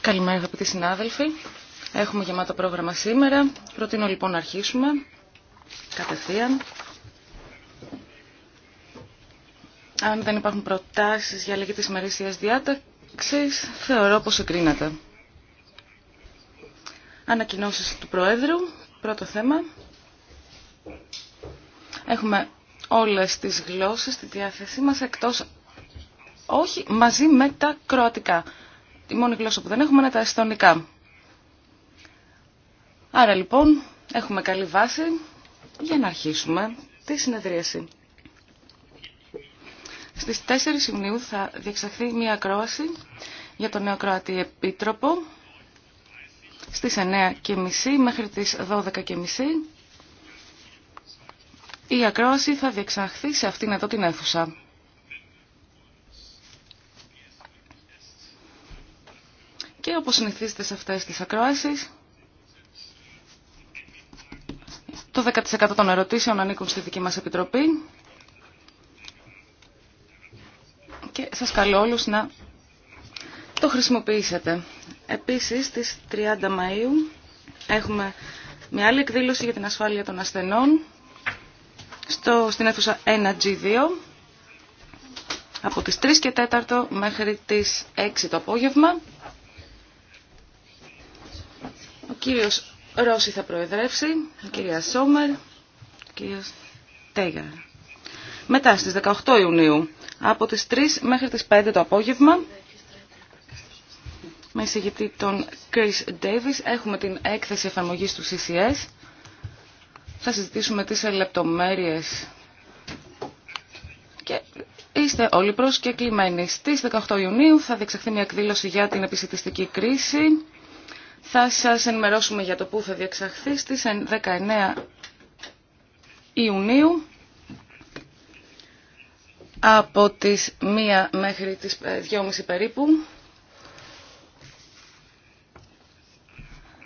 Καλημέρα αγαπητοί συνάδελφοι. Έχουμε γεμάτο πρόγραμμα σήμερα. Προτείνω λοιπόν να αρχίσουμε κατευθείαν. Αν δεν υπάρχουν προτάσεις για αλλαγή της ημερήσιας διάταξης, θεωρώ πως εγκρίνεται. Ανακοινώσεις του Προέδρου, πρώτο θέμα. Έχουμε όλες τις γλώσσες στη διάθεσή μας εκτός όχι μαζί με τα κροατικά. Η μόνη γλώσσα που δεν έχουμε είναι τα αισθονικά. Άρα λοιπόν έχουμε καλή βάση για να αρχίσουμε τη συνεδρίαση. Στις 4 Ιουνίου θα διεξαχθεί μια ακρόαση για τον νέο Κροατή Επίτροπο στις 9.30 μέχρι τις 12.30. Η ακρόαση θα διεξαχθεί σε αυτήν εδώ την αίθουσα. Και όπως συνηθίζετε σε αυτές τις ακροάσεις, το 10% των ερωτήσεων ανήκουν στη δική μας επιτροπή. Και σας καλώ όλους να το χρησιμοποιήσετε. Επίσης, στις 30 Μαΐου έχουμε μια άλλη εκδήλωση για την ασφάλεια των ασθενών στο, στην αίθουσα 1G2 από τις 3 και 4 μέχρι τις 6 το απόγευμα. κύριος Ρώση θα προεδρεύσει, η κυρία Σόμερ, ο κύριος Τέγερ. Μετά στις 18 Ιουνίου, από τις 3 μέχρι τις 5 το απόγευμα, με εισηγητή τον Chris Davis, έχουμε την έκθεση εφαρμογής του CCS. Θα συζητήσουμε τις λεπτομέρειες και είστε όλοι προσκεκλημένοι. Στις 18 Ιουνίου θα διεξαχθεί μια εκδήλωση για την επισητιστική κρίση θα σας ενημερώσουμε για το που θα διεξαχθεί στις 19 Ιουνίου από τις 1 μέχρι τις 2.30 περίπου.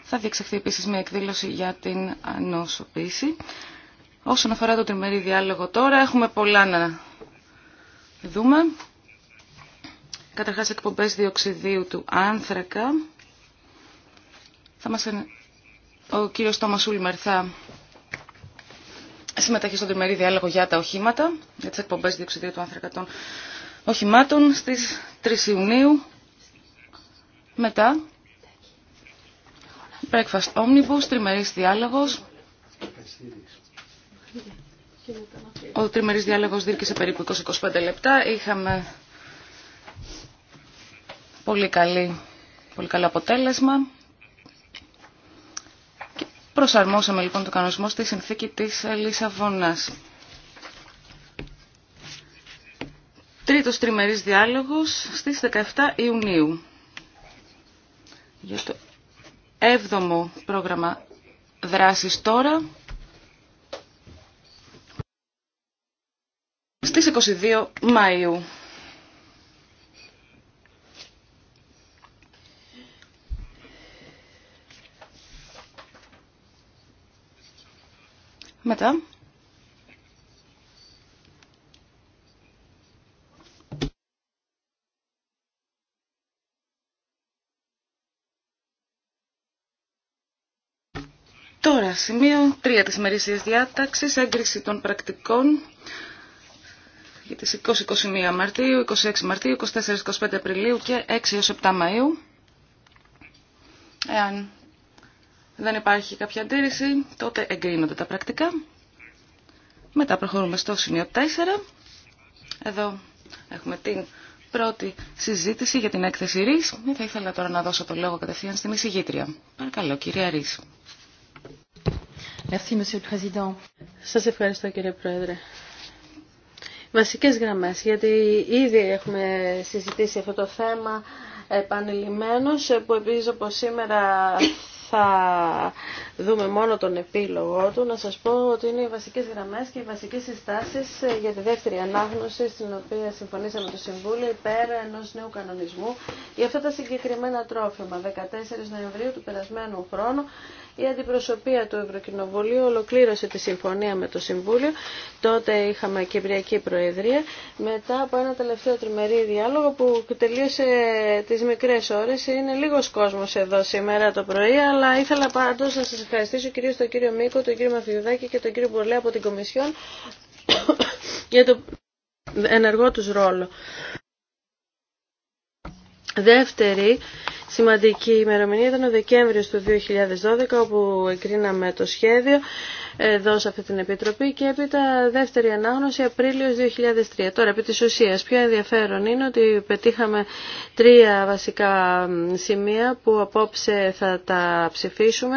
Θα διεξαχθεί επίσης μια εκδήλωση για την ανοσοποίηση. Όσον αφορά το τριμερή διάλογο τώρα, έχουμε πολλά να δούμε. Καταρχάς εκπομπές διοξιδίου του άνθρακα. Θα μας... Ο κύριος Τόμας Ούλμερ θα συμμετέχει στον τριμερή διάλογο για τα οχήματα, για τις εκπομπές διοξιδίου του άνθρακα οχημάτων στις 3 Ιουνίου. Μετά, breakfast omnibus, τριμερής διάλογος. Ο τριμερής διάλογος διήρκησε περίπου 20-25 λεπτά. Είχαμε πολύ, καλή, πολύ καλό αποτέλεσμα. Προσαρμόσαμε λοιπόν το κανονισμό στη συνθήκη της Λισαβόνας. Τρίτος τριμερής διάλογος στις 17 Ιουνίου. Για το έβδομο πρόγραμμα δράσης τώρα. Στις 22 Μαΐου. Τώρα, σημείο 3 της μερίσιας διάταξης, έγκριση των πρακτικών για τις 20-21 Μαρτίου, 26 Μαρτίου, 24-25 Απριλίου και 6-7 Μαΐου. Εάν δεν υπάρχει κάποια αντίρρηση, τότε εγκρίνονται τα πρακτικά. Μετά προχωρούμε στο σημείο 4. Εδώ έχουμε την πρώτη συζήτηση για την έκθεση ΡΙΣ. Θα ήθελα τώρα να δώσω το λόγο κατευθείαν στην εισηγήτρια. Παρακαλώ, κυρία ΡΙΣ. Σας ευχαριστώ κύριε Πρόεδρε. Βασικές γραμμές, γιατί ήδη έχουμε συζητήσει αυτό το θέμα επανειλημμένως, που επίσης όπως σήμερα θα δούμε μόνο τον επίλογο του, να σας πω ότι είναι οι βασικές γραμμές και οι βασικές συστάσεις ε, για τη δεύτερη ανάγνωση στην οποία συμφωνήσαμε το Συμβούλιο υπέρ ενός νέου κανονισμού για αυτά τα συγκεκριμένα τρόφιμα. 14 Νοεμβρίου του περασμένου χρόνου η αντιπροσωπεία του Ευρωκοινοβουλίου ολοκλήρωσε τη συμφωνία με το Συμβούλιο. Τότε είχαμε Κυπριακή Προεδρία. Μετά από ένα τελευταίο τριμερή διάλογο που τελείωσε τις μικρές ώρες. Είναι λίγος κόσμος εδώ σήμερα το πρωί, αλλά ήθελα πάντω να σα ευχαριστήσω κυρίως τον κύριο Μίκο, τον κύριο Μαφιουδάκη και τον κύριο Μπορλέ από την Κομισιόν για το ενεργό του ρόλο. Δεύτερη σημαντική ημερομηνία ήταν ο Δεκέμβριο του 2012 όπου εκρίναμε το σχέδιο εδώ σε αυτή την Επιτροπή και έπειτα δεύτερη ανάγνωση Απρίλιος 2003. Τώρα, επί τη ουσίας, πιο ενδιαφέρον είναι ότι πετύχαμε τρία βασικά σημεία που απόψε θα τα ψηφίσουμε.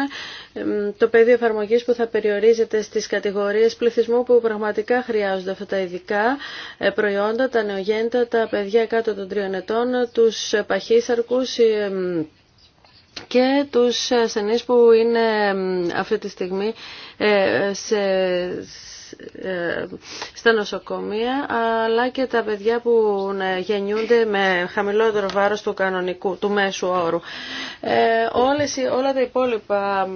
Το πεδίο εφαρμογή που θα περιορίζεται στις κατηγορίες πληθυσμού που πραγματικά χρειάζονται αυτά τα ειδικά ε, προϊόντα, τα νεογέννητα, τα παιδιά κάτω των τριών ετών, τους παχύσαρκους, ε, και τους ασθενείς που είναι ε, αυτή τη στιγμή ε, σε ε, στα νοσοκομεία, αλλά και τα παιδιά που γεννιούνται με χαμηλότερο βάρος του κανονικού, του μέσου όρου. Ε, όλες, όλα τα υπόλοιπα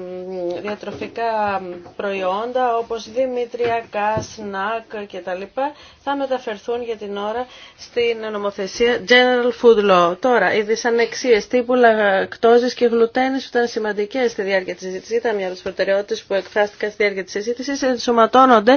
διατροφικά προϊόντα, όπως δημήτριακά, σνακ κτλ, θα μεταφερθούν για την ώρα στην νομοθεσία General Food Law. Τώρα, οι δυσανεξίες τύπου λακτόζης και γλουτένης που ήταν σημαντικές στη διάρκεια της συζήτησης, ήταν μια από τις προτεραιότητες που εκφράστηκαν στη διάρκεια της συζήτησης, ενσωματώνονται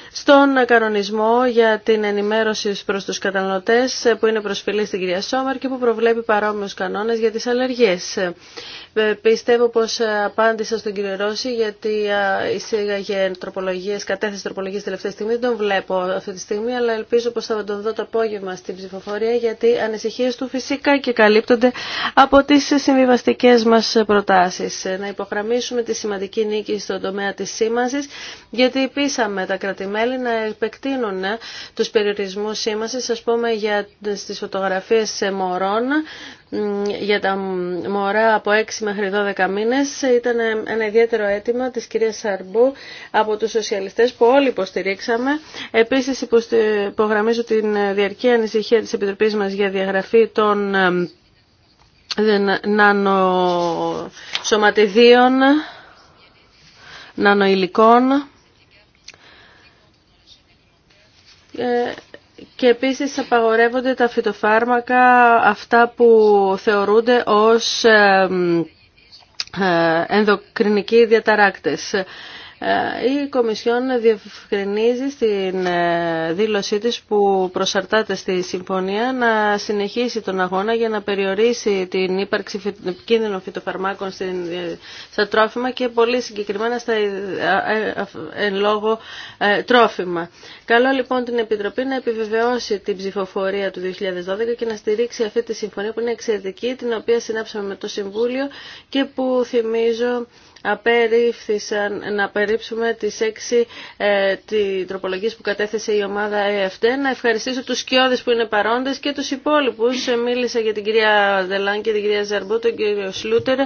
στον κανονισμό για την ενημέρωση προς τους καταναλωτέ, ε, που είναι προσφυλή στην κυρία Σόμαρ και που προβλέπει παρόμοιους κανόνες για τις αλλεργίες. Ε, ε, πιστεύω πως απάντησα στον κύριο Ρώση γιατί εισήγαγε τροπολογίες, κατέθεσε τροπολογίες τελευταία στιγμή. Δεν τον βλέπω αυτή τη στιγμή αλλά ελπίζω πως θα τον δω το απόγευμα στην ψηφοφορία γιατί οι ανησυχίες του φυσικά και καλύπτονται από τις συμβιβαστικές μας προτάσεις. Να υπογραμμίσουμε τη σημαντική νίκη στον τομέα της σήμανσης γιατί πείσαμε τα κρατημένα μελη να επεκτείνουν ε, τους περιορισμούς σήμασης, ας πούμε για τις φωτογραφίες μωρών, για τα μωρά από 6 μέχρι 12 μήνες ήταν ε, ένα ιδιαίτερο αίτημα της κυρίας Σαρμπού από τους σοσιαλιστές που όλοι υποστηρίξαμε. Επίσης υπογραμμίζω την διαρκή ανησυχία της Επιτροπής μας για διαγραφή των ε, νανοσωματιδίων, νανοηλικών Ε, και επίσης απαγορεύονται τα φυτοφάρμακα, αυτά που θεωρούνται ως ε, ενδοκρινικοί διαταράκτες. Η Κομισιόν διευκρινίζει στην ε, δήλωσή της που προσαρτάται στη συμφωνία να συνεχίσει τον αγώνα για να περιορίσει την ύπαρξη κίνδυνων φυτοφαρμάκων ε, στα τρόφιμα και πολύ συγκεκριμένα στα ε, εν λόγω τρόφιμα. Καλό λοιπόν την Επιτροπή να επιβεβαιώσει την ψηφοφορία του 2012 και να στηρίξει αυτή τη συμφωνία που είναι εξαιρετική, την οποία συνάψαμε με το Συμβούλιο και που θυμίζω απερίφθησαν να περίψουμε τις έξι ε, τη, τροπολογίες που κατέθεσε η ομάδα ΕΕΦΤΕ. Να ευχαριστήσω τους σκιώδες που είναι παρόντες και τους υπόλοιπους. Ε, μίλησα για την κυρία Δελάν και την κυρία Ζαρμπού, τον κύριο Σλούτερ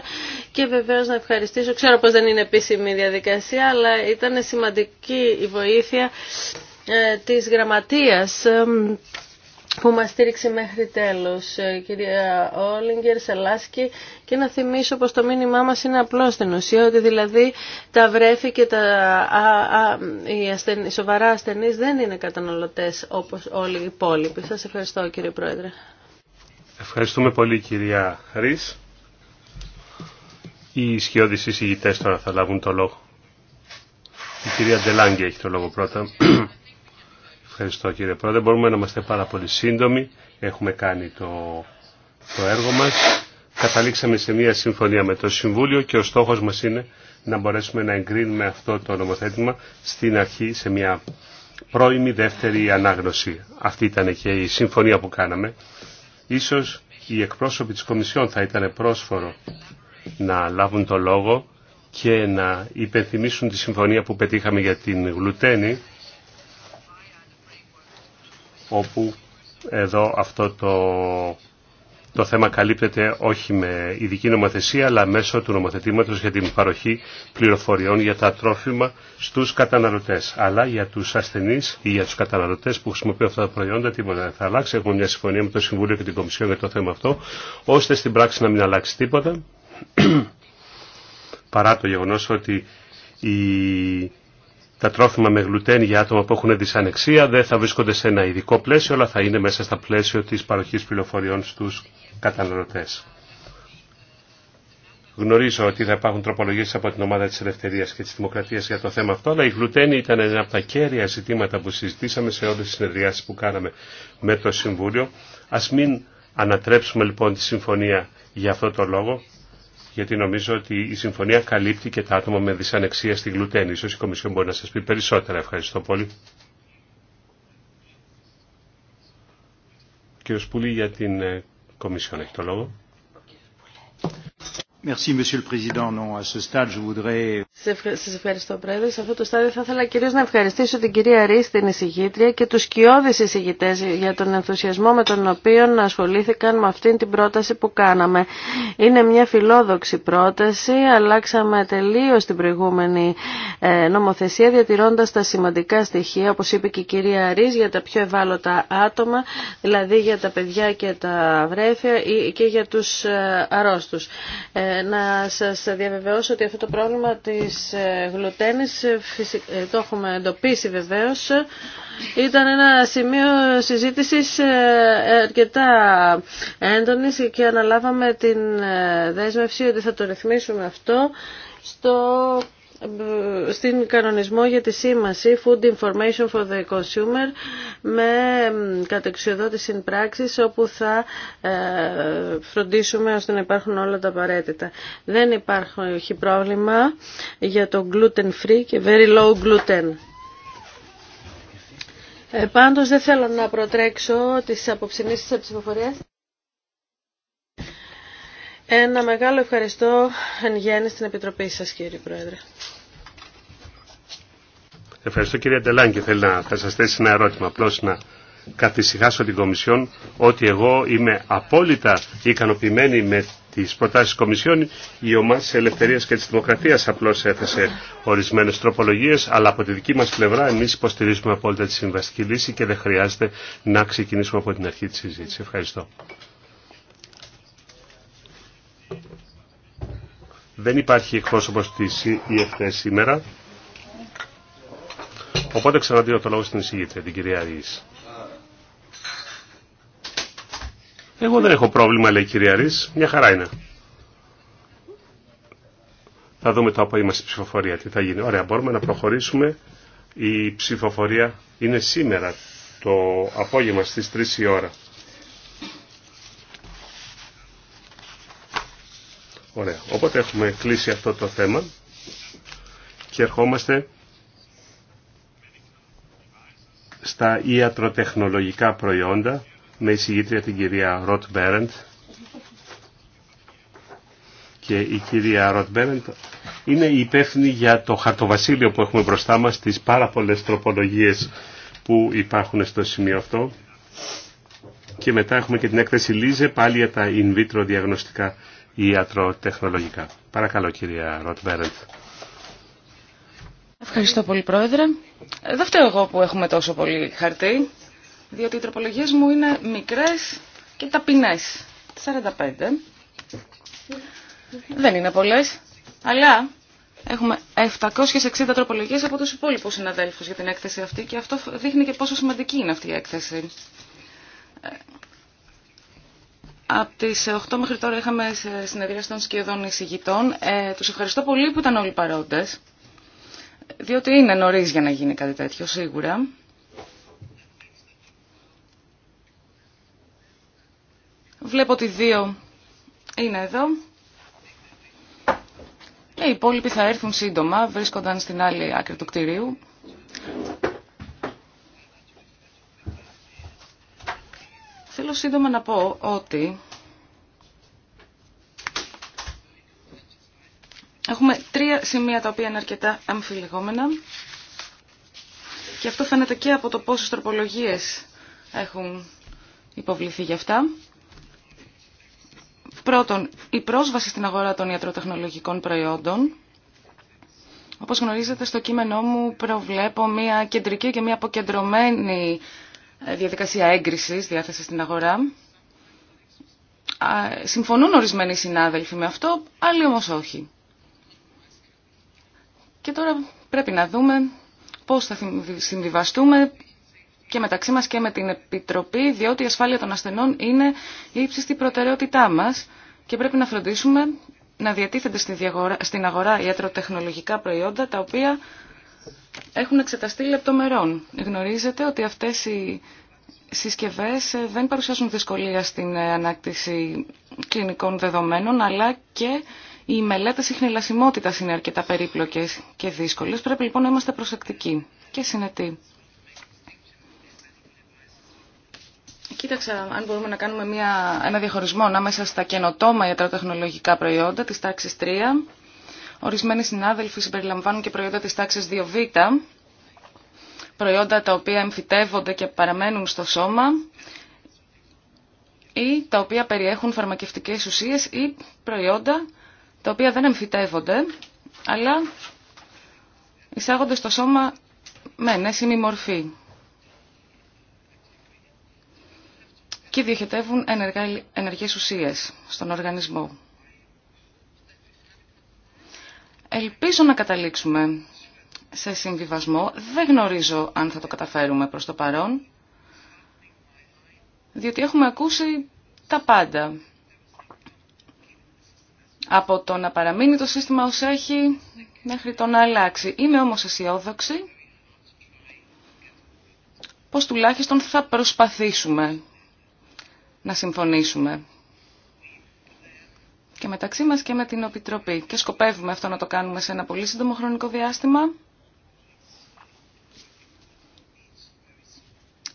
και βεβαίως να ευχαριστήσω. Ξέρω πως δεν είναι επίσημη η διαδικασία, αλλά ήταν σημαντική η βοήθεια ε, της γραμματείας ε, που μας στήριξε μέχρι τέλος, ε, κυρία Όλιγκερ, Σαλάσκη, και να θυμίσω πως το μήνυμά μας είναι απλό στην ουσία, ότι δηλαδή τα βρέφη και τα, α, α, οι, σοβαρά ασθενείς δεν είναι καταναλωτές όπως όλοι οι υπόλοιποι. Σας ευχαριστώ κύριε Πρόεδρε. Ευχαριστούμε πολύ κυρία Χρύς. Οι ισχυώδεις εισηγητές τώρα θα λάβουν το λόγο. Η κυρία Ντελάνγκη έχει το λόγο πρώτα. Ευχαριστώ κύριε Πρόεδρε. Μπορούμε να είμαστε πάρα πολύ σύντομοι. Έχουμε κάνει το, το έργο μας. Καταλήξαμε σε μια συμφωνία με το Συμβούλιο και ο στόχος μας είναι να μπορέσουμε να εγκρίνουμε αυτό το νομοθέτημα στην αρχή σε μια πρώιμη δεύτερη ανάγνωση. Αυτή ήταν και η συμφωνία που κάναμε. Ίσως οι εκπρόσωποι της Κομισιόν θα ήταν πρόσφορο να λάβουν το λόγο και να υπενθυμίσουν τη συμφωνία που πετύχαμε για την γλουτένη όπου εδώ αυτό το, το θέμα καλύπτεται όχι με ειδική νομοθεσία, αλλά μέσω του νομοθετήματος για την παροχή πληροφοριών για τα τρόφιμα στους καταναλωτές. Αλλά για τους ασθενείς ή για τους καταναλωτές που χρησιμοποιούν αυτά τα προϊόντα, τίποτα δεν θα αλλάξει. Έχουμε μια συμφωνία με το Συμβούλιο και την Κομισιόν για το θέμα αυτό, ώστε στην πράξη να μην αλλάξει τίποτα, παρά το γεγονός ότι η τα τρόφιμα με γλουτέν για άτομα που έχουν δυσανεξία δεν θα βρίσκονται σε ένα ειδικό πλαίσιο, αλλά θα είναι μέσα στα πλαίσιο της παροχής πληροφοριών στους καταναλωτές. Γνωρίζω ότι θα υπάρχουν τροπολογίες από την ομάδα της Ελευθερίας και της Δημοκρατίας για το θέμα αυτό, αλλά η γλουτένη ήταν ένα από τα κέρια ζητήματα που συζητήσαμε σε όλες τις συνεδριάσεις που κάναμε με το Συμβούλιο. Ας μην ανατρέψουμε λοιπόν τη συμφωνία για αυτό το λόγο γιατί νομίζω ότι η συμφωνία καλύπτει και τα άτομα με δυσανεξία στη γλουτένη. Ίσως η Κομισιόν μπορεί να σας πει περισσότερα. Ευχαριστώ πολύ. Κύριο κύριος Πούλη για την ε, Κομισιόν έχει το λόγο. Merci, Monsieur le Président. Non, à ce stade, je voudrais... Σε ευχαριστώ, Πρόεδρε. Σε αυτό το στάδιο θα ήθελα κυρίω να ευχαριστήσω την κυρία Ρίστη, την εισηγήτρια και του σκιώδει εισηγητέ για τον ενθουσιασμό με τον οποίο ασχολήθηκαν με αυτήν την πρόταση που κάναμε. Είναι μια φιλόδοξη πρόταση. Αλλάξαμε τελείω την προηγούμενη ε, νομοθεσία, διατηρώντα τα σημαντικά στοιχεία, όπω είπε και η κυρία Ρή, για τα πιο ευάλωτα άτομα, δηλαδή για τα παιδιά και τα βρέφια και για του ε, αρρώστους. Ε, να σας διαβεβαιώσω ότι αυτό το πρόβλημα της ε, γλουτένης ε, το έχουμε εντοπίσει βεβαίως. Ήταν ένα σημείο συζήτησης ε, αρκετά έντονης και αναλάβαμε την δέσμευση ότι θα το ρυθμίσουμε αυτό στο στην κανονισμό για τη σήμαση Food Information for the Consumer με κατεξιοδότηση πράξης όπου θα ε, φροντίσουμε ώστε να υπάρχουν όλα τα απαραίτητα. Δεν υπάρχει πρόβλημα για το gluten free και very low gluten. Ε, πάντως δεν θέλω να προτρέξω τις αποψινήσεις της ψηφοφορίας. Ένα μεγάλο ευχαριστώ εν γέννη στην Επιτροπή σας κύριε Πρόεδρε. Ευχαριστώ κυρία και Θέλω να θα σας θέσει ένα ερώτημα. Απλώ να καθησυχάσω την Κομισιόν ότι εγώ είμαι απόλυτα ικανοποιημένη με τις προτάσεις της Κομισιόν. Η ομάδα της Ελευθερίας και της Δημοκρατίας απλώς έθεσε ορισμένες τροπολογίες, αλλά από τη δική μας πλευρά εμείς υποστηρίζουμε απόλυτα τη συμβαστική λύση και δεν χρειάζεται να ξεκινήσουμε από την αρχή της συζήτησης. Ευχαριστώ. Δεν υπάρχει εκπρόσωπος της ΕΕ σήμερα. Οπότε ξαναδίνω το λόγο στην εισηγήτρια, την κυρία Ρης. Εγώ δεν έχω πρόβλημα, λέει η κυρία Ρης. Μια χαρά είναι. Θα δούμε το απόγευμα στη ψηφοφορία τι θα γίνει. Ωραία, μπορούμε να προχωρήσουμε. Η ψηφοφορία είναι σήμερα το απόγευμα στις 3 η ώρα. Ωραία, οπότε έχουμε κλείσει αυτό το θέμα και ερχόμαστε στα ιατροτεχνολογικά προϊόντα με εισηγήτρια την κυρία Ροτ Μπέρεντ και η κυρία Ροτ Μπέρεντ είναι υπεύθυνη για το χαρτοβασίλειο που έχουμε μπροστά μας τις πάρα πολλές τροπολογίες που υπάρχουν στο σημείο αυτό και μετά έχουμε και την έκθεση Λίζε πάλι για τα in vitro διαγνωστικά ιατροτεχνολογικά. Παρακαλώ κυρία Ροτ Μπέρεντ. Ευχαριστώ πολύ, Πρόεδρε. Ε, δεν φταίω εγώ που έχουμε τόσο πολύ χαρτί, διότι οι τροπολογίες μου είναι μικρές και ταπεινές. 45. Δεν είναι πολλές, αλλά έχουμε 760 τροπολογίες από τους υπόλοιπους συναδέλφους για την έκθεση αυτή και αυτό δείχνει και πόσο σημαντική είναι αυτή η έκθεση. Ε, από τις 8 μέχρι τώρα είχαμε συνεδρία των σχεδόν εισηγητών. Ε, τους ευχαριστώ πολύ που ήταν όλοι παρόντες. Διότι είναι νωρίς για να γίνει κάτι τέτοιο, σίγουρα. Βλέπω ότι δύο είναι εδώ. Και οι υπόλοιποι θα έρθουν σύντομα, βρίσκονταν στην άλλη άκρη του κτηρίου. Θέλω σύντομα να πω ότι Έχουμε τρία σημεία τα οποία είναι αρκετά αμφιλεγόμενα και αυτό φαίνεται και από το πόσες τροπολογίες έχουν υποβληθεί γι' αυτά. Πρώτον, η πρόσβαση στην αγορά των ιατροτεχνολογικών προϊόντων. Όπως γνωρίζετε, στο κείμενό μου προβλέπω μια κεντρική και μια αποκεντρωμένη ε, διαδικασία έγκρισης διάθεση στην αγορά. Συμφωνούν ορισμένοι συνάδελφοι με αυτό, άλλοι όμως όχι. Και τώρα πρέπει να δούμε πώς θα συμβιβαστούμε και μεταξύ μας και με την Επιτροπή, διότι η ασφάλεια των ασθενών είναι η ύψιστη προτεραιότητά μας και πρέπει να φροντίσουμε να διατίθενται στην αγορά ιατροτεχνολογικά προϊόντα τα οποία έχουν εξεταστεί λεπτομερών. Γνωρίζετε ότι αυτές οι συσκευές ε, δεν παρουσιάζουν δυσκολία στην ε, ανάκτηση κλινικών δεδομένων αλλά και οι μελέτε συχνηλασιμότητας είναι αρκετά περίπλοκε και δύσκολε. Πρέπει λοιπόν να είμαστε προσεκτικοί και συνετοί. Κοίταξα αν μπορούμε να κάνουμε μια, ένα διαχωρισμό ανάμεσα στα καινοτόμα ιατροτεχνολογικά προϊόντα τη τάξη 3. Ορισμένοι συνάδελφοι συμπεριλαμβάνουν και προϊόντα τη ταξη 2 2β, προϊόντα τα οποία εμφυτεύονται και παραμένουν στο σώμα ή τα οποία περιέχουν φαρμακευτικές ουσίες ή προϊόντα τα οποία δεν εμφυτεύονται, αλλά εισάγονται στο σώμα με μη μορφή. και διοχετεύουν ενεργές ουσίες στον οργανισμό. Ελπίζω να καταλήξουμε σε συμβιβασμό. Δεν γνωρίζω αν θα το καταφέρουμε προς το παρόν, διότι έχουμε ακούσει τα πάντα από το να παραμείνει το σύστημα ως έχει μέχρι το να αλλάξει. Είμαι όμως αισιόδοξη πως τουλάχιστον θα προσπαθήσουμε να συμφωνήσουμε και μεταξύ μας και με την Επιτροπή. Και σκοπεύουμε αυτό να το κάνουμε σε ένα πολύ σύντομο χρονικό διάστημα.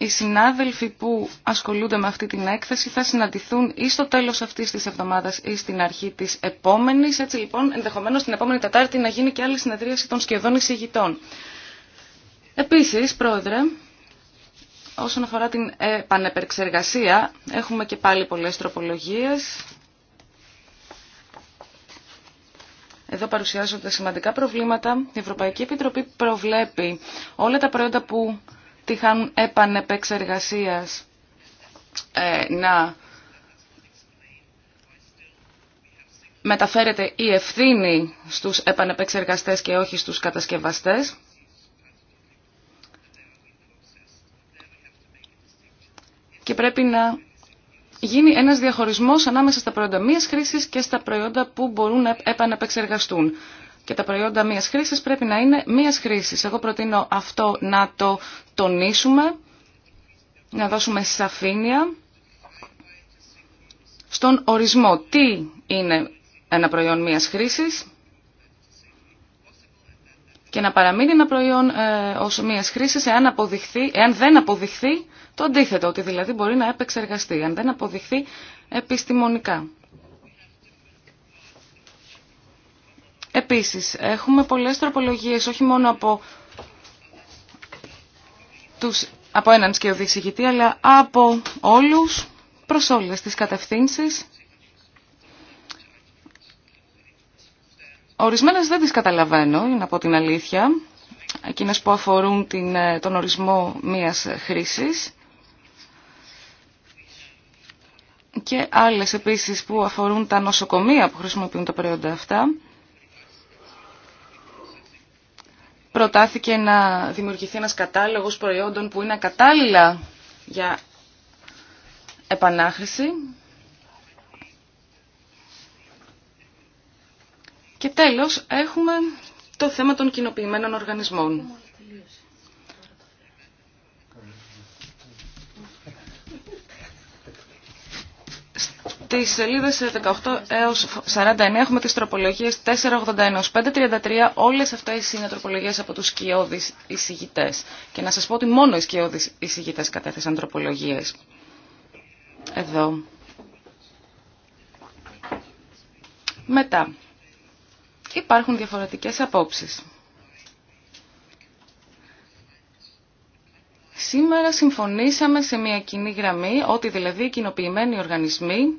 οι συνάδελφοι που ασχολούνται με αυτή την έκθεση θα συναντηθούν ή στο τέλος αυτής της εβδομάδας ή στην αρχή της επόμενης. Έτσι λοιπόν ενδεχομένως την επόμενη Τετάρτη να γίνει και άλλη συνεδρίαση των σχεδόν εισηγητών. Επίσης, Πρόεδρε, όσον αφορά την επανεπερξεργασία, έχουμε και πάλι πολλές τροπολογίες. Εδώ παρουσιάζονται σημαντικά προβλήματα. Η Ευρωπαϊκή Επιτροπή προβλέπει όλα τα προϊόντα που αυτοί χάνουν επανεπεξεργασίας ε, να μεταφέρεται η ευθύνη στους επανεπεξεργαστές και όχι στους κατασκευαστές. Και πρέπει να γίνει ένας διαχωρισμός ανάμεσα στα προϊόντα μίας χρήσης και στα προϊόντα που μπορούν να επανεπεξεργαστούν και τα προϊόντα μίας χρήσης πρέπει να είναι μίας χρήσης. Εγώ προτείνω αυτό να το τονίσουμε, να δώσουμε σαφήνεια στον ορισμό τι είναι ένα προϊόν μίας χρήσης και να παραμείνει ένα προϊόν ε, ως μίας χρήσης εάν, αποδειχθεί, εάν δεν αποδειχθεί το αντίθετο, ότι δηλαδή μπορεί να επεξεργαστεί, αν δεν αποδειχθεί επιστημονικά. Επίσης, έχουμε πολλές τροπολογίες, όχι μόνο από, τους, από έναν αλλά από όλους, προς όλες τις κατευθύνσεις. Ορισμένες δεν τις καταλαβαίνω, είναι από την αλήθεια, εκείνες που αφορούν την, ε, τον ορισμό μίας χρήσης. και άλλες επίσης που αφορούν τα νοσοκομεία που χρησιμοποιούν τα προϊόντα αυτά. προτάθηκε να δημιουργηθεί ένας κατάλογος προϊόντων που είναι κατάλληλα για επανάχρηση. Και τέλος έχουμε το θέμα των κοινοποιημένων οργανισμών τις σελίδες 18 έως 49 έχουμε τις τροπολογίες 481 533. Όλες αυτές είναι τροπολογίες από τους σκιώδεις εισηγητές. Και να σας πω ότι μόνο οι σκιώδεις εισηγητές κατέθεσαν τροπολογίες. Εδώ. Μετά. Υπάρχουν διαφορετικές απόψεις. Σήμερα συμφωνήσαμε σε μια κοινή γραμμή ότι δηλαδή οι κοινοποιημένοι οργανισμοί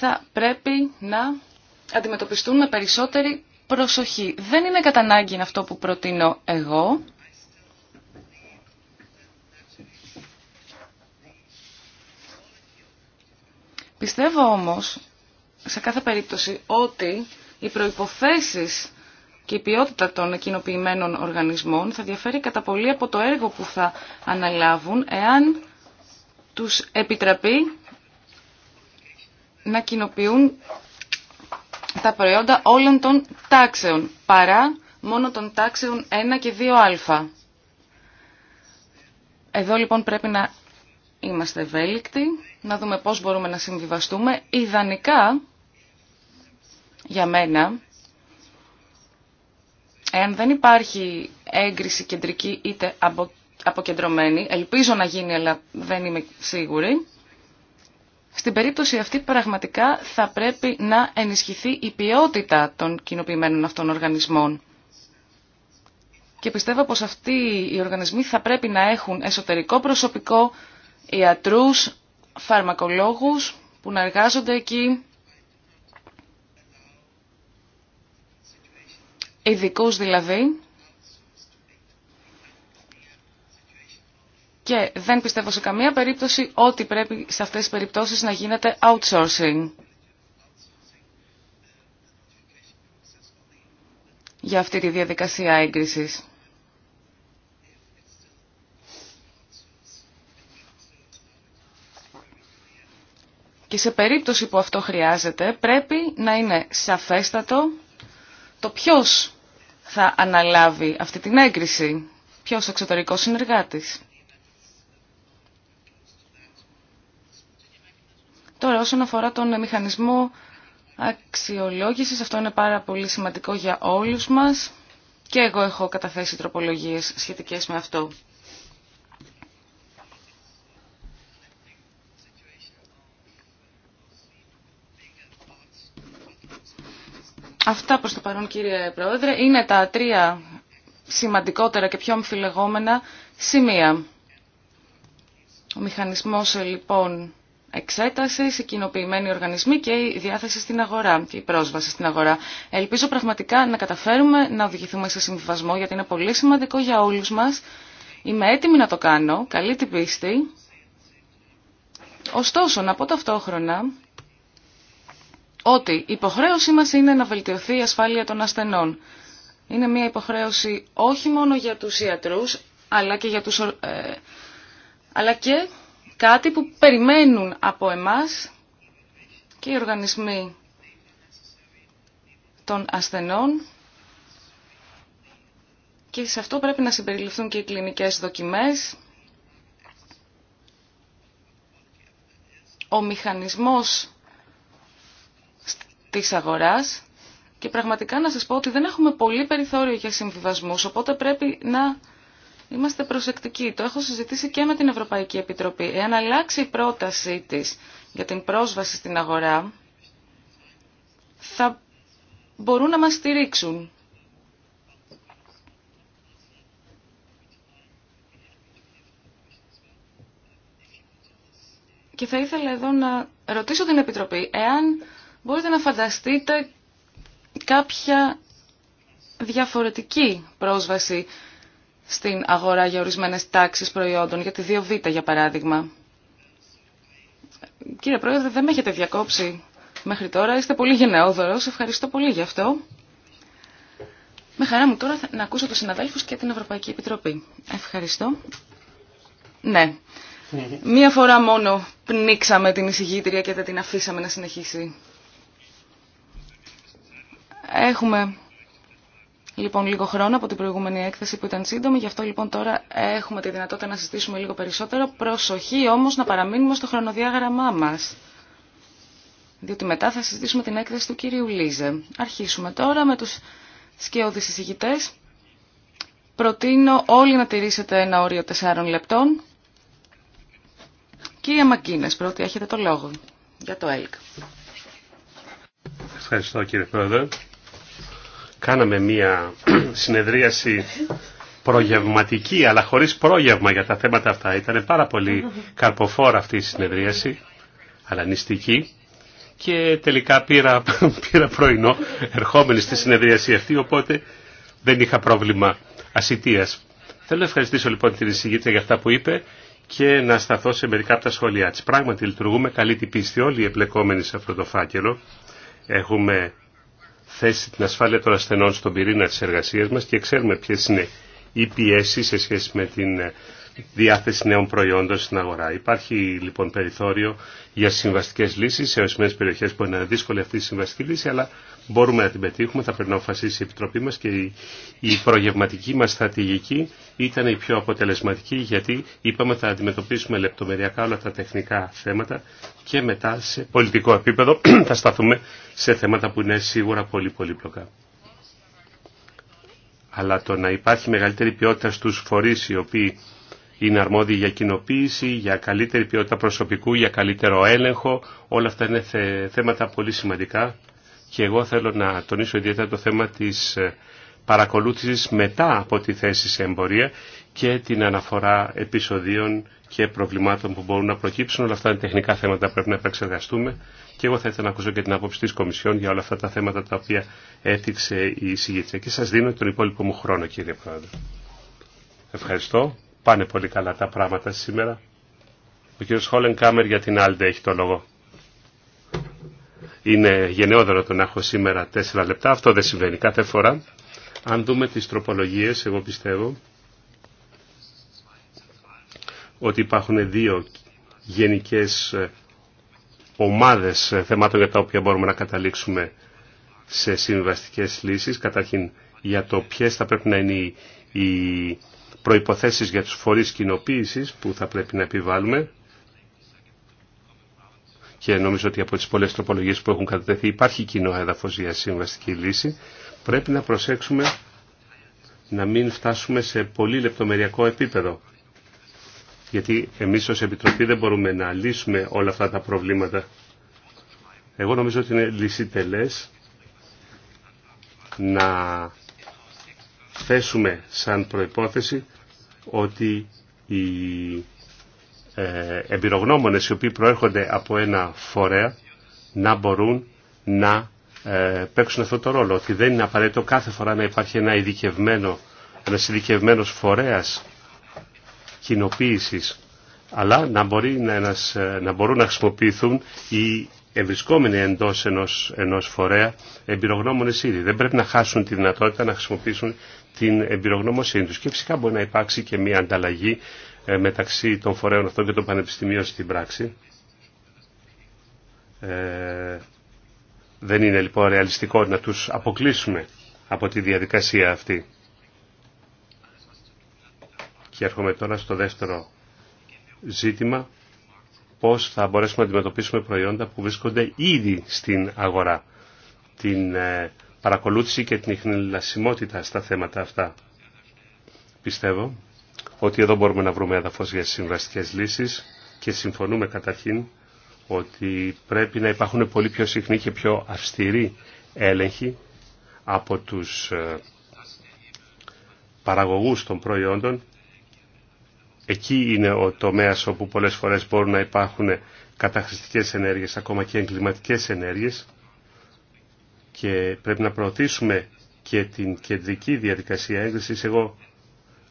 θα πρέπει να αντιμετωπιστούν με περισσότερη προσοχή. Δεν είναι κατά ανάγκη αυτό που προτείνω εγώ. Πιστεύω όμως, σε κάθε περίπτωση, ότι οι προϋποθέσεις και η ποιότητα των κοινοποιημένων οργανισμών θα διαφέρει κατά πολύ από το έργο που θα αναλάβουν εάν τους επιτραπεί να κοινοποιούν τα προϊόντα όλων των τάξεων, παρά μόνο των τάξεων 1 και 2α. Εδώ λοιπόν πρέπει να είμαστε ευέλικτοι, να δούμε πώς μπορούμε να συμβιβαστούμε. Ιδανικά, για μένα, εάν δεν υπάρχει έγκριση κεντρική είτε αποκεντρωμένη, ελπίζω να γίνει αλλά δεν είμαι σίγουρη, στην περίπτωση αυτή πραγματικά θα πρέπει να ενισχυθεί η ποιότητα των κοινοποιημένων αυτών οργανισμών. Και πιστεύω πως αυτοί οι οργανισμοί θα πρέπει να έχουν εσωτερικό προσωπικό, ιατρούς, φαρμακολόγους που να εργάζονται εκεί, ειδικού δηλαδή, Και δεν πιστεύω σε καμία περίπτωση ότι πρέπει σε αυτές τις περιπτώσεις να γίνεται outsourcing. για αυτή τη διαδικασία έγκρισης. Και σε περίπτωση που αυτό χρειάζεται πρέπει να είναι σαφέστατο το ποιος θα αναλάβει αυτή την έγκριση, ποιος εξωτερικός συνεργάτης. Τώρα, όσον αφορά τον μηχανισμό αξιολόγησης, αυτό είναι πάρα πολύ σημαντικό για όλους μας και εγώ έχω καταθέσει τροπολογίες σχετικές με αυτό. Αυτά προς το παρόν κύριε Πρόεδρε είναι τα τρία σημαντικότερα και πιο αμφιλεγόμενα σημεία. Ο μηχανισμός λοιπόν εξέταση, οι κοινοποιημένοι οργανισμοί και η διάθεση στην αγορά και η πρόσβαση στην αγορά. Ελπίζω πραγματικά να καταφέρουμε να οδηγηθούμε σε συμβιβασμό γιατί είναι πολύ σημαντικό για όλους μας. Είμαι έτοιμη να το κάνω, καλή την πίστη. Ωστόσο, να πω ταυτόχρονα ότι η υποχρέωσή μας είναι να βελτιωθεί η ασφάλεια των ασθενών. Είναι μια υποχρέωση όχι μόνο για τους ιατρούς, αλλά και για τους... Ε, αλλά και κάτι που περιμένουν από εμάς και οι οργανισμοί των ασθενών και σε αυτό πρέπει να συμπεριληφθούν και οι κλινικές δοκιμές. Ο μηχανισμός της αγοράς και πραγματικά να σας πω ότι δεν έχουμε πολύ περιθώριο για συμβιβασμούς, οπότε πρέπει να είμαστε προσεκτικοί. Το έχω συζητήσει και με την Ευρωπαϊκή Επιτροπή. Εάν αλλάξει η πρότασή της για την πρόσβαση στην αγορά, θα μπορούν να μας στηρίξουν. Και θα ήθελα εδώ να ρωτήσω την Επιτροπή, εάν μπορείτε να φανταστείτε κάποια διαφορετική πρόσβαση στην αγορά για ορισμένες τάξεις προϊόντων, για τη 2Β για παράδειγμα. Κύριε Πρόεδρε, δεν με έχετε διακόψει μέχρι τώρα. Είστε πολύ γενναιόδωρος. Ευχαριστώ πολύ γι' αυτό. Με χαρά μου τώρα να ακούσω τους συναδέλφους και την Ευρωπαϊκή Επιτροπή. Ευχαριστώ. Ναι. Μία φορά μόνο πνίξαμε την εισηγήτρια και δεν την αφήσαμε να συνεχίσει. Έχουμε λοιπόν λίγο χρόνο από την προηγούμενη έκθεση που ήταν σύντομη, γι' αυτό λοιπόν τώρα έχουμε τη δυνατότητα να συζητήσουμε λίγο περισσότερο. Προσοχή όμως να παραμείνουμε στο χρονοδιάγραμμά μας. Διότι μετά θα συζητήσουμε την έκθεση του κύριου Λίζε. Αρχίσουμε τώρα με τους σκιώδεις συζητητέ. Προτείνω όλοι να τηρήσετε ένα όριο 4 λεπτών. Κύριε Μακίνες, πρώτη έχετε το λόγο για το ΕΛΚ. Ευχαριστώ κύριε Πρόεδρε κάναμε μία συνεδρίαση προγευματική, αλλά χωρίς πρόγευμα για τα θέματα αυτά. Ήταν πάρα πολύ καρποφόρα αυτή η συνεδρίαση, αλλά νηστική Και τελικά πήρα, πήρα πρωινό ερχόμενη στη συνεδρίαση αυτή, οπότε δεν είχα πρόβλημα ασυτείας. Θέλω να ευχαριστήσω λοιπόν την εισηγήτρια για αυτά που είπε και να σταθώ σε μερικά από τα σχόλιά της. Πράγματι λειτουργούμε καλή την πίστη όλοι οι εμπλεκόμενοι σε αυτό το φάκελο. Έχουμε θέσει την ασφάλεια των ασθενών στον πυρήνα της εργασίας μας και ξέρουμε ποιες είναι οι πιέσει σε σχέση με την ε, διάθεση νέων προϊόντων στην αγορά. Υπάρχει λοιπόν περιθώριο για συμβαστικέ λύσει. Σε ορισμένε περιοχέ που είναι δύσκολη αυτή η συμβαστική λύση, αλλά μπορούμε να την πετύχουμε. Θα πρέπει να αποφασίσει η Επιτροπή μα και η προγευματική μα στρατηγική ήταν η πιο αποτελεσματική γιατί είπαμε θα αντιμετωπίσουμε λεπτομεριακά όλα τα τεχνικά θέματα και μετά σε πολιτικό επίπεδο θα σταθούμε σε θέματα που είναι σίγουρα πολύ πολύπλοκα. Αλλά το να υπάρχει μεγαλύτερη ποιότητα στους φορείς οι οποίοι είναι αρμόδιοι για κοινοποίηση, για καλύτερη ποιότητα προσωπικού, για καλύτερο έλεγχο. Όλα αυτά είναι θέματα πολύ σημαντικά και εγώ θέλω να τονίσω ιδιαίτερα το θέμα της ε, Παρακολούθηση μετά από τη θέση σε εμπορία και την αναφορά επεισοδίων και προβλημάτων που μπορούν να προκύψουν. Όλα αυτά είναι τεχνικά θέματα που πρέπει να επεξεργαστούμε και εγώ θα ήθελα να ακούσω και την άποψη της Κομισιόν για όλα αυτά τα θέματα τα οποία έθιξε η συγγετρία. Και σας δίνω τον υπόλοιπο μου χρόνο κύριε Πρόεδρε. Ευχαριστώ. Πάνε πολύ καλά τα πράγματα σήμερα. Ο κύριος Χόλεν Κάμερ για την Άλντε έχει το λόγο. Είναι γενναιόδωρο το να έχω σήμερα τέσσερα λεπτά. Αυτό δεν συμβαίνει κάθε φορά. Αν δούμε τις τροπολογίες, εγώ πιστεύω ότι υπάρχουν δύο γενικές ε, ομάδες ε, θεμάτων για τα οποία μπορούμε να καταλήξουμε σε συμβαστικές λύσεις. Καταρχήν για το ποιε θα πρέπει να είναι οι προϋποθέσεις για τους φορείς κοινοποίηση που θα πρέπει να επιβάλλουμε και νομίζω ότι από τις πολλές τροπολογίες που έχουν κατατεθεί υπάρχει κοινό έδαφος για συμβαστική λύση πρέπει να προσέξουμε να μην φτάσουμε σε πολύ λεπτομεριακό επίπεδο. Γιατί εμείς ως Επιτροπή δεν μπορούμε να λύσουμε όλα αυτά τα προβλήματα. Εγώ νομίζω ότι είναι λυσιτελές να θέσουμε σαν προϋπόθεση ότι οι ε, εμπειρογνώμονες οι οποίοι προέρχονται από ένα φορέα να μπορούν να ε, παίξουν αυτό το ρόλο, ότι δεν είναι απαραίτητο κάθε φορά να υπάρχει ένα ειδικευμένο, ένας ειδικευμένο φορέα κοινοποίηση, αλλά να, μπορεί να, ε, να μπορούν να χρησιμοποιηθούν οι ευρισκόμενοι εντό ενό φορέα εμπειρογνώμονε ήδη. Δεν πρέπει να χάσουν τη δυνατότητα να χρησιμοποιήσουν την εμπειρογνωμοσύνη του. Και φυσικά μπορεί να υπάρξει και μια ανταλλαγή ε, μεταξύ των φορέων αυτών και των πανεπιστημίων στην πράξη. Ε, δεν είναι λοιπόν ρεαλιστικό να τους αποκλείσουμε από τη διαδικασία αυτή. Και έρχομαι τώρα στο δεύτερο ζήτημα, πώς θα μπορέσουμε να αντιμετωπίσουμε προϊόντα που βρίσκονται ήδη στην αγορά. Την ε, παρακολούθηση και την λασιμότητα στα θέματα αυτά. Πιστεύω ότι εδώ μπορούμε να βρούμε έδαφος για συμβαστικές λύσεις και συμφωνούμε καταρχήν ότι πρέπει να υπάρχουν πολύ πιο συχνοί και πιο αυστηροί έλεγχοι από τους ε, παραγωγούς των προϊόντων. Εκεί είναι ο τομέας όπου πολλές φορές μπορούν να υπάρχουν καταχρηστικές ενέργειες, ακόμα και εγκληματικές ενέργειες και πρέπει να προωθήσουμε και την κεντρική διαδικασία έγκρισης. Εγώ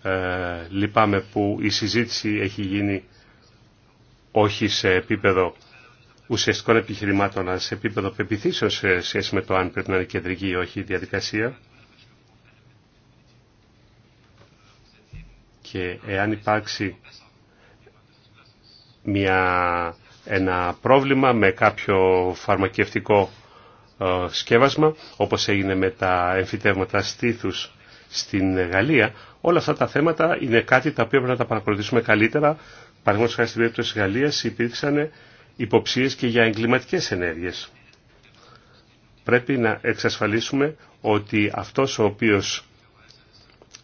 ε, λυπάμαι που η συζήτηση έχει γίνει όχι σε επίπεδο ουσιαστικών επιχειρημάτων, σε επίπεδο πεπιθήσεως σε σχέση με το αν πρέπει να είναι κεντρική ή όχι η διαδικασία. Και εάν υπάρξει μια, ένα πρόβλημα με κάποιο φαρμακευτικό ε, σκεύασμα, όπως έγινε με τα εμφυτεύματα στήθους στην Γαλλία, όλα αυτά τα θέματα είναι κάτι τα οποία πρέπει να τα παρακολουθήσουμε καλύτερα. Παραδείγματος χάρη στην περίπτωση της Γαλλίας υπήρξαν υποψίες και για εγκληματικές ενέργειες. Πρέπει να εξασφαλίσουμε ότι αυτός ο οποίος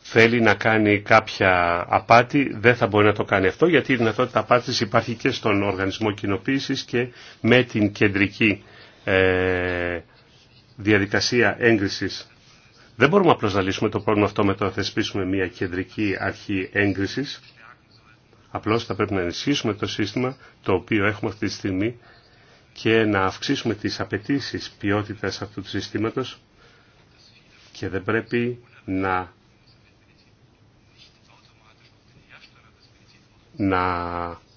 θέλει να κάνει κάποια απάτη δεν θα μπορεί να το κάνει αυτό γιατί η δυνατότητα απάτης υπάρχει και στον οργανισμό κοινοποίησης και με την κεντρική ε, διαδικασία έγκρισης. Δεν μπορούμε απλώς να λύσουμε το πρόβλημα αυτό με το να θεσπίσουμε μια κεντρική αρχή έγκρισης Απλώς θα πρέπει να ενισχύσουμε το σύστημα το οποίο έχουμε αυτή τη στιγμή και να αυξήσουμε τις απαιτήσει ποιότητας αυτού του συστήματος και δεν πρέπει να να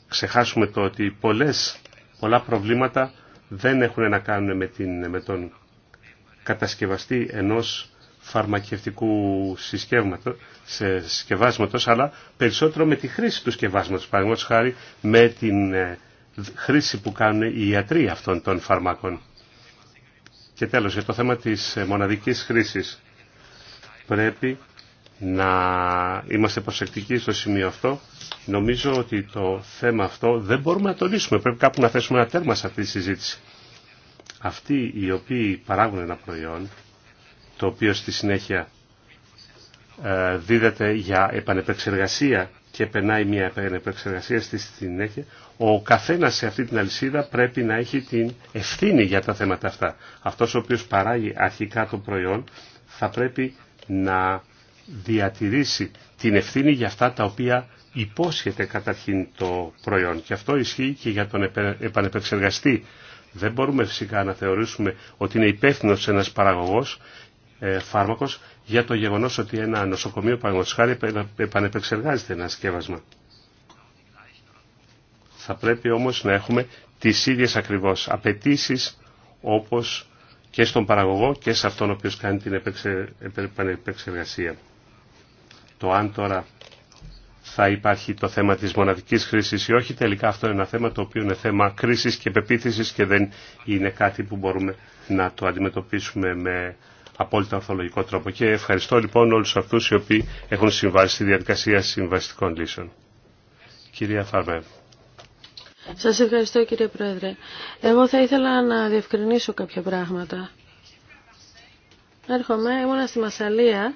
ξεχάσουμε το ότι πολλές, πολλά προβλήματα δεν έχουν να κάνουν με, την, με τον κατασκευαστή ενός φαρμακευτικού συσκευάσματος, αλλά περισσότερο με τη χρήση του συσκευάσματος, παραδείγματος χάρη με την ε, χρήση που κάνουν οι ιατροί αυτών των φαρμάκων. Και τέλος, για το θέμα της ε, μοναδικής χρήσης, πρέπει να είμαστε προσεκτικοί στο σημείο αυτό. Νομίζω ότι το θέμα αυτό δεν μπορούμε να λύσουμε Πρέπει κάπου να θέσουμε ένα τέρμα σε αυτή τη συζήτηση. Αυτοί οι οποίοι παράγουν ένα προϊόν το οποίο στη συνέχεια ε, δίδεται για επανεπεξεργασία και περνάει μια επανεπεξεργασία στη συνέχεια, ο καθένας σε αυτή την αλυσίδα πρέπει να έχει την ευθύνη για τα θέματα αυτά. Αυτός ο οποίος παράγει αρχικά το προϊόν θα πρέπει να διατηρήσει την ευθύνη για αυτά τα οποία υπόσχεται καταρχήν το προϊόν. Και αυτό ισχύει και για τον επανεπεξεργαστή. Δεν μπορούμε φυσικά να θεωρήσουμε ότι είναι υπεύθυνο ένας παραγωγός ε, φάρμακος για το γεγονό ότι ένα νοσοκομείο χάρη επανεπεξεργάζεται ένα σκεύασμα. Θα πρέπει όμω να έχουμε τι ίδιε ακριβώ απαιτήσει όπω και στον παραγωγό και σε αυτόν ο οποίο κάνει την επανεπεξεργασία. Το αν τώρα θα υπάρχει το θέμα της μοναδικής χρήσης ή όχι, τελικά αυτό είναι ένα θέμα το οποίο είναι θέμα κρίσης και πεποίθησης και δεν είναι κάτι που μπορούμε να το αντιμετωπίσουμε με απόλυτα ορθολογικό τρόπο. Και ευχαριστώ λοιπόν όλους αυτούς οι οποίοι έχουν συμβάσει στη διαδικασία συμβαστικών λύσεων. Κυρία Φαρμέ. Σας ευχαριστώ κύριε Πρόεδρε. Εγώ θα ήθελα να διευκρινίσω κάποια πράγματα. Έρχομαι, ήμουνα στη Μασαλία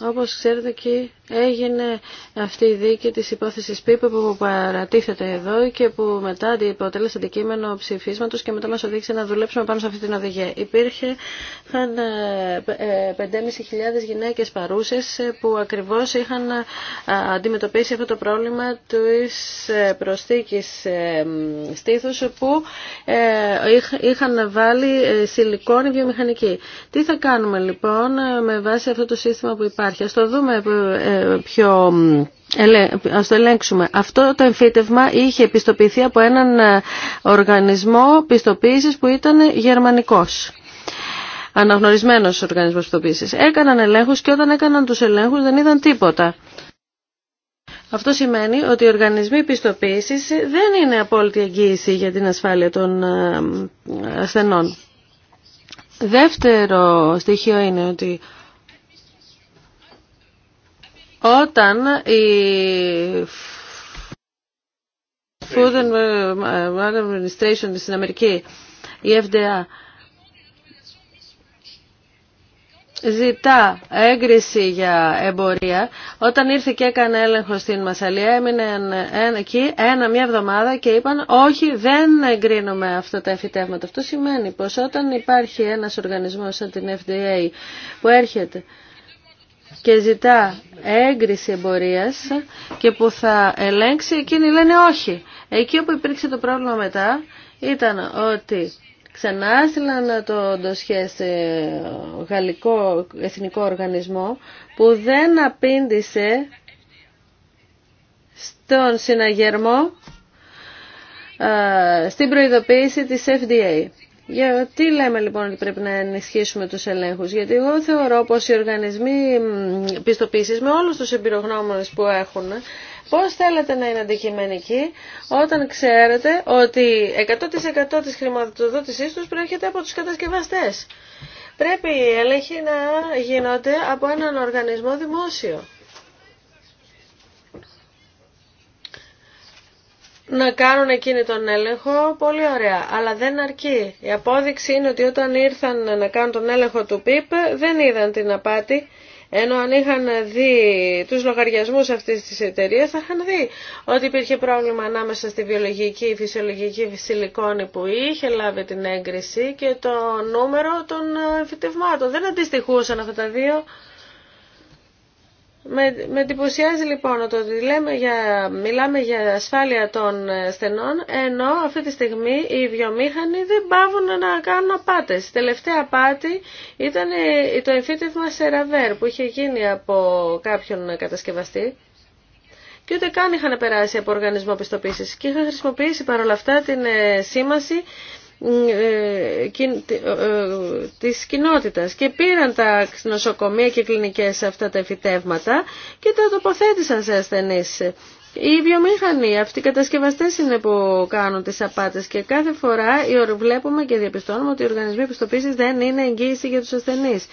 όπως ξέρετε και έγινε αυτή η δίκη της υπόθεσης ΠΥΠΕ που παρατίθεται εδώ και που μετά αντιποτέλεσε αντικείμενο ψηφίσματος και μετά μας οδήγησε να δουλέψουμε πάνω σε αυτή την οδηγία. Υπήρχε 5.500 ε, ε, γυναίκες παρούσες ε, που ακριβώς είχαν αντιμετωπίσει αυτό το πρόβλημα της προσθήκης στήθους που είχαν βάλει σιλικόνη βιομηχανική. Τι θα κάνουμε λοιπόν με βάση αυτό το σύστημα που υπάρχει ε, ε, ας το ελέγξουμε. Αυτό το εμφύτευμα είχε επιστοποιηθεί από έναν ε, οργανισμό πιστοποίησης που ήταν γερμανικός. Αναγνωρισμένος οργανισμός πιστοποίησης. Έκαναν ελέγχους και όταν έκαναν τους ελέγχους δεν είδαν τίποτα. Αυτό σημαίνει ότι οι οργανισμοί πιστοποίησης δεν είναι απόλυτη εγγύηση για την ασφάλεια των ασθενών. Δεύτερο στοιχείο είναι ότι όταν η Food and Administration στην Αμερική, η FDA, ζητά έγκριση για εμπορία. Όταν ήρθε και έκανε έλεγχο στην Μασαλία, έμεινε εκεί ένα μία εβδομάδα και είπαν όχι δεν εγκρίνουμε αυτά τα εφητεύματα. Αυτό σημαίνει πως όταν υπάρχει ένας οργανισμός σαν την FDA που έρχεται και ζητά έγκριση εμπορίας και που θα ελέγξει, εκείνοι λένε όχι. Εκεί όπου υπήρξε το πρόβλημα μετά ήταν ότι ξανά έστειλαν το ντοσχέ σε γαλλικό εθνικό οργανισμό που δεν απήντησε στον συναγερμό στην προειδοποίηση της FDA. Τι λέμε λοιπόν ότι πρέπει να ενισχύσουμε τους ελέγχους. Γιατί εγώ θεωρώ πως οι οργανισμοί πιστοποίησης με όλους τους εμπειρογνώμονες που έχουν Πώς θέλετε να είναι αντικειμενικοί όταν ξέρετε ότι 100% της χρηματοδότησής τους προέρχεται από τους κατασκευαστές. Πρέπει οι έλεγχοι να γίνονται από έναν οργανισμό δημόσιο. να κάνουν εκείνη τον έλεγχο, πολύ ωραία, αλλά δεν αρκεί. Η απόδειξη είναι ότι όταν ήρθαν να κάνουν τον έλεγχο του ΠΙΠ δεν είδαν την απάτη, ενώ αν είχαν δει τους λογαριασμούς αυτής της εταιρείας θα είχαν δει ότι υπήρχε πρόβλημα ανάμεσα στη βιολογική, ή φυσιολογική σιλικόνη που είχε λάβει την έγκριση και το νούμερο των φυτευμάτων. Δεν αντιστοιχούσαν αυτά τα δύο. Με, με εντυπωσιάζει λοιπόν ότι για, μιλάμε για ασφάλεια των ε, στενών, ενώ αυτή τη στιγμή οι βιομήχανοι δεν πάβουν να κάνουν απάτες. τελευταία απάτη ήταν ε, το εμφύτευμα Σεραβέρ που είχε γίνει από κάποιον κατασκευαστή και ούτε καν είχαν περάσει από οργανισμό πιστοποίησης και είχαν χρησιμοποιήσει παρόλα αυτά την ε, σήμαση ε, ε, ε, της κοινότητας και πήραν τα νοσοκομεία και κλινικές αυτά τα εφητεύματα και τα τοποθέτησαν σε ασθενείς. Οι βιομηχανοί, αυτοί οι κατασκευαστές είναι που κάνουν τις απάτες και κάθε φορά βλέπουμε και διαπιστώνουμε ότι οι οργανισμοί επιστοποίησης δεν είναι εγγύηση για τους ασθενείς.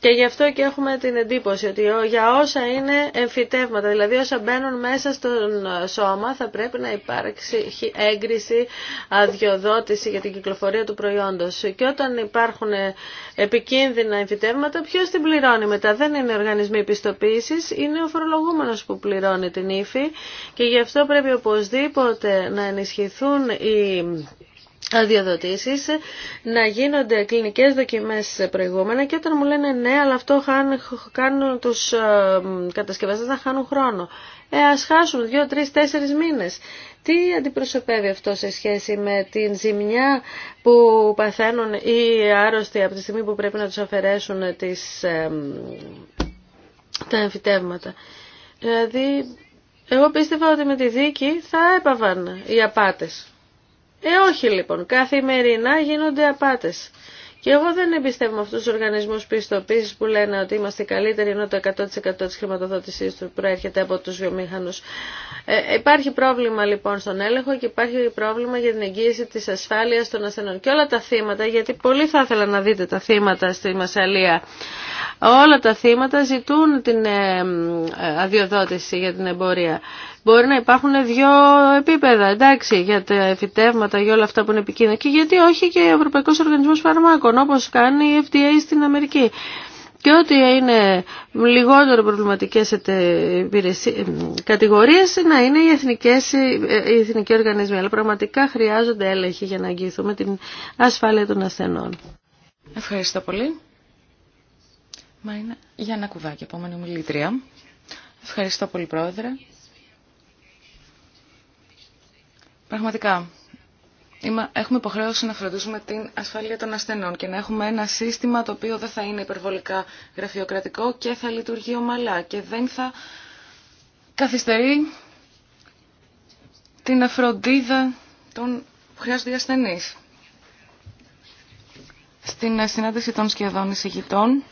Και γι' αυτό και έχουμε την εντύπωση ότι για όσα είναι εμφυτεύματα, δηλαδή όσα μπαίνουν μέσα στο σώμα, θα πρέπει να υπάρξει έγκριση, αδειοδότηση για την κυκλοφορία του προϊόντος. Και όταν υπάρχουν επικίνδυνα εμφυτεύματα, ποιος την πληρώνει μετά. Δεν είναι οργανισμοί πιστοποίησης, είναι ο φορολογούμενος που πληρώνει την ύφη και γι' αυτό πρέπει οπωσδήποτε να ενισχυθούν οι αδειοδοτήσεις, να γίνονται κλινικές δοκιμές προηγούμενα και όταν μου λένε ναι, αλλά αυτό κάνουν τους ε, κατασκευαστές να χάνουν χρόνο. Ε, ας χάσουν δύο, τρεις, τέσσερις μήνες. Τι αντιπροσωπεύει αυτό σε σχέση με την ζημιά που παθαίνουν οι άρρωστοι από τη στιγμή που πρέπει να τους αφαιρέσουν τις, ε, τα εμφυτεύματα. Δηλαδή, εγώ πίστευα ότι με τη δίκη θα έπαβαν οι απάτες. Ε, όχι λοιπόν. Καθημερινά γίνονται απάτε. Και εγώ δεν εμπιστεύω αυτού του οργανισμού πιστοποίηση που λένε ότι είμαστε καλύτεροι ενώ το 100% τη χρηματοδότησή του προέρχεται από του βιομήχανου. Ε, υπάρχει πρόβλημα λοιπόν στον έλεγχο και υπάρχει πρόβλημα για την εγγύηση τη ασφάλεια των ασθενών. Και όλα τα θύματα, γιατί πολύ θα ήθελα να δείτε τα θύματα στη Μασαλία, όλα τα θύματα ζητούν την ε, ε, αδειοδότηση για την εμπορία. Μπορεί να υπάρχουν δύο επίπεδα, εντάξει, για τα εφητεύματα, για όλα αυτά που είναι επικίνδυνα. Και γιατί όχι και ο Ευρωπαϊκός Οργανισμός Φαρμάκων, όπως κάνει η FDA στην Αμερική. Και ό,τι είναι λιγότερο προβληματικές κατηγορίες να είναι οι, εθνικές, ε, οι εθνικοί οργανισμοί. Αλλά πραγματικά χρειάζονται έλεγχοι για να αγγίθουμε την ασφάλεια των ασθενών. Ευχαριστώ πολύ. Μα είναι για να κουβάκι, επόμενη μιλήτρια. Ευχαριστώ πολύ, Πρόεδρε. Πραγματικά, έχουμε υποχρέωση να φροντίζουμε την ασφάλεια των ασθενών και να έχουμε ένα σύστημα το οποίο δεν θα είναι υπερβολικά γραφειοκρατικό και θα λειτουργεί ομαλά και δεν θα καθυστερεί την αφροντίδα των που χρειάζονται ασθενείς. Στην συνάντηση των σχεδόν εισηγητών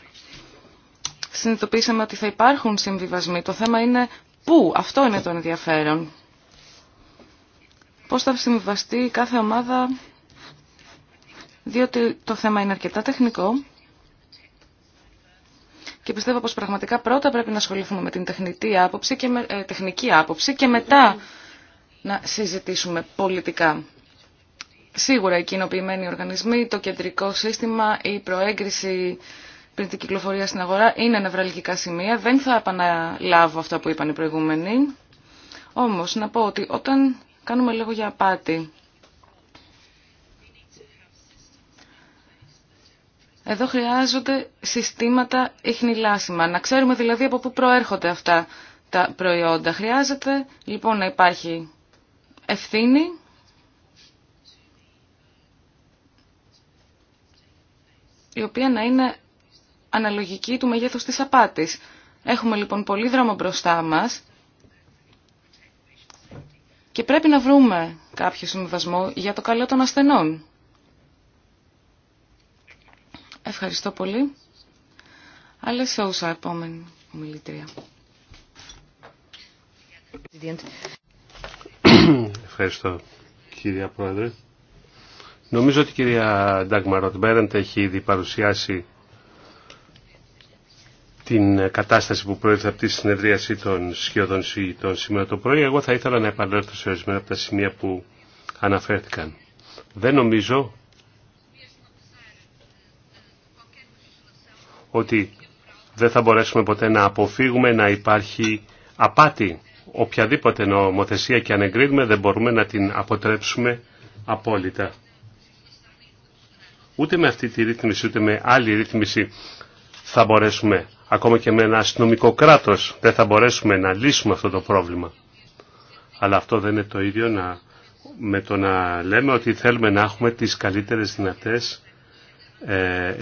συνειδητοποίησαμε ότι θα υπάρχουν συμβιβασμοί. Το θέμα είναι πού. Αυτό είναι το ενδιαφέρον πώς θα συμβαστεί κάθε ομάδα, διότι το θέμα είναι αρκετά τεχνικό και πιστεύω πως πραγματικά πρώτα πρέπει να ασχοληθούμε με την τεχνητή άποψη και με, ε, τεχνική άποψη και μετά να συζητήσουμε πολιτικά. Σίγουρα οι κοινοποιημένοι οργανισμοί, το κεντρικό σύστημα, η προέγκριση πριν την κυκλοφορία στην αγορά είναι νευραλγικά σημεία. Δεν θα επαναλάβω αυτά που είπαν οι προηγούμενοι. Όμως να πω ότι όταν Κάνουμε λίγο για απάτη. Εδώ χρειάζονται συστήματα ιχνηλάσιμα. Να ξέρουμε δηλαδή από πού προέρχονται αυτά τα προϊόντα. Χρειάζεται λοιπόν να υπάρχει ευθύνη η οποία να είναι αναλογική του μεγέθους της απάτης. Έχουμε λοιπόν πολύ δρόμο μπροστά μας και πρέπει να βρούμε κάποιο συμβασμό για το καλό των ασθενών. Ευχαριστώ πολύ. Άλλε όσα επόμενη ομιλητρία. Ευχαριστώ, κυρία Πρόεδρε. Νομίζω ότι η κυρία Ντάγμα Ροτμπέρεντ έχει ήδη παρουσιάσει την κατάσταση που προήλθε από τη συνεδρίαση των σχεδόν συγητών σήμερα το πρωί, εγώ θα ήθελα να επανέλθω σε ορισμένα από τα σημεία που αναφέρθηκαν. Δεν νομίζω ότι δεν θα μπορέσουμε ποτέ να αποφύγουμε να υπάρχει απάτη. Οποιαδήποτε νομοθεσία και αν εγκρίνουμε δεν μπορούμε να την αποτρέψουμε απόλυτα. Ούτε με αυτή τη ρύθμιση ούτε με άλλη ρύθμιση θα μπορέσουμε ακόμα και με ένα αστυνομικό κράτος δεν θα μπορέσουμε να λύσουμε αυτό το πρόβλημα. Αλλά αυτό δεν είναι το ίδιο να, με το να λέμε ότι θέλουμε να έχουμε τις καλύτερες δυνατές ε,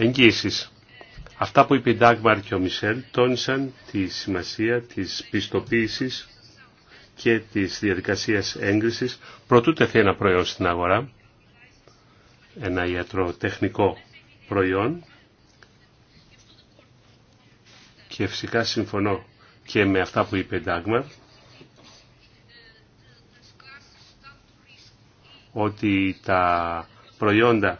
Αυτά που είπε η Ντάγμαρ και ο Μισελ τόνισαν τη σημασία της πιστοποίησης και της διαδικασίας έγκρισης προτού τεθεί ένα προϊόν στην αγορά, ένα ιατροτεχνικό προϊόν και φυσικά συμφωνώ και με αυτά που είπε Ντάγμαρ ότι τα προϊόντα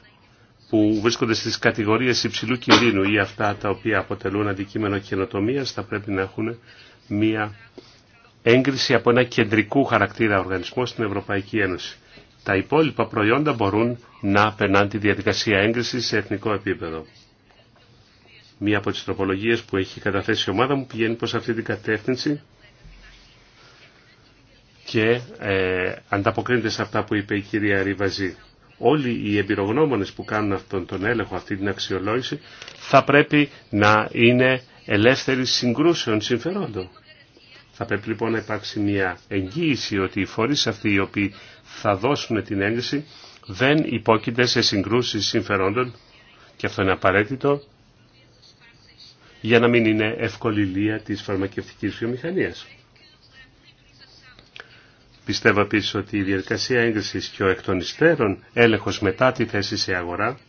που βρίσκονται στις κατηγορίες υψηλού κινδύνου ή αυτά τα οποία αποτελούν αντικείμενο καινοτομία θα πρέπει να έχουν μία έγκριση από ένα κεντρικού χαρακτήρα οργανισμό στην Ευρωπαϊκή Ένωση. Τα υπόλοιπα προϊόντα μπορούν να περνάνε τη διαδικασία έγκρισης σε εθνικό επίπεδο. Μία από τις τροπολογίες που έχει καταθέσει η ομάδα μου πηγαίνει προς αυτή την κατεύθυνση και ε, ανταποκρίνεται σε αυτά που είπε η κυρία Ριβαζή. Όλοι οι εμπειρογνώμονες που κάνουν αυτόν τον έλεγχο, αυτή την αξιολόγηση, θα πρέπει να είναι ελεύθεροι συγκρούσεων συμφερόντων. Θα πρέπει λοιπόν να υπάρξει μια εγγύηση ότι οι φορείς αυτοί οι οποίοι θα δώσουν την έγκριση δεν υπόκειται σε συγκρούσεις συμφερόντων και αυτό είναι απαραίτητο για να μην είναι εύκολη της φαρμακευτικής βιομηχανίας. Πιστεύω επίση ότι η διαδικασία έγκρισης και ο εκ των υστέρων έλεγχος μετά τη θέση σε αγορά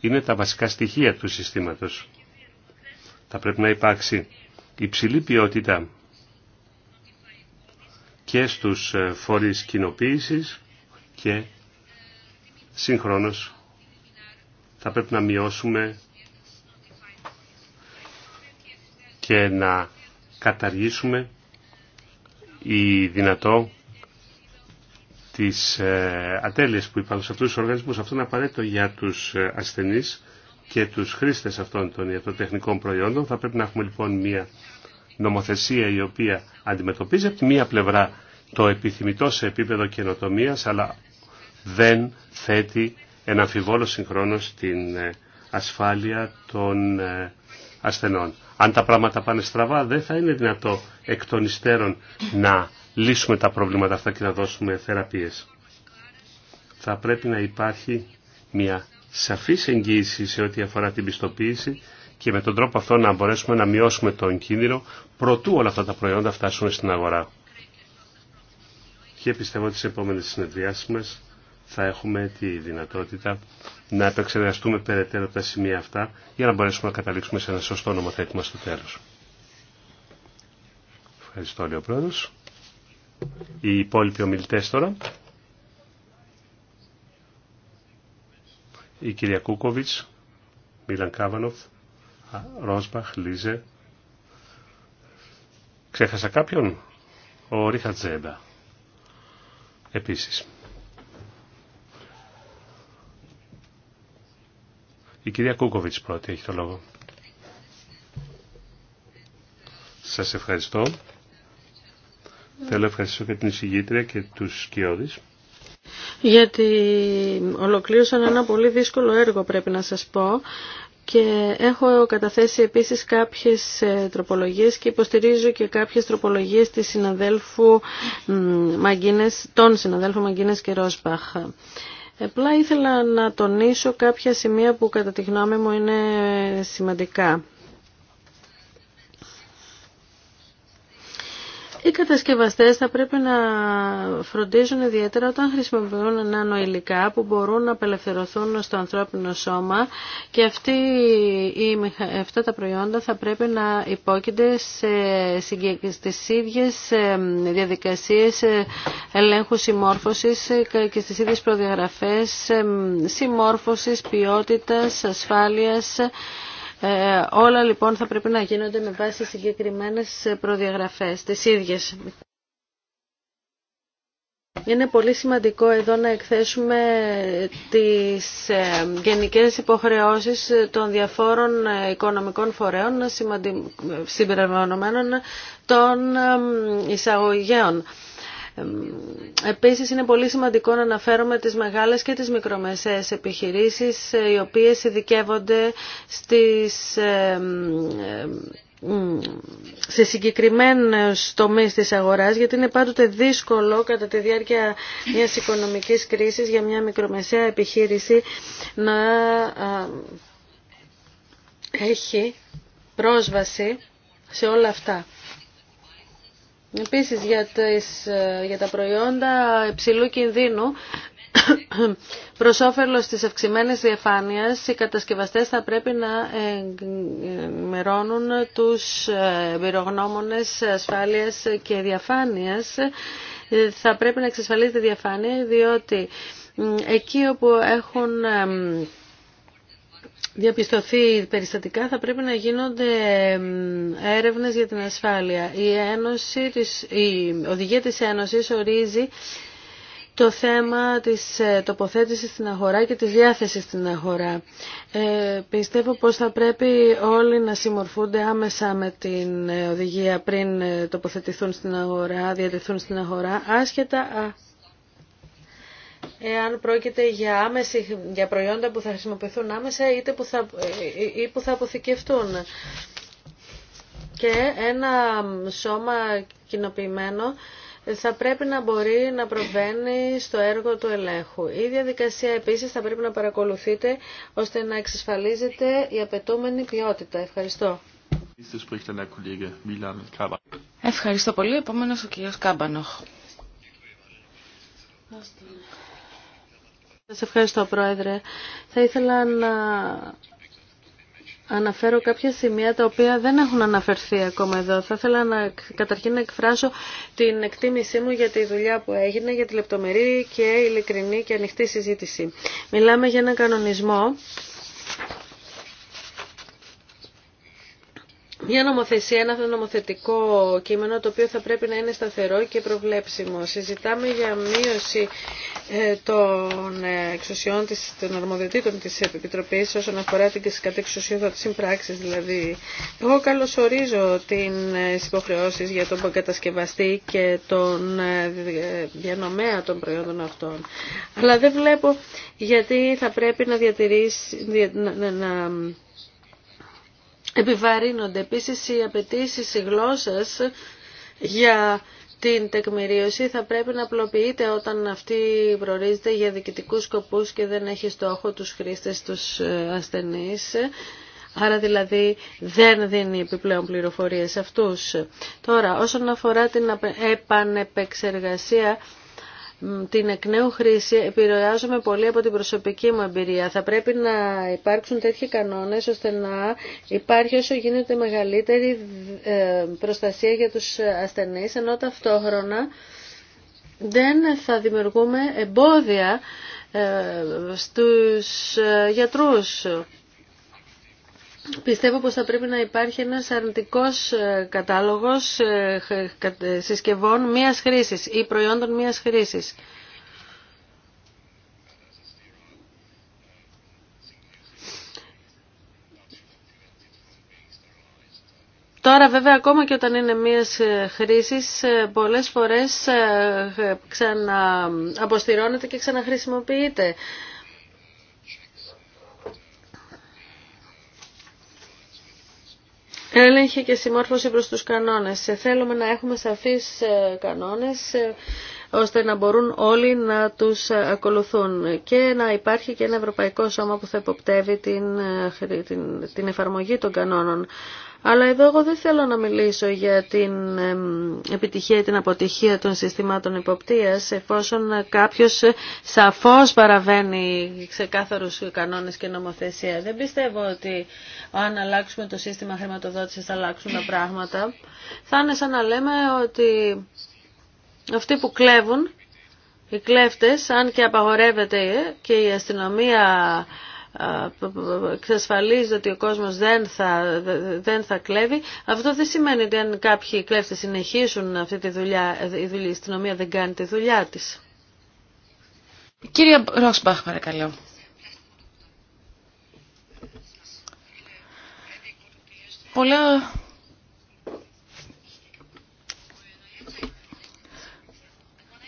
είναι τα βασικά στοιχεία του συστήματος. Θα πρέπει να υπάρξει υψηλή ποιότητα και στους ε, φορείς κοινοποίηση και συγχρόνως θα πρέπει να μειώσουμε και να καταργήσουμε η δυνατό τις ε, ατέλειες που υπάρχουν σε αυτούς τους οργανισμούς. Αυτό είναι απαραίτητο για τους ε, ασθενείς και τους χρήστες αυτών των ιατροτεχνικών προϊόντων. Θα πρέπει να έχουμε λοιπόν μια νομοθεσία η οποία αντιμετωπίζει από μία πλευρά το επιθυμητό σε επίπεδο καινοτομία, αλλά δεν θέτει ένα αμφιβόλο συγχρόνως την ε, ασφάλεια των ασθενών. Αν τα πράγματα πάνε στραβά δεν θα είναι δυνατό εκ των υστέρων να λύσουμε τα προβλήματα αυτά και να δώσουμε θεραπείες. Θα πρέπει να υπάρχει μια σαφής εγγύηση σε ό,τι αφορά την πιστοποίηση και με τον τρόπο αυτό να μπορέσουμε να μειώσουμε τον κίνδυνο προτού όλα αυτά τα προϊόντα φτάσουν στην αγορά. Και πιστεύω ότι στις επόμενες συνεδριάσεις μας θα έχουμε τη δυνατότητα να επεξεργαστούμε περαιτέρω τα σημεία αυτά για να μπορέσουμε να καταλήξουμε σε ένα σωστό νομοθέτημα στο τέλος. Ευχαριστώ, όλοι ο Πρόεδρος. Οι υπόλοιποι ομιλητές τώρα. Η κυρία Κούκοβιτς, Μίλαν Κάβανοφ, Ρόσμπαχ, Λίζε. Ξέχασα κάποιον. Ο Ρίχα Επίσης. Η κυρία Κούκοβιτς πρώτη έχει το λόγο. Σας ευχαριστώ. Θέλω να ευχαριστήσω και την εισηγήτρια και τους σκιώδεις. Γιατί ολοκλήρωσαν ένα πολύ δύσκολο έργο πρέπει να σας πω και έχω καταθέσει επίσης κάποιες ε, τροπολογίες και υποστηρίζω και κάποιες τροπολογίες της συναδέλφου Μαγκίνες, των συναδέλφων Μαγκίνες και Ρόσπαχ. Επλά ήθελα να τονίσω κάποια σημεία που κατά τη γνώμη μου είναι σημαντικά. Οι κατασκευαστές θα πρέπει να φροντίζουν ιδιαίτερα όταν χρησιμοποιούν νάνο υλικά που μπορούν να απελευθερωθούν στο ανθρώπινο σώμα και αυτή, η, αυτά τα προϊόντα θα πρέπει να υπόκεινται σε, στις ίδιες διαδικασίες ελέγχου συμμόρφωσης και στις ίδιες προδιαγραφές συμμόρφωσης, ποιότητας, ασφάλειας ε, όλα λοιπόν θα πρέπει να γίνονται με βάση συγκεκριμένες προδιαγραφές, τις ίδιες. Είναι πολύ σημαντικό εδώ να εκθέσουμε τις ε, γενικές υποχρεώσεις των διαφόρων ε, οικονομικών φορέων συμπεριλαμβανομένων των εισαγωγέων. Επίσης είναι πολύ σημαντικό να αναφέρουμε τις μεγάλες και τις μικρομεσαίες επιχειρήσεις ε, οι οποίες ειδικεύονται στις σε συγκεκριμένους τομείς της αγοράς γιατί είναι πάντοτε δύσκολο κατά τη διάρκεια μιας οικονομικής κρίσης για μια μικρομεσαία επιχείρηση να έχει πρόσβαση σε όλα αυτά. Επίσης για, τις, ε, για τα προϊόντα υψηλού κινδύνου Προ όφελο τη αυξημένης διαφάνειας, οι κατασκευαστές θα πρέπει να ενημερώνουν τους εμπειρογνώμονες ασφάλειας και διαφάνειας. Θα πρέπει να εξασφαλίζεται διαφάνεια, διότι εκεί όπου έχουν διαπιστωθεί περιστατικά θα πρέπει να γίνονται έρευνες για την ασφάλεια. Η, Ένωση, η οδηγία της Ένωσης ορίζει το θέμα της ε, τοποθέτησης στην αγορά και της διάθεσης στην αγορά. Ε, πιστεύω πως θα πρέπει όλοι να συμμορφούνται άμεσα με την ε, οδηγία πριν τοποθετηθούν στην αγορά, διατεθούν στην αγορά, άσχετα εάν πρόκειται για, άμεση, για προϊόντα που θα χρησιμοποιηθούν άμεσα είτε θα, ή που θα αποθηκευτούν. Και ένα σώμα κοινοποιημένο θα πρέπει να μπορεί να προβαίνει στο έργο του ελέγχου. Η διαδικασία επίσης θα πρέπει να παρακολουθείτε ώστε να εξασφαλίζεται η απαιτούμενη ποιότητα. Ευχαριστώ. Ευχαριστώ πολύ. Επόμενος ο κύριος Κάμπανοχ. Σας ευχαριστώ, Πρόεδρε. Θα ήθελα να αναφέρω κάποια σημεία τα οποία δεν έχουν αναφερθεί ακόμα εδώ. Θα ήθελα να, καταρχήν να εκφράσω την εκτίμησή μου για τη δουλειά που έγινε, για τη λεπτομερή και ειλικρινή και ανοιχτή συζήτηση. Μιλάμε για ένα κανονισμό μια νομοθεσία, ένα νομοθετικό κείμενο το οποίο θα πρέπει να είναι σταθερό και προβλέψιμο. Συζητάμε για μείωση ε, των ε, εξουσιών της, των αρμοδιοτήτων της Επιτροπής όσον αφορά την κατεξουσιοδότηση της συμπράξεις. δηλαδή. Εγώ καλωσορίζω την ε, υποχρεώσει για τον κατασκευαστή και τον διανομέα των προϊόντων αυτών. Αλλά δεν βλέπω γιατί θα πρέπει να διατηρήσει, να Επιβαρύνονται επίσης οι απαιτήσει γλώσσας για την τεκμηρίωση θα πρέπει να απλοποιείται όταν αυτή προορίζεται για διοικητικούς σκοπούς και δεν έχει στόχο τους χρήστες, τους ε, ασθενείς. Άρα δηλαδή δεν δίνει επιπλέον πληροφορίες αυτούς. Τώρα όσον αφορά την επανεπεξεργασία την εκ νέου χρήση επηρεάζομαι πολύ από την προσωπική μου εμπειρία. Θα πρέπει να υπάρξουν τέτοιοι κανόνες ώστε να υπάρχει όσο γίνεται μεγαλύτερη ε, προστασία για τους ασθενείς, ενώ ταυτόχρονα δεν θα δημιουργούμε εμπόδια ε, στους ε, γιατρούς. Πιστεύω πως θα πρέπει να υπάρχει ένας αρνητικός ε, κατάλογος ε, ε, συσκευών μίας χρήσης ή προϊόντων μίας χρήσης. Τώρα βέβαια ακόμα και όταν είναι μίας χρήσης πολλές φορές ξανααποστηρώνεται και ξαναχρησιμοποιείται. Έλεγχε και συμμόρφωση προς τους κανόνες. Θέλουμε να έχουμε σαφείς ε, κανόνες ε, ώστε να μπορούν όλοι να τους ε, ακολουθούν και να υπάρχει και ένα ευρωπαϊκό σώμα που θα υποπτεύει την, την, την εφαρμογή των κανόνων. Αλλά εδώ εγώ δεν θέλω να μιλήσω για την επιτυχία ή την αποτυχία των συστημάτων υποπτίας εφόσον κάποιος σαφώς παραβαίνει ξεκάθαρους κανόνες και νομοθεσία. Δεν πιστεύω ότι αν αλλάξουμε το σύστημα χρηματοδότησης θα αλλάξουν τα πράγματα. Θα είναι σαν να λέμε ότι αυτοί που κλέβουν, οι κλέφτες, αν και απαγορεύεται και η αστυνομία εξασφαλίζει ότι ο κόσμος δεν θα, δεν θα κλέβει. Αυτό δεν σημαίνει ότι αν κάποιοι κλέφτες συνεχίσουν αυτή τη δουλειά, η, δουλειά, η αστυνομία δεν κάνει τη δουλειά της. Κύριε Ρόσμπαχ, παρακαλώ.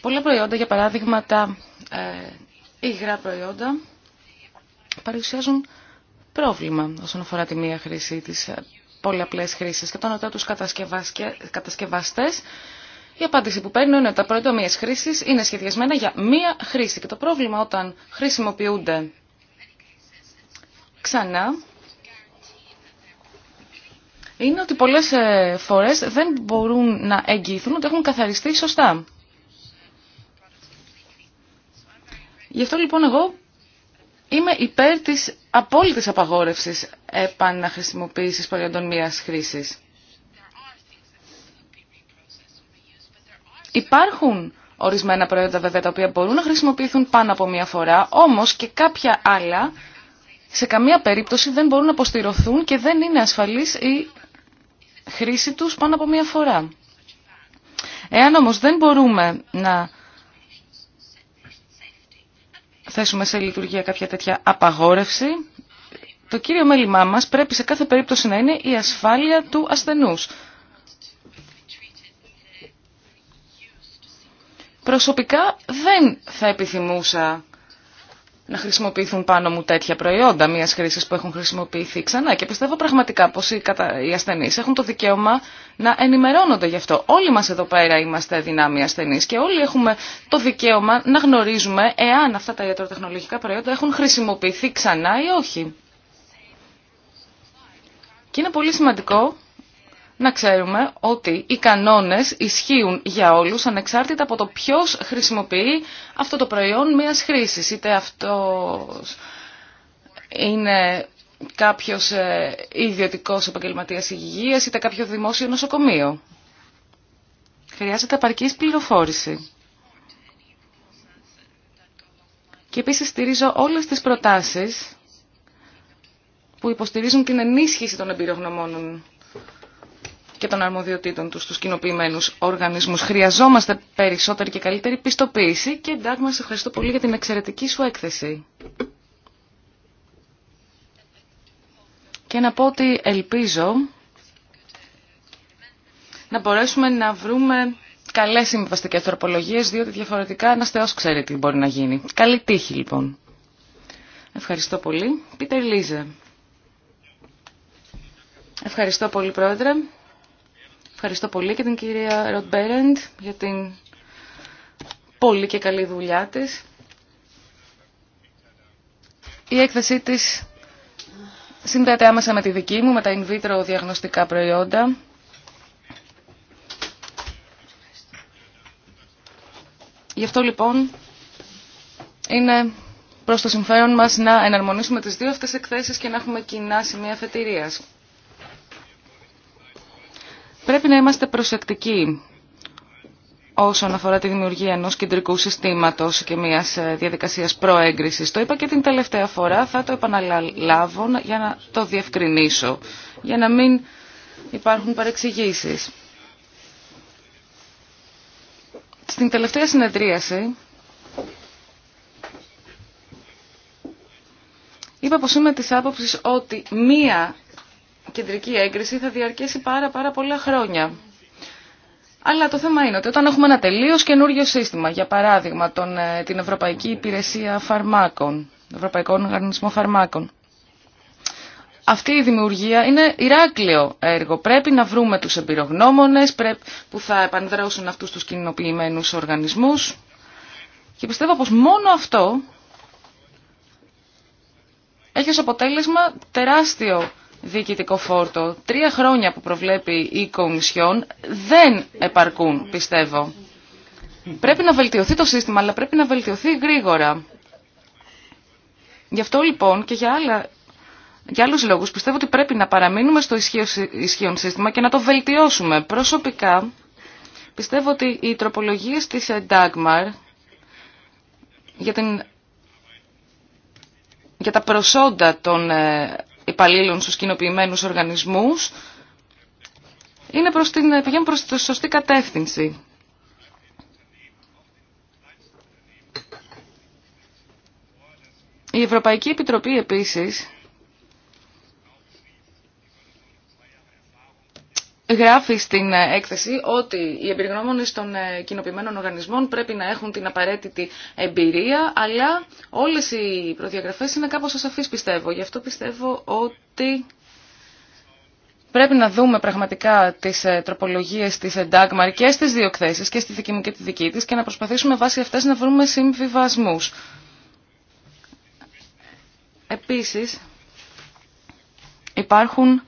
Πολλά προϊόντα, για παράδειγμα τα ε, υγρά προϊόντα, παρουσιάζουν πρόβλημα όσον αφορά τη μία χρήση της ε, πολλαπλές χρήσεις. Και όταν ρωτάω τους κατασκευαστές, η απάντηση που παίρνουν είναι ότι τα προϊόντα μία χρήση είναι σχεδιασμένα για μία χρήση. Και το πρόβλημα όταν χρησιμοποιούνται ξανά είναι ότι πολλές ε, φορές δεν μπορούν να εγγυηθούν ότι έχουν καθαριστεί σωστά. Γι' αυτό λοιπόν εγώ Είμαι υπέρ της απόλυτης απαγόρευσης επαναχρησιμοποίησης προϊόντων μίας χρήσης. Υπάρχουν ορισμένα προϊόντα βέβαια τα οποία μπορούν να χρησιμοποιηθούν πάνω από μία φορά, όμως και κάποια άλλα σε καμία περίπτωση δεν μπορούν να αποστηρωθούν και δεν είναι ασφαλής η χρήση τους πάνω από μία φορά. Εάν όμως δεν μπορούμε να θέσουμε σε λειτουργία κάποια τέτοια απαγόρευση, το κύριο μέλημά μας πρέπει σε κάθε περίπτωση να είναι η ασφάλεια του ασθενούς. Προσωπικά δεν θα επιθυμούσα να χρησιμοποιηθούν πάνω μου τέτοια προϊόντα μια χρήση που έχουν χρησιμοποιηθεί ξανά. Και πιστεύω πραγματικά πω οι, κατα... ασθενεί έχουν το δικαίωμα να ενημερώνονται γι' αυτό. Όλοι μα εδώ πέρα είμαστε δυνάμοι ασθενεί και όλοι έχουμε το δικαίωμα να γνωρίζουμε εάν αυτά τα ιατροτεχνολογικά προϊόντα έχουν χρησιμοποιηθεί ξανά ή όχι. Και είναι πολύ σημαντικό να ξέρουμε ότι οι κανόνες ισχύουν για όλους ανεξάρτητα από το ποιος χρησιμοποιεί αυτό το προϊόν μιας χρήσης. Είτε αυτό είναι κάποιος ε, ιδιωτικός επαγγελματίας υγείας είτε κάποιο δημόσιο νοσοκομείο. Χρειάζεται επαρκής πληροφόρηση. Και επίσης στηρίζω όλες τις προτάσεις που υποστηρίζουν την ενίσχυση των εμπειρογνωμόνων και των αρμοδιοτήτων του στους κοινοποιημένους οργανισμούς. Χρειαζόμαστε περισσότερη και καλύτερη πιστοποίηση και εντάξει, ευχαριστώ πολύ για την εξαιρετική σου έκθεση. Και να πω ότι ελπίζω να μπορέσουμε να βρούμε καλές συμβαστικές τροπολογίες, διότι διαφορετικά ένα θεός ξέρει τι μπορεί να γίνει. Καλή τύχη λοιπόν. Ευχαριστώ πολύ. Πίτερ Λίζε. Ευχαριστώ πολύ πρόεδρε. Ευχαριστώ πολύ και την κυρία Ροτ Μπέρεντ για την πολύ και καλή δουλειά της. Η έκθεσή της συνδέεται άμεσα με τη δική μου, με τα in vitro διαγνωστικά προϊόντα. Γι' αυτό λοιπόν είναι προς το συμφέρον μας να εναρμονίσουμε τις δύο αυτές εκθέσεις και να έχουμε κοινά σημεία αφετηρίας. Πρέπει να είμαστε προσεκτικοί όσον αφορά τη δημιουργία ενός κεντρικού συστήματος και μιας ε, διαδικασίας προέγκρισης. Το είπα και την τελευταία φορά, θα το επαναλάβω για να το διευκρινίσω, για να μην υπάρχουν παρεξηγήσεις. Στην τελευταία συνεδρίαση είπα πως είμαι της άποψης ότι μία κεντρική έγκριση θα διαρκέσει πάρα πάρα πολλά χρόνια. Αλλά το θέμα είναι ότι όταν έχουμε ένα τελείω καινούριο σύστημα, για παράδειγμα τον, ε, την Ευρωπαϊκή Υπηρεσία Φαρμάκων, Ευρωπαϊκό Οργανισμό Φαρμάκων, αυτή η δημιουργία είναι Ηράκλειο έργο. Πρέπει να βρούμε τους εμπειρογνώμονες που θα επανδρώσουν αυτούς τους κοινοποιημένου οργανισμούς και πιστεύω πως μόνο αυτό έχει ως αποτέλεσμα τεράστιο διοικητικό φόρτο. Τρία χρόνια που προβλέπει η Κομισιόν δεν επαρκούν, πιστεύω. Πρέπει να βελτιωθεί το σύστημα, αλλά πρέπει να βελτιωθεί γρήγορα. Γι' αυτό λοιπόν και για, άλλα, για άλλους λόγους πιστεύω ότι πρέπει να παραμείνουμε στο ισχύον σύστημα και να το βελτιώσουμε. Προσωπικά πιστεύω ότι οι τροπολογίες της Dagmar για, την, για τα προσόντα των ε, υπαλλήλων στους κοινοποιημένους οργανισμούς, είναι προς την, πηγαίνουν προς τη σωστή κατεύθυνση. Η Ευρωπαϊκή Επιτροπή επίσης Γράφει στην ε, έκθεση ότι οι εμπειρογνώμονε των ε, κοινοποιημένων οργανισμών πρέπει να έχουν την απαραίτητη εμπειρία, αλλά όλες οι προδιαγραφές είναι κάπως ασαφείς πιστεύω. Γι' αυτό πιστεύω ότι πρέπει να δούμε πραγματικά τις ε, τροπολογίες τη Εντάγμαρ και στις δύο εκθέσει, και στη δική μου και τη δική τη και να προσπαθήσουμε βάσει αυτέ να βρούμε συμβιβασμού. Επίση, υπάρχουν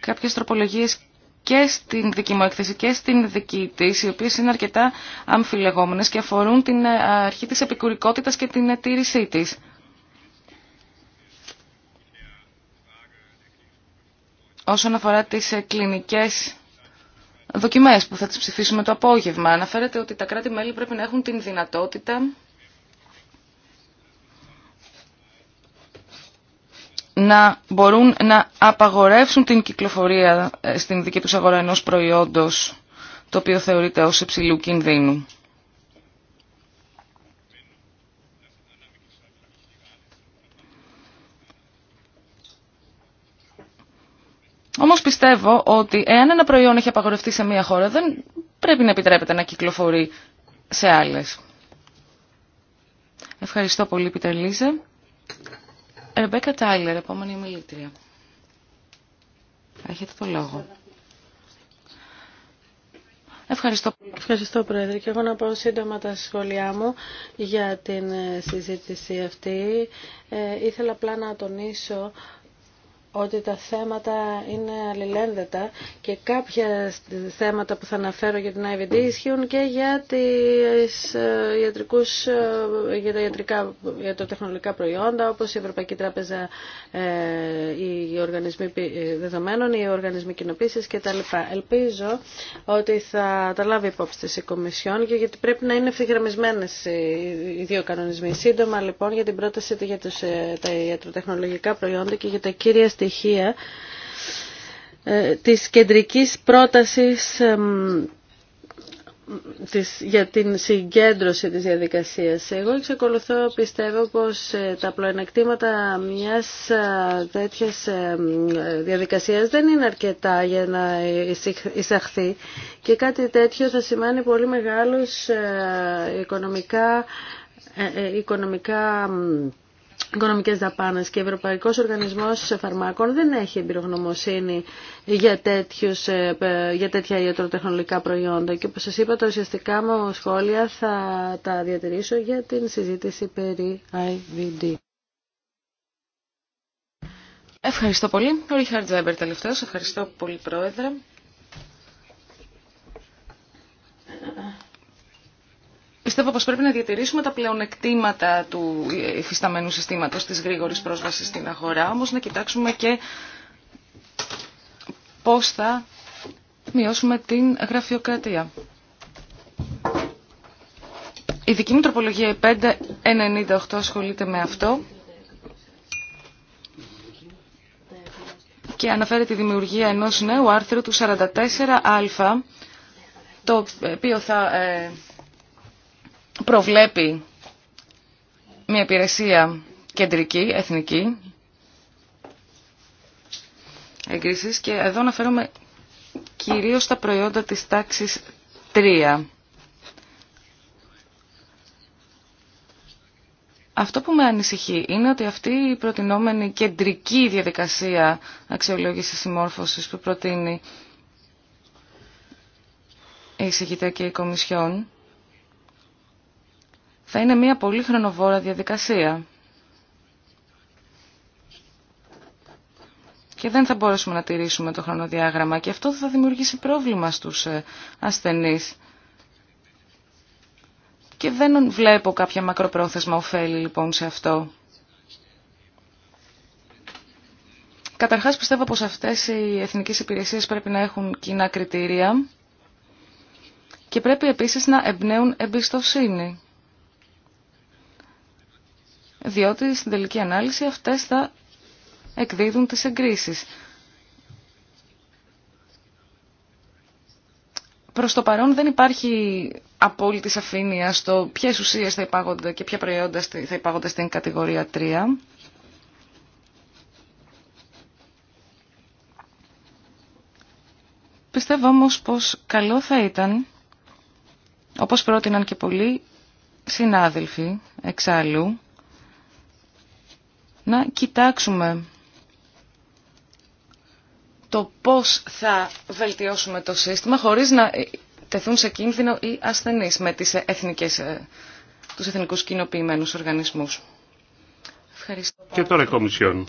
κάποιες τροπολογίες και στην δική μου έκθεση και στην δική της, οι οποίες είναι αρκετά αμφιλεγόμενες και αφορούν την ε, αρχή της επικουρικότητας και την ε, τήρησή της. Όσον αφορά τις ε, κλινικές δοκιμές που θα τις ψηφίσουμε το απόγευμα, αναφέρεται ότι τα κράτη-μέλη πρέπει να έχουν την δυνατότητα να μπορούν να απαγορεύσουν την κυκλοφορία ε, στην δική τους αγορά ενός προϊόντος το οποίο θεωρείται ως υψηλού κινδύνου. Όμως πιστεύω ότι εάν ένα προϊόν έχει απαγορευτεί σε μία χώρα δεν πρέπει να επιτρέπεται να κυκλοφορεί σε άλλες. Ευχαριστώ πολύ Πίτερ Ρεμπέκα Τάιλερ, επόμενη μιλήτρια. Έχετε το λόγο. Ευχαριστώ. Ευχαριστώ Πρόεδρε και εγώ να πω σύντομα τα σχόλιά μου για την ε, συζήτηση αυτή. Ε, ήθελα απλά να τονίσω ότι τα θέματα είναι αλληλένδετα και κάποια θέματα που θα αναφέρω για την IVD ισχύουν και για, τις ε, ιατρικούς, ε, για τα ιατρικά, τεχνολογικά προϊόντα όπως η Ευρωπαϊκή Τράπεζα, ε, οι οργανισμοί δεδομένων, οι οργανισμοί κοινοποίησης κτλ. Ελπίζω ότι θα τα λάβει υπόψη της η Κομισιόν γιατί πρέπει να είναι ευθυγραμμισμένες οι δύο κανονισμοί. Σύντομα λοιπόν για την πρόταση για τους, τα ιατροτεχνολογικά προϊόντα και για τα κύρια στοιχεία ε, της κεντρικής πρότασης της, για την συγκέντρωση της διαδικασίας. Εγώ εξακολουθώ πιστεύω πως ε, τα πλοενεκτήματα μιας ε, τέτοιας διαδικασίας δεν είναι αρκετά για να εισαχθεί και κάτι τέτοιο θα σημαίνει πολύ μεγάλους οικονομικά, οικονομικά οικονομικές δαπάνες και ο Ευρωπαϊκός Οργανισμός Φαρμάκων δεν έχει εμπειρογνωμοσύνη για, τέτοιους, ε, για τέτοια ιατροτεχνολογικά προϊόντα και όπως σας είπα τα ουσιαστικά μου σχόλια θα τα διατηρήσω για την συζήτηση περί IVD. Ευχαριστώ πολύ. Ο Ρίχαρτ Ζάμπερ τελευταίος. Ευχαριστώ πολύ Πρόεδρε. Πιστεύω πως πρέπει να διατηρήσουμε τα πλεονεκτήματα του υφισταμένου συστήματος της γρήγορης πρόσβασης στην αγορά, όμως να κοιτάξουμε και πώς θα μειώσουμε την γραφειοκρατία. Η δική μου τροπολογία 598 ασχολείται με αυτό και αναφέρει τη δημιουργία ενός νέου άρθρου του 44α το οποίο θα ε, προβλέπει μια υπηρεσία κεντρική, εθνική, εγκρίσεις και εδώ αναφέρομαι κυρίως στα προϊόντα της τάξης 3. Αυτό που με ανησυχεί είναι ότι αυτή η προτινόμενη κεντρική διαδικασία αξιολόγησης συμμόρφωσης που προτείνει η Συγκητέ και η Κομισιόν θα είναι μια πολύ χρονοβόρα διαδικασία. Και δεν θα μπορέσουμε να τηρήσουμε το χρονοδιάγραμμα και αυτό θα δημιουργήσει πρόβλημα στους ε, ασθενείς. Και δεν βλέπω κάποια μακροπρόθεσμα ωφέλη λοιπόν σε αυτό. Καταρχάς πιστεύω πως αυτές οι εθνικές υπηρεσίες πρέπει να έχουν κοινά κριτήρια και πρέπει επίσης να εμπνέουν εμπιστοσύνη διότι στην τελική ανάλυση αυτές θα εκδίδουν τις εγκρίσεις. Προς το παρόν δεν υπάρχει απόλυτη σαφήνεια στο ποιες ουσίες θα υπάγονται και ποια προϊόντα θα υπάγονται στην κατηγορία 3. Πιστεύω όμως πως καλό θα ήταν, όπως πρότειναν και πολλοί συνάδελφοι εξάλλου, να κοιτάξουμε το πώς θα βελτιώσουμε το σύστημα χωρίς να τεθούν σε κίνδυνο οι ασθενείς με τις εθνικές, ε, τους εθνικούς κοινοποιημένους οργανισμούς. Ευχαριστώ. Και τώρα η Κομισιόν.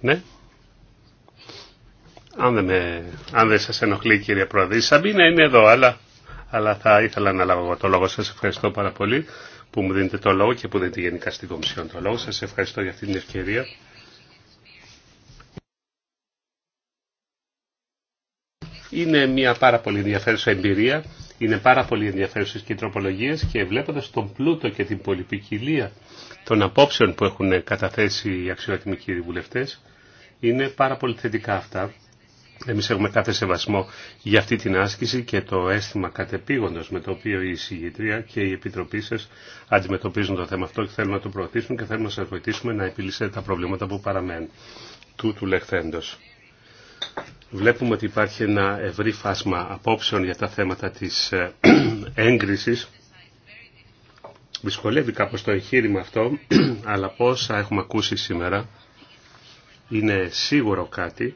Ναι. Αν δεν, με, αν σας ενοχλεί κυρία Πρόεδρε, η Σαμπίνα είναι εδώ, αλλά, αλλά θα ήθελα να λάβω το λόγο. Σας ευχαριστώ πάρα πολύ που μου δίνετε το λόγο και που δίνετε γενικά στην Κομισιόν το λόγο. Σας ευχαριστώ για αυτή την ευκαιρία. Είναι μια πάρα πολύ ενδιαφέρουσα εμπειρία, είναι πάρα πολύ ενδιαφέρουσες και και βλέποντας τον πλούτο και την πολυπικιλία των απόψεων που έχουν καταθέσει οι αξιότιμοι κύριοι βουλευτές, είναι πάρα πολύ θετικά αυτά. Εμείς έχουμε κάθε σεβασμό για αυτή την άσκηση και το αίσθημα κατεπήγοντος με το οποίο η εισηγητρία και η Επιτροπή σας αντιμετωπίζουν το θέμα αυτό και θέλουμε να το προωθήσουμε και θέλουμε να σας βοηθήσουμε να επιλύσετε τα προβλήματα που παραμένουν του του λεχθέντος. Βλέπουμε ότι υπάρχει ένα ευρύ φάσμα απόψεων για τα θέματα της ε, έγκρισης. Δυσκολεύει κάπως το εγχείρημα αυτό, αλλά πόσα έχουμε ακούσει σήμερα είναι σίγουρο κάτι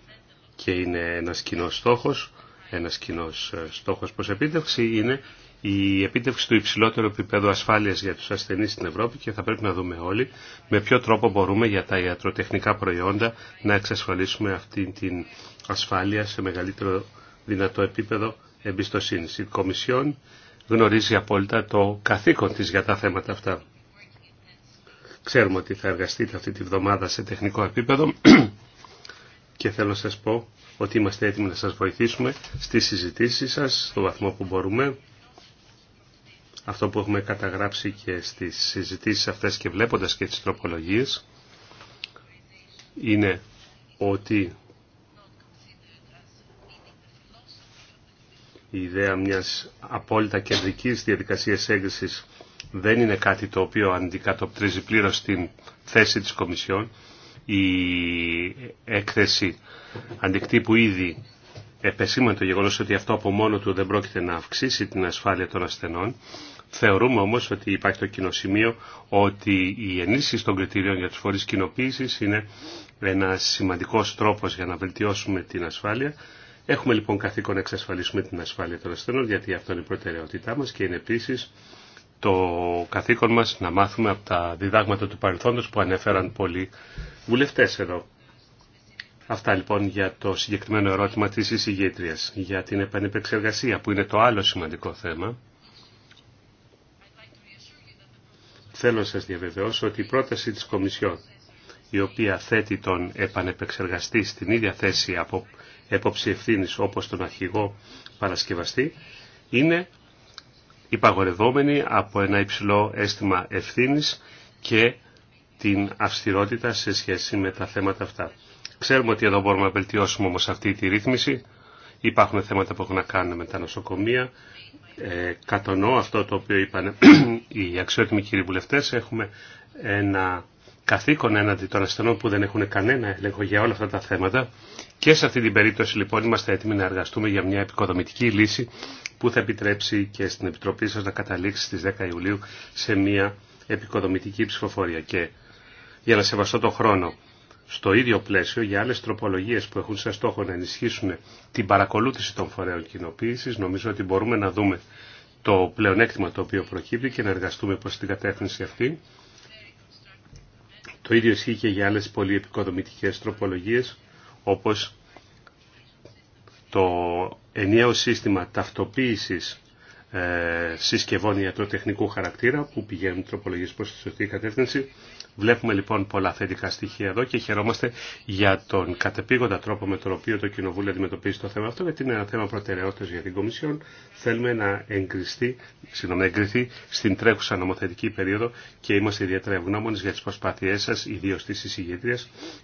και είναι ένας κοινό στόχος, ένας κοινό ε, στόχος προς επίτευξη είναι η επίτευξη του υψηλότερου επίπεδου ασφάλειας για τους ασθενείς στην Ευρώπη και θα πρέπει να δούμε όλοι με ποιο τρόπο μπορούμε για τα ιατροτεχνικά προϊόντα να εξασφαλίσουμε αυτή την ασφάλεια σε μεγαλύτερο δυνατό επίπεδο εμπιστοσύνης. Η Κομισιόν γνωρίζει απόλυτα το καθήκον της για τα θέματα αυτά. Ξέρουμε ότι θα εργαστείτε αυτή τη βδομάδα σε τεχνικό επίπεδο και θέλω να σας πω ότι είμαστε έτοιμοι να σας βοηθήσουμε στις συζητήσεις σας στο βαθμό που μπορούμε. Αυτό που έχουμε καταγράψει και στις συζητήσεις αυτές και βλέποντας και τις τροπολογίες είναι ότι η ιδέα μιας απόλυτα κεντρικής διαδικασίας έγκρισης δεν είναι κάτι το οποίο αντικατοπτρίζει πλήρως την θέση της Κομισιόν η έκθεση αντικτύπου ήδη επεσήμανε το γεγονός ότι αυτό από μόνο του δεν πρόκειται να αυξήσει την ασφάλεια των ασθενών. Θεωρούμε όμως ότι υπάρχει το κοινό σημείο ότι η ενίσχυση των κριτηρίων για τους φορείς κοινοποίηση είναι ένα σημαντικός τρόπος για να βελτιώσουμε την ασφάλεια. Έχουμε λοιπόν καθήκον να εξασφαλίσουμε την ασφάλεια των ασθενών γιατί αυτό είναι η προτεραιότητά μας και είναι επίσης το καθήκον μας να μάθουμε από τα διδάγματα του παρελθόντος που ανέφεραν πολλοί βουλευτές εδώ. Αυτά λοιπόν για το συγκεκριμένο ερώτημα της εισηγήτριας, για την επανεπεξεργασία που είναι το άλλο σημαντικό θέμα. Θέλω να σας διαβεβαιώσω ότι η πρόταση της Κομισιόν, η οποία θέτει τον επανεπεξεργαστή στην ίδια θέση από έποψη ευθύνη όπως τον αρχηγό παρασκευαστή, είναι υπαγορευόμενοι από ένα υψηλό αίσθημα ευθύνης και την αυστηρότητα σε σχέση με τα θέματα αυτά. Ξέρουμε ότι εδώ μπορούμε να βελτιώσουμε όμως αυτή τη ρύθμιση. Υπάρχουν θέματα που έχουν να κάνουν με τα νοσοκομεία. Ε, κατονώ αυτό το οποίο είπαν οι αξιότιμοι κύριοι βουλευτές. Έχουμε ένα καθήκον έναντι των ασθενών που δεν έχουν κανένα έλεγχο για όλα αυτά τα θέματα και σε αυτή την περίπτωση λοιπόν είμαστε έτοιμοι να εργαστούμε για μια επικοδομητική λύση που θα επιτρέψει και στην Επιτροπή σας να καταλήξει στις 10 Ιουλίου σε μια επικοδομητική ψηφοφορία. Και για να σεβαστώ το χρόνο στο ίδιο πλαίσιο για άλλες τροπολογίες που έχουν σαν στόχο να ενισχύσουν την παρακολούθηση των φορέων κοινοποίησης, νομίζω ότι μπορούμε να δούμε το πλεονέκτημα το οποίο προκύπτει και να εργαστούμε προς την κατεύθυνση αυτή. Το ίδιο ισχύει και για άλλες πολύ επικοδομητικές τροπολογίες όπως το ενιαίο σύστημα ταυτοποίησης ε, συσκευών ιατροτεχνικού χαρακτήρα που πηγαίνουν τροπολογίες προς τη σωστή κατεύθυνση Βλέπουμε λοιπόν πολλά θετικά στοιχεία εδώ και χαιρόμαστε για τον κατεπήγοντα τρόπο με τον οποίο το Κοινοβούλιο αντιμετωπίζει το θέμα αυτό, γιατί είναι ένα θέμα προτεραιότητα για την Κομισιόν. Θέλουμε να εγκριθεί, συγγνώμη, εγκριθεί στην τρέχουσα νομοθετική περίοδο και είμαστε ιδιαίτερα ευγνώμονε για τι προσπάθειέ σα, ιδίω τη εισηγητρία.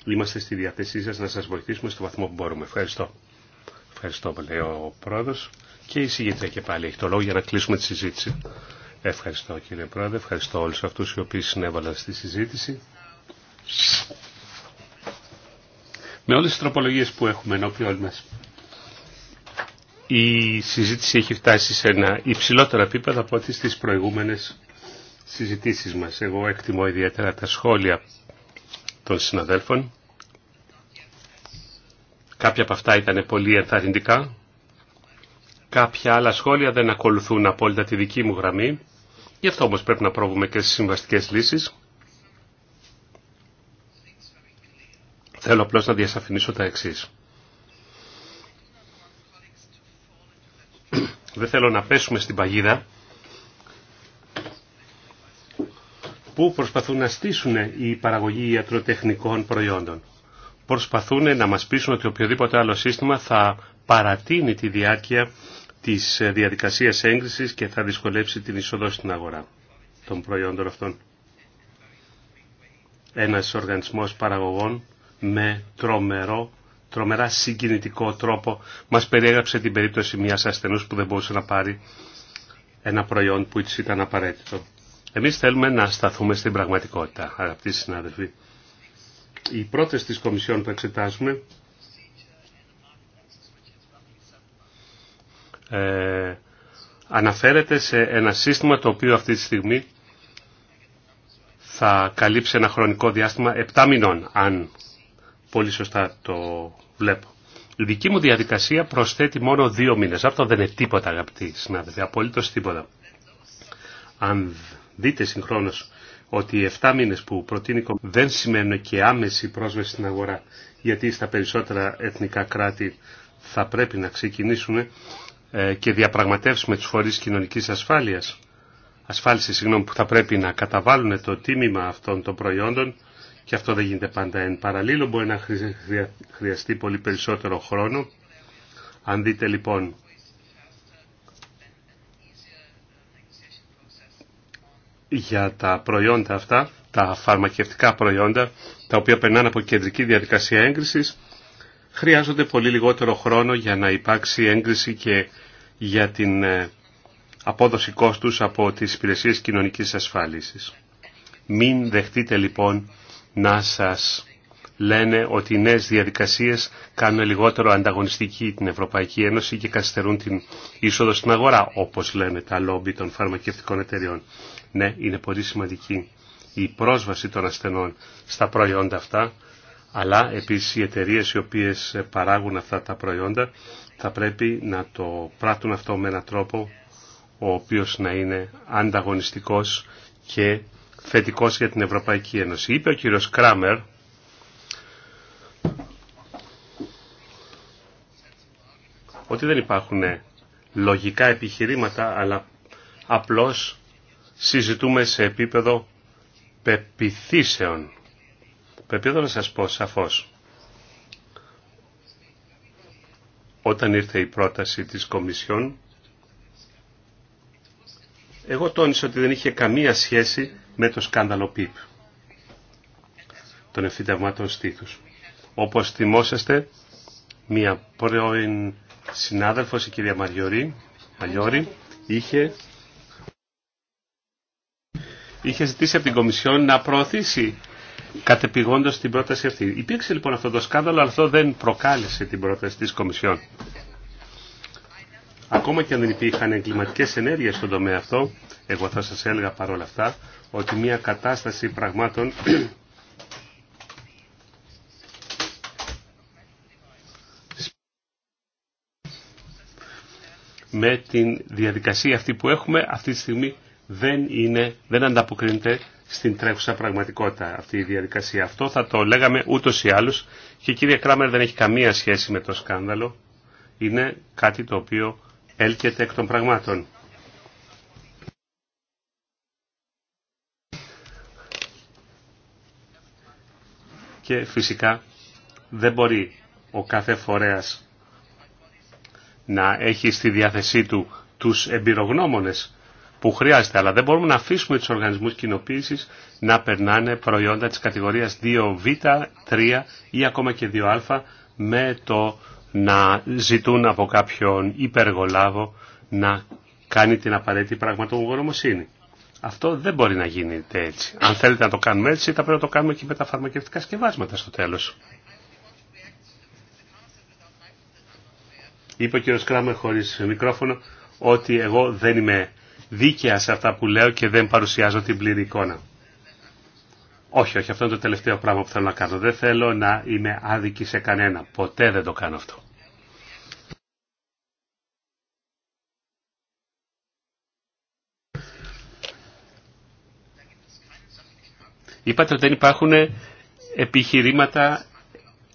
Είμαστε στη διάθεσή σα να σα βοηθήσουμε στο βαθμό που μπορούμε. Ευχαριστώ. Ευχαριστώ, λέει ο πρόεδρο. Και η εισηγήτρια και πάλι έχει το λόγο για να κλείσουμε τη συζήτηση. Ευχαριστώ κύριε Πρόεδρε, ευχαριστώ όλους αυτούς οι οποίοι συνέβαλαν στη συζήτηση. Με όλες τις τροπολογίες που έχουμε ενώπιόν μας, η συζήτηση έχει φτάσει σε ένα υψηλότερο επίπεδο από ό,τι στις προηγούμενες συζητήσεις μας. Εγώ εκτιμώ ιδιαίτερα τα σχόλια των συναδέλφων. Κάποια από αυτά ήταν πολύ ενθαρρυντικά. Κάποια άλλα σχόλια δεν ακολουθούν απόλυτα τη δική μου γραμμή. Γι' αυτό όμως πρέπει να πρόβουμε και στις συμβαστικές λύσεις. Θέλω απλώς να διασαφηνίσω τα εξής. Δεν θέλω να πέσουμε στην παγίδα που προσπαθούν να στήσουν οι παραγωγοί ιατροτεχνικών προϊόντων. Προσπαθούν να μας πείσουν ότι οποιοδήποτε άλλο σύστημα θα παρατείνει τη διάρκεια της ε, διαδικασίας έγκρισης και θα δυσκολέψει την είσοδο στην αγορά των προϊόντων αυτών. Ένας οργανισμός παραγωγών με τρομερό, τρομερά συγκινητικό τρόπο μας περιέγραψε την περίπτωση μιας ασθενούς που δεν μπορούσε να πάρει ένα προϊόν που της ήταν απαραίτητο. Εμείς θέλουμε να σταθούμε στην πραγματικότητα, αγαπητοί συνάδελφοι. Οι πρώτες της Κομισιόν που εξετάζουμε ε, αναφέρεται σε ένα σύστημα το οποίο αυτή τη στιγμή θα καλύψει ένα χρονικό διάστημα 7 μηνών, αν πολύ σωστά το βλέπω. Η δική μου διαδικασία προσθέτει μόνο δύο μήνες. Αυτό δεν είναι τίποτα αγαπητοί συνάδελφοι, απολύτως τίποτα. Αν δείτε συγχρόνως ότι οι 7 μήνες που προτείνει δεν σημαίνουν και άμεση πρόσβαση στην αγορά, γιατί στα περισσότερα εθνικά κράτη θα πρέπει να ξεκινήσουν ε, και διαπραγματεύσουμε με τους φορείς κοινωνικής ασφάλειας, ασφάλιση συγγνώμη, που θα πρέπει να καταβάλουν το τίμημα αυτών των προϊόντων και αυτό δεν γίνεται πάντα εν παραλίλω, μπορεί να χρειαστεί πολύ περισσότερο χρόνο. Αν δείτε λοιπόν για τα προϊόντα αυτά, τα φαρμακευτικά προϊόντα, τα οποία περνάνε από κεντρική διαδικασία έγκρισης, χρειάζονται πολύ λιγότερο χρόνο για να υπάρξει έγκριση και για την ε, απόδοση κόστους από τις υπηρεσίες κοινωνικής ασφάλισης. Μην δεχτείτε λοιπόν να σας λένε ότι οι νέες διαδικασίες κάνουν λιγότερο ανταγωνιστική την Ευρωπαϊκή Ένωση και καθυστερούν την είσοδο στην αγορά, όπως λένε τα λόμπι των φαρμακευτικών εταιριών. Ναι, είναι πολύ σημαντική η πρόσβαση των ασθενών στα προϊόντα αυτά, αλλά επίσης οι εταιρείε οι οποίες παράγουν αυτά τα προϊόντα θα πρέπει να το πράττουν αυτό με έναν τρόπο ο οποίος να είναι ανταγωνιστικός και θετικός για την Ευρωπαϊκή Ένωση. Είπε ο κύριος Κράμερ ότι δεν υπάρχουν λογικά επιχειρήματα αλλά απλώς συζητούμε σε επίπεδο πεπιθήσεων. Πρέπει να σας πω σαφώς όταν ήρθε η πρόταση της Κομισιόν, εγώ τόνισα ότι δεν είχε καμία σχέση με το σκάνδαλο ΠΙΠ των ευθυνταυμάτων στήθους. Όπως θυμόσαστε, μία πρώην συνάδελφος, η κυρία Μαριωρή, Μαλιώρη, είχε, είχε ζητήσει από την Κομισιόν να προωθήσει κατεπηγόντως την πρόταση αυτή. Υπήρξε λοιπόν αυτό το σκάνδαλο, αλλά αυτό δεν προκάλεσε την πρόταση τη Κομισιόν. Ακόμα και αν δεν υπήρχαν εγκληματικέ ενέργειε στον τομέα αυτό, εγώ θα σας έλεγα παρόλα αυτά ότι μια κατάσταση πραγμάτων με την διαδικασία αυτή που έχουμε αυτή τη στιγμή δεν, είναι, δεν ανταποκρίνεται στην τρέχουσα πραγματικότητα αυτή η διαδικασία. Αυτό θα το λέγαμε ούτω ή άλλω και η κυρία Κράμερ δεν έχει καμία σχέση με το σκάνδαλο. Είναι κάτι το οποίο έλκεται εκ των πραγμάτων. Και φυσικά δεν μπορεί ο κάθε φορέας να έχει στη διάθεσή του τους εμπειρογνώμονες που χρειάζεται. Αλλά δεν μπορούμε να αφήσουμε τους οργανισμούς κοινοποίηση να περνάνε προϊόντα της κατηγορίας 2β, 3 ή ακόμα και 2α με το να ζητούν από κάποιον υπεργολάβο να κάνει την απαραίτητη πραγματογνωμοσύνη. Αυτό δεν μπορεί να γίνεται έτσι. Αν θέλετε να το κάνουμε έτσι, θα πρέπει να το κάνουμε και με τα φαρμακευτικά σκευάσματα στο τέλος. Είπε ο κ. Κράμερ χωρίς μικρόφωνο ότι εγώ δεν είμαι δίκαια σε αυτά που λέω και δεν παρουσιάζω την πλήρη εικόνα. Όχι, όχι, αυτό είναι το τελευταίο πράγμα που θέλω να κάνω. Δεν θέλω να είμαι άδικη σε κανένα. Ποτέ δεν το κάνω αυτό. Είπατε ότι δεν υπάρχουν επιχειρήματα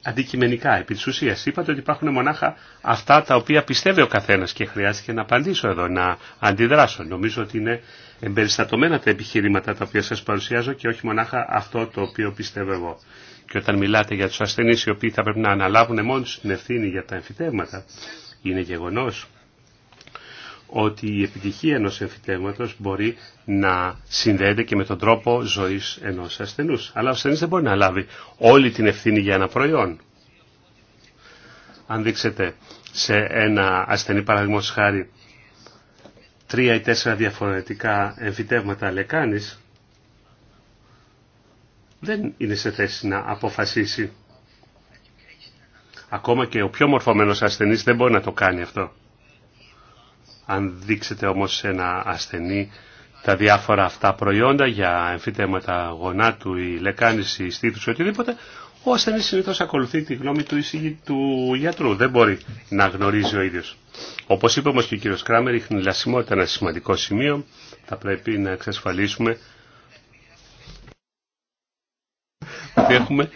αντικειμενικά. Επί της ουσίας είπατε ότι υπάρχουν μονάχα αυτά τα οποία πιστεύει ο καθένας και χρειάστηκε να απαντήσω εδώ, να αντιδράσω. Νομίζω ότι είναι εμπεριστατωμένα τα επιχειρήματα τα οποία σας παρουσιάζω και όχι μονάχα αυτό το οποίο πιστεύω εγώ. Και όταν μιλάτε για τους ασθενείς οι οποίοι θα πρέπει να αναλάβουν μόνοι την ευθύνη για τα εμφυτεύματα, είναι γεγονός ότι η επιτυχία ενός εμφυτεύματος μπορεί να συνδέεται και με τον τρόπο ζωής ενός ασθενούς. Αλλά ο ασθενής δεν μπορεί να λάβει όλη την ευθύνη για ένα προϊόν. Αν δείξετε σε ένα ασθενή παραδείγματος χάρη τρία ή τέσσερα διαφορετικά εμφυτεύματα λεκάνης, δεν είναι σε θέση να αποφασίσει. Ακόμα και ο πιο μορφωμένος ασθενής δεν μπορεί να το κάνει αυτό. Αν δείξετε όμως σε ένα ασθενή τα διάφορα αυτά προϊόντα για εμφυτέματα γονάτου ή λεκάνης ή στήθους ή οτιδήποτε, ο ασθενής συνήθως ακολουθεί τη γνώμη του, του γιατρού. Δεν μπορεί να γνωρίζει ο ίδιος. Όπως είπε όμως και ο κύριος Κράμερ, η χνηλασιμότητα είναι ένα σημαντικό σημείο. Θα πρέπει να εξασφαλίσουμε ότι έχουμε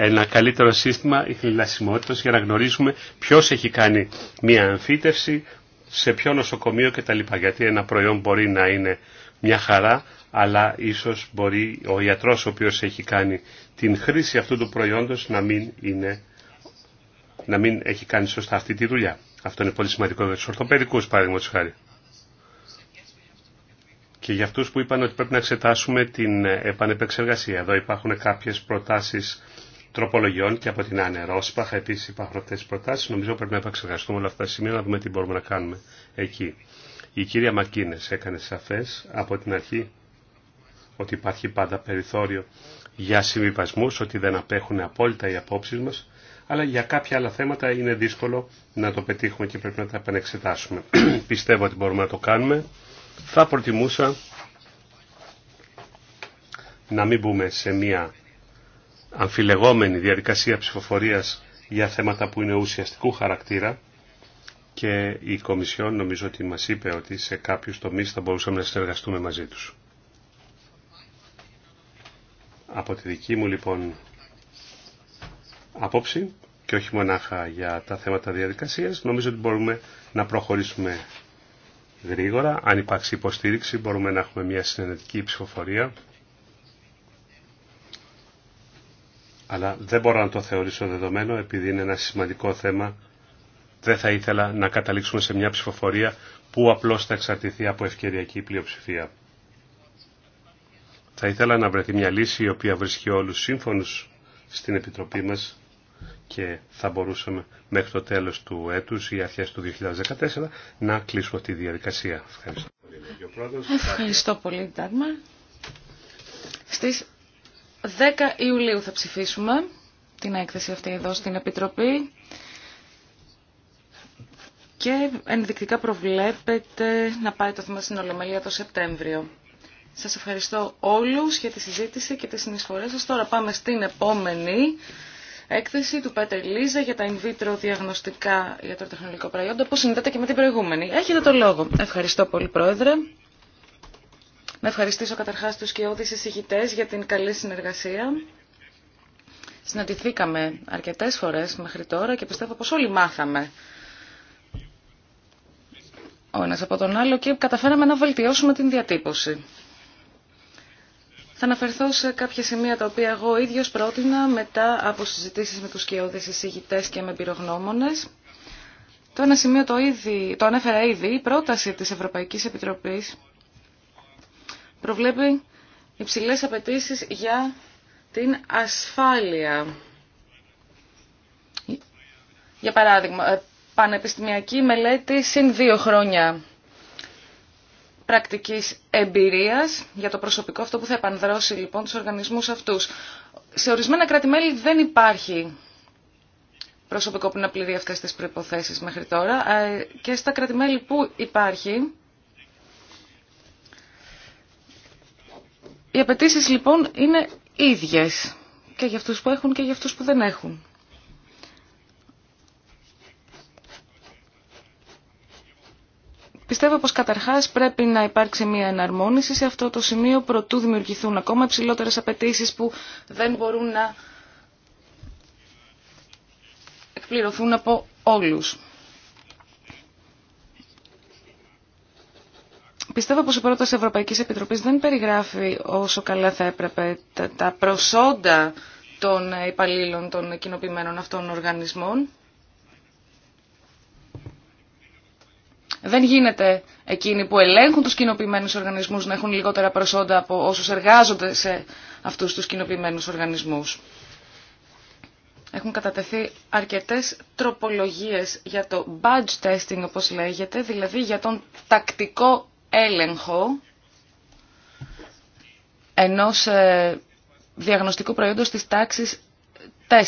ένα καλύτερο σύστημα χνηλασιμότητας για να γνωρίζουμε ποιος έχει κάνει μία εμφύτευση, σε ποιο νοσοκομείο κτλ. Γιατί ένα προϊόν μπορεί να είναι μια χαρά, αλλά ίσως μπορεί ο ιατρός ο οποίος έχει κάνει την χρήση αυτού του προϊόντος να μην, είναι, να μην έχει κάνει σωστά αυτή τη δουλειά. Αυτό είναι πολύ σημαντικό για τους ορθοπαιδικούς παραδείγματο χάρη. Και για αυτούς που είπαν ότι πρέπει να εξετάσουμε την επανεπεξεργασία. Εδώ υπάρχουν κάποιες προτάσεις τροπολογιών και από την ανερόσπαχα. Επίση υπάρχουν αυτέ τι προτάσει. Νομίζω πρέπει να επαξεργαστούμε όλα αυτά τα σημεία να δούμε τι μπορούμε να κάνουμε εκεί. Η κυρία Μακίνε έκανε σαφέ από την αρχή ότι υπάρχει πάντα περιθώριο για συμβιβασμού, ότι δεν απέχουν απόλυτα οι απόψει μα, αλλά για κάποια άλλα θέματα είναι δύσκολο να το πετύχουμε και πρέπει να τα επανεξετάσουμε. Πιστεύω ότι μπορούμε να το κάνουμε. Θα προτιμούσα να μην μπούμε σε μια αμφιλεγόμενη διαδικασία ψηφοφορίας για θέματα που είναι ουσιαστικού χαρακτήρα και η Κομισιόν νομίζω ότι μας είπε ότι σε κάποιους τομείς θα μπορούσαμε να συνεργαστούμε μαζί τους. Από τη δική μου λοιπόν απόψη και όχι μονάχα για τα θέματα διαδικασίας, νομίζω ότι μπορούμε να προχωρήσουμε γρήγορα. Αν υπάρξει υποστήριξη μπορούμε να έχουμε μια συνενετική ψηφοφορία αλλά δεν μπορώ να το θεωρήσω δεδομένο επειδή είναι ένα σημαντικό θέμα. Δεν θα ήθελα να καταλήξουμε σε μια ψηφοφορία που απλώς θα εξαρτηθεί από ευκαιριακή πλειοψηφία. Θα ήθελα να βρεθεί μια λύση η οποία βρίσκει όλους σύμφωνους στην Επιτροπή μας και θα μπορούσαμε μέχρι το τέλος του έτους ή αρχές του 2014 να κλείσουμε τη διαδικασία. Ευχαριστώ πολύ, Ευχαριστώ πολύ Στις 10 Ιουλίου θα ψηφίσουμε την έκθεση αυτή εδώ στην Επιτροπή και ενδεικτικά προβλέπεται να πάει το θέμα στην Ολομελία το Σεπτέμβριο. Σας ευχαριστώ όλους για τη συζήτηση και τις συνεισφορές σας. Τώρα πάμε στην επόμενη έκθεση του Πέτερ Λίζα για τα in vitro διαγνωστικά τεχνολογικό προϊόντα που συνδέεται και με την προηγούμενη. Έχετε το λόγο. Ευχαριστώ πολύ Πρόεδρε να ευχαριστήσω καταρχάς τους και εισηγητές για την καλή συνεργασία. Συναντηθήκαμε αρκετές φορές μέχρι τώρα και πιστεύω πως όλοι μάθαμε ο ένας από τον άλλο και καταφέραμε να βελτιώσουμε την διατύπωση. Θα αναφερθώ σε κάποια σημεία τα οποία εγώ ίδιος πρότεινα μετά από συζητήσεις με τους σκιώδες εισηγητές και με πυρογνώμονες. Το ένα σημείο το, το ανέφερα ήδη, η πρόταση της Ευρωπαϊκής Επιτροπής προβλέπει υψηλές απαιτήσει για την ασφάλεια. Για παράδειγμα, ε, πανεπιστημιακή μελέτη συν δύο χρόνια πρακτικής εμπειρίας για το προσωπικό αυτό που θα επανδρώσει λοιπόν τους οργανισμούς αυτούς. Σε ορισμένα δεν υπάρχει προσωπικό που να πληρεί αυτές τις προϋποθέσεις μέχρι τώρα ε, και στα κρατη που υπάρχει Οι απαιτήσει λοιπόν είναι ίδιες και για αυτούς που έχουν και για αυτούς που δεν έχουν. Πιστεύω πως καταρχάς πρέπει να υπάρξει μια εναρμόνιση σε αυτό το σημείο προτού δημιουργηθούν ακόμα υψηλότερες απαιτήσει που δεν μπορούν να εκπληρωθούν από όλους. πιστεύω πως η πρόταση Ευρωπαϊκής Επιτροπής δεν περιγράφει όσο καλά θα έπρεπε τα προσόντα των υπαλλήλων των κοινοποιημένων αυτών οργανισμών. Δεν γίνεται εκείνοι που ελέγχουν τους κοινοποιημένους οργανισμούς να έχουν λιγότερα προσόντα από όσους εργάζονται σε αυτούς τους κοινοποιημένους οργανισμούς. Έχουν κατατεθεί αρκετές τροπολογίες για το badge testing όπως λέγεται, δηλαδή για τον τακτικό έλεγχο ενός ε, διαγνωστικού προϊόντος της τάξης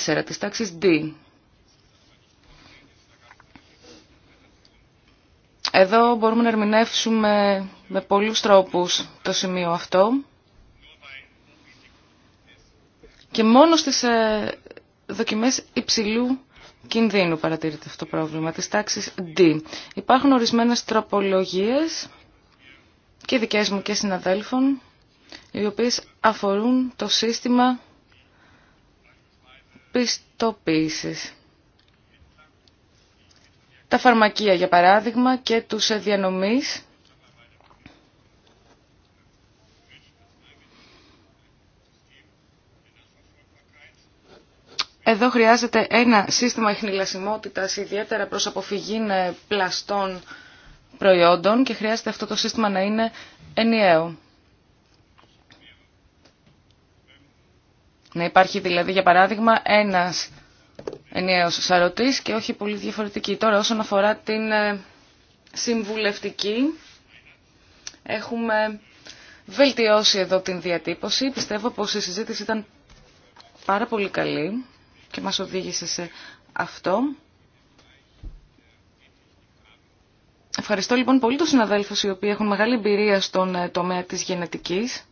4, της τάξης D. Εδώ μπορούμε να ερμηνεύσουμε με πολλούς τρόπους το σημείο αυτό και μόνο στις ε, δοκιμές υψηλού κινδύνου παρατηρείται αυτό το πρόβλημα, της τάξης D. Υπάρχουν ορισμένες τροπολογίες και δικές μου και συναδέλφων, οι οποίες αφορούν το σύστημα πιστοποίησης. Τα φαρμακεία, για παράδειγμα, και τους διανομής, Εδώ χρειάζεται ένα σύστημα εχνηλασιμότητας, ιδιαίτερα προς αποφυγή ε, πλαστών προϊόντων και χρειάζεται αυτό το σύστημα να είναι ενιαίο. Να υπάρχει δηλαδή για παράδειγμα ένας ενιαίος σαρωτής και όχι πολύ διαφορετική. Τώρα όσον αφορά την ε, συμβουλευτική έχουμε βελτιώσει εδώ την διατύπωση. Πιστεύω πως η συζήτηση ήταν πάρα πολύ καλή και μας οδήγησε σε αυτό. Ευχαριστώ λοιπόν πολύ τους συναδέλφους οι οποίοι έχουν μεγάλη εμπειρία στον ε, τομέα της γενετικής.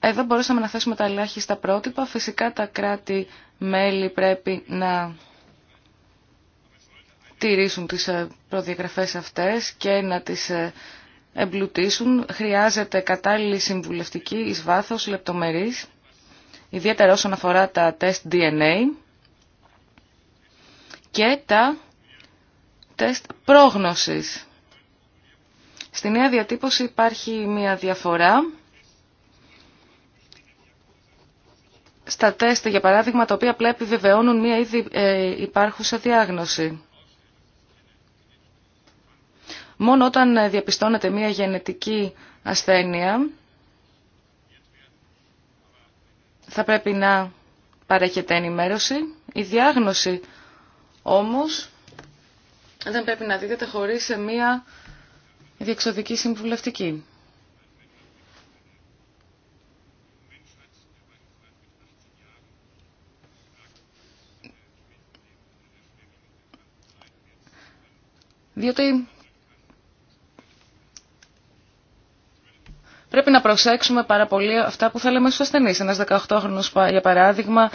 Εδώ μπορούσαμε να θέσουμε τα ελάχιστα πρότυπα. Φυσικά τα κράτη-μέλη πρέπει να τηρήσουν τις ε, προδιαγραφές αυτές και να τις ε, εμπλουτίσουν. Χρειάζεται κατάλληλη συμβουλευτική εις βάθος λεπτομερής, ιδιαίτερα όσον αφορά τα τεστ DNA και τα τεστ πρόγνωσης. Στην νέα διατύπωση υπάρχει μία διαφορά. Στα τεστ, για παράδειγμα, τα οποία απλά επιβεβαιώνουν μία ήδη ε, υπάρχουσα διάγνωση. Μόνο όταν ε, διαπιστώνεται μία γενετική ασθένεια, θα πρέπει να παρέχεται ενημέρωση. Η διάγνωση όμως δεν πρέπει να δίδεται χωρίς σε μία διεξοδική συμβουλευτική. Διότι πρέπει να προσέξουμε πάρα πολύ αυτά που θα λέμε στους ασθενείς. Ένας 18χρονος, για παράδειγμα,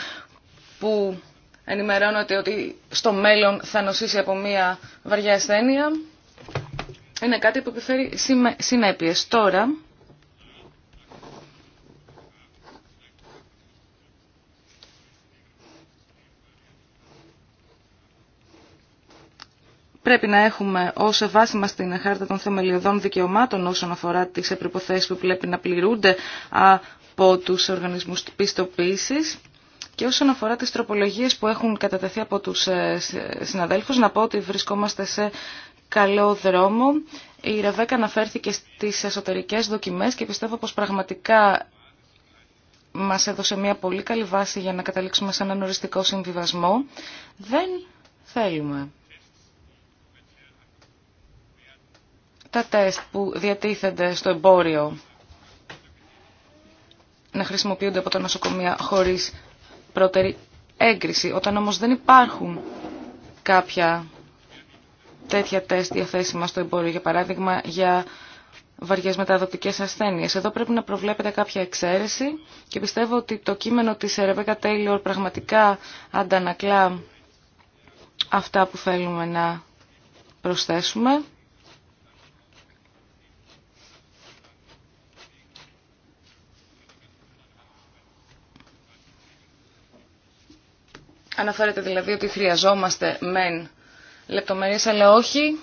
που ενημερώνονται ότι στο μέλλον θα νοσήσει από μια βαριά ασθένεια. Είναι κάτι που επιφέρει συνέπειες. Τώρα, πρέπει να έχουμε όσο βάση μας την χάρτα των θεμελιωδών δικαιωμάτων όσον αφορά τις επιποθέσεις που πρέπει να πληρούνται από τους οργανισμούς πιστοποίησης. Και όσον αφορά τις τροπολογίες που έχουν κατατεθεί από τους ε, συναδέλφους, να πω ότι βρισκόμαστε σε καλό δρόμο. Η Ρεβέκα αναφέρθηκε στις εσωτερικές δοκιμές και πιστεύω πως πραγματικά μας έδωσε μια πολύ καλή βάση για να καταλήξουμε σε έναν οριστικό συμβιβασμό. Δεν θέλουμε. Τα τεστ που διατίθενται στο εμπόριο να χρησιμοποιούνται από τα νοσοκομεία χωρίς πρώτερη έγκριση. Όταν όμως δεν υπάρχουν κάποια τέτοια τεστ διαθέσιμα στο εμπόριο, για παράδειγμα για βαριές μεταδοτικές ασθένειες. Εδώ πρέπει να προβλέπετε κάποια εξαίρεση και πιστεύω ότι το κείμενο της Ρεβέκα Τέιλιορ πραγματικά αντανακλά αυτά που θέλουμε να προσθέσουμε. Αναφέρεται δηλαδή ότι χρειαζόμαστε μεν λεπτομέρειες αλλά όχι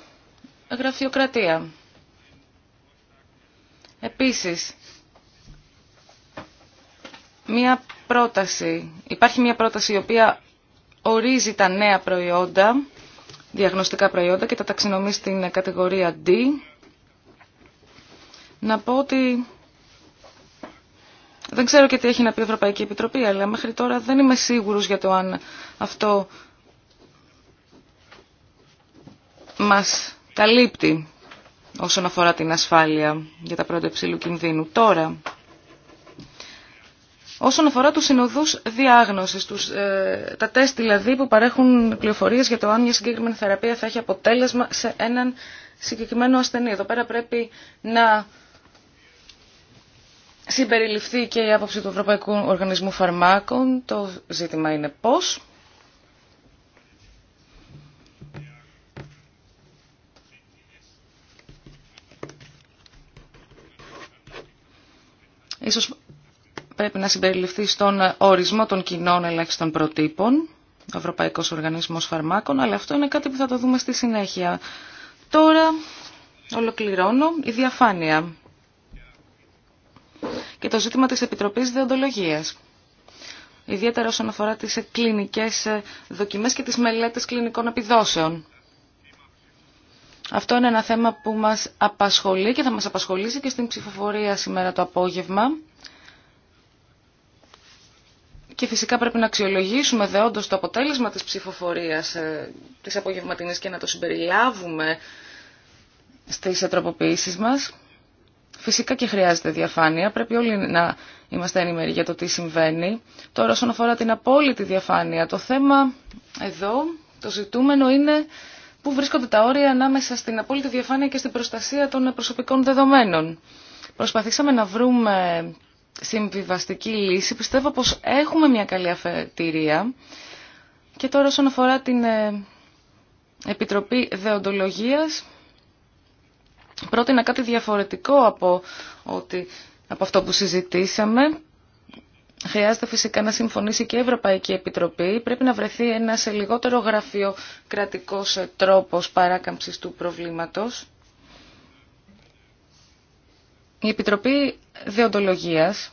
γραφειοκρατία. Επίσης, μια πρόταση, υπάρχει μια πρόταση η οποία ορίζει τα νέα προϊόντα, διαγνωστικά προϊόντα και τα ταξινομεί στην κατηγορία D. Να πω ότι δεν ξέρω και τι έχει να πει η Ευρωπαϊκή Επιτροπή, αλλά μέχρι τώρα δεν είμαι σίγουρος για το αν αυτό μας καλύπτει όσον αφορά την ασφάλεια για τα πρώτα υψηλού κινδύνου. Τώρα, όσον αφορά τους συνοδούς διάγνωσης, τους, ε, τα τεστ δηλαδή που παρέχουν πληροφορίες για το αν μια συγκεκριμένη θεραπεία θα έχει αποτέλεσμα σε έναν συγκεκριμένο ασθενή. Εδώ πρέπει να συμπεριληφθεί και η άποψη του Ευρωπαϊκού Οργανισμού Φαρμάκων. Το ζήτημα είναι πώς. Ίσως πρέπει να συμπεριληφθεί στον ορισμό των κοινών ελάχιστων προτύπων, ο Ευρωπαϊκός Οργανισμός Φαρμάκων, αλλά αυτό είναι κάτι που θα το δούμε στη συνέχεια. Τώρα ολοκληρώνω η διαφάνεια και το ζήτημα της Επιτροπής Διοντολογίας. Ιδιαίτερα όσον αφορά τις ε, κλινικές ε, δοκιμές και τις μελέτες κλινικών επιδόσεων. Αυτό είναι ένα θέμα που μας απασχολεί και θα μας απασχολήσει και στην ψηφοφορία σήμερα το απόγευμα. Και φυσικά πρέπει να αξιολογήσουμε όντως το αποτέλεσμα της ψηφοφορίας ε, της απογευματινής και να το συμπεριλάβουμε στις τροποποιήσεις μας. Φυσικά και χρειάζεται διαφάνεια, πρέπει όλοι να είμαστε ενημεροί για το τι συμβαίνει. Τώρα όσον αφορά την απόλυτη διαφάνεια, το θέμα εδώ, το ζητούμενο είναι πού βρίσκονται τα όρια ανάμεσα στην απόλυτη διαφάνεια και στην προστασία των προσωπικών δεδομένων. Προσπαθήσαμε να βρούμε συμβιβαστική λύση, πιστεύω πως έχουμε μια καλή αφετηρία. Και τώρα όσον αφορά την ε, Επιτροπή Δεοντολογίας, πρότεινα κάτι διαφορετικό από, ότι, από αυτό που συζητήσαμε. Χρειάζεται φυσικά να συμφωνήσει και η Ευρωπαϊκή Επιτροπή. Πρέπει να βρεθεί ένα σε λιγότερο γραφειοκρατικός τρόπος παράκαμψης του προβλήματος. Η Επιτροπή Διοντολογίας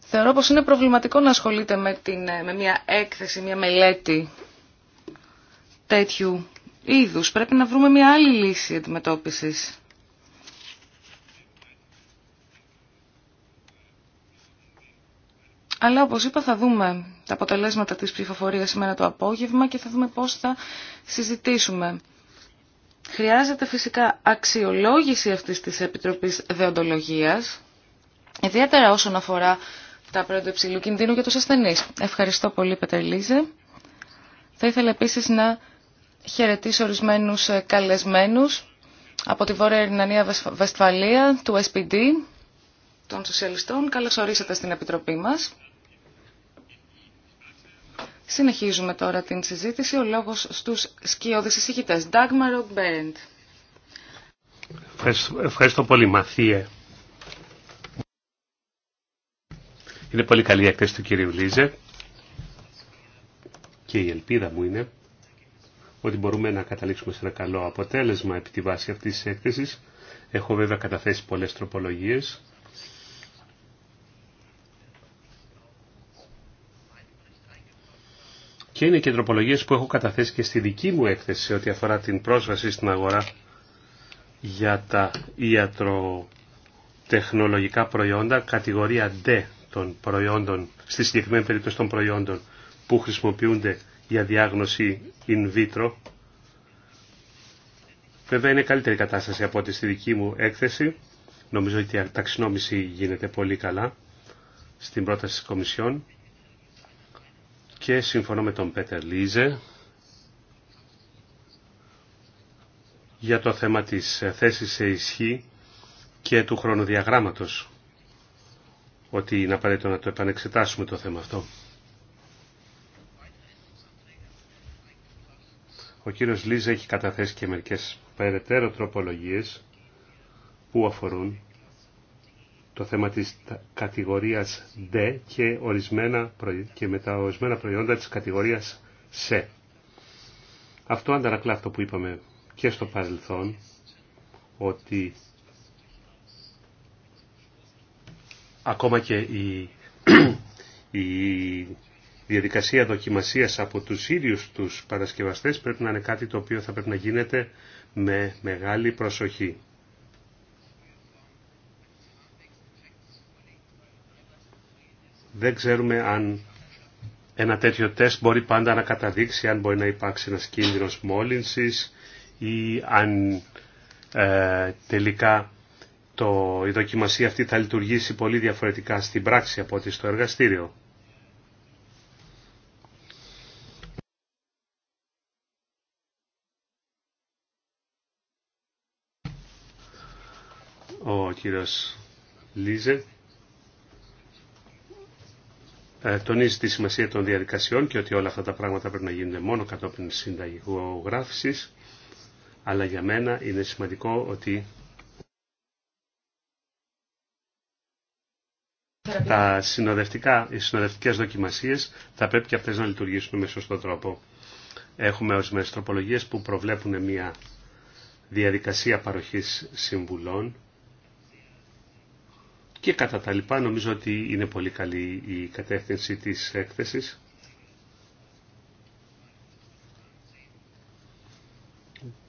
θεωρώ πως είναι προβληματικό να ασχολείται με, την, με μια έκθεση, μια μελέτη τέτοιου είδους. Πρέπει να βρούμε μια άλλη λύση αντιμετώπισης. Αλλά όπως είπα θα δούμε τα αποτελέσματα της ψηφοφορίας σήμερα το απόγευμα και θα δούμε πώς θα συζητήσουμε. Χρειάζεται φυσικά αξιολόγηση αυτής της Επιτροπής Δεοντολογίας, ιδιαίτερα όσον αφορά τα πρώτα υψηλού κινδύνου για τους ασθενείς. Ευχαριστώ πολύ Πετρελίζε. Θα ήθελα επίσης να χαιρετήσω ορισμένους ε, καλεσμένους από τη Βόρεια Ιρνανία Βεσφαλία, του SPD, των Σοσιαλιστών. Καλώς ορίσατε στην Επιτροπή μας. Συνεχίζουμε τώρα την συζήτηση. Ο λόγος στους σκιώδεις εισηγητές. Dagmar Ευχαριστώ πολύ, Μαθίε. Είναι πολύ καλή η έκθεση του κυρίου Λίζε και η ελπίδα μου είναι ότι μπορούμε να καταλήξουμε σε ένα καλό αποτέλεσμα επί τη βάση αυτής της έκθεσης. Έχω βέβαια καταθέσει πολλές τροπολογίες. Και είναι και τροπολογίες που έχω καταθέσει και στη δική μου έκθεση ό,τι αφορά την πρόσβαση στην αγορά για τα ιατροτεχνολογικά προϊόντα κατηγορία D των προϊόντων, στη συγκεκριμένη περίπτωση των προϊόντων που χρησιμοποιούνται για διάγνωση in vitro. Βέβαια είναι καλύτερη κατάσταση από ό,τι στη δική μου έκθεση. Νομίζω ότι η ταξινόμηση γίνεται πολύ καλά στην πρόταση της Κομισιόν και συμφωνώ με τον Πέτερ Λίζε για το θέμα της θέσης σε ισχύ και του χρονοδιαγράμματος ότι είναι απαραίτητο να το επανεξετάσουμε το θέμα αυτό. Ο κύριος Λίζα έχει καταθέσει και μερικές περαιτέρω τροπολογίες που αφορούν το θέμα της κατηγορίας D και, ορισμένα, και με τα ορισμένα προϊόντα της κατηγορίας C. Αυτό αντανακλά αυτό που είπαμε και στο παρελθόν, ότι ακόμα και η οι διαδικασία δοκιμασίας από τους ίδιους τους παρασκευαστές πρέπει να είναι κάτι το οποίο θα πρέπει να γίνεται με μεγάλη προσοχή. Δεν ξέρουμε αν ένα τέτοιο τεστ μπορεί πάντα να καταδείξει αν μπορεί να υπάρξει ένας κίνδυνος μόλυνσης ή αν ε, τελικά το, η δοκιμασία αυτή θα λειτουργήσει πολύ διαφορετικά στην πράξη από ό,τι στο εργαστήριο. κύριος Λίζε ε, τονίζει τη σημασία των διαδικασιών και ότι όλα αυτά τα πράγματα πρέπει να γίνονται μόνο κατόπιν συνταγηγόγραφησης. αλλά για μένα είναι σημαντικό ότι τα συνοδευτικά, οι συνοδευτικές δοκιμασίες θα πρέπει και αυτές να λειτουργήσουν με σωστό τρόπο. Έχουμε ορισμένες τροπολογίες που προβλέπουν μια διαδικασία παροχής συμβουλών και κατά τα λοιπά νομίζω ότι είναι πολύ καλή η κατεύθυνση της έκθεσης.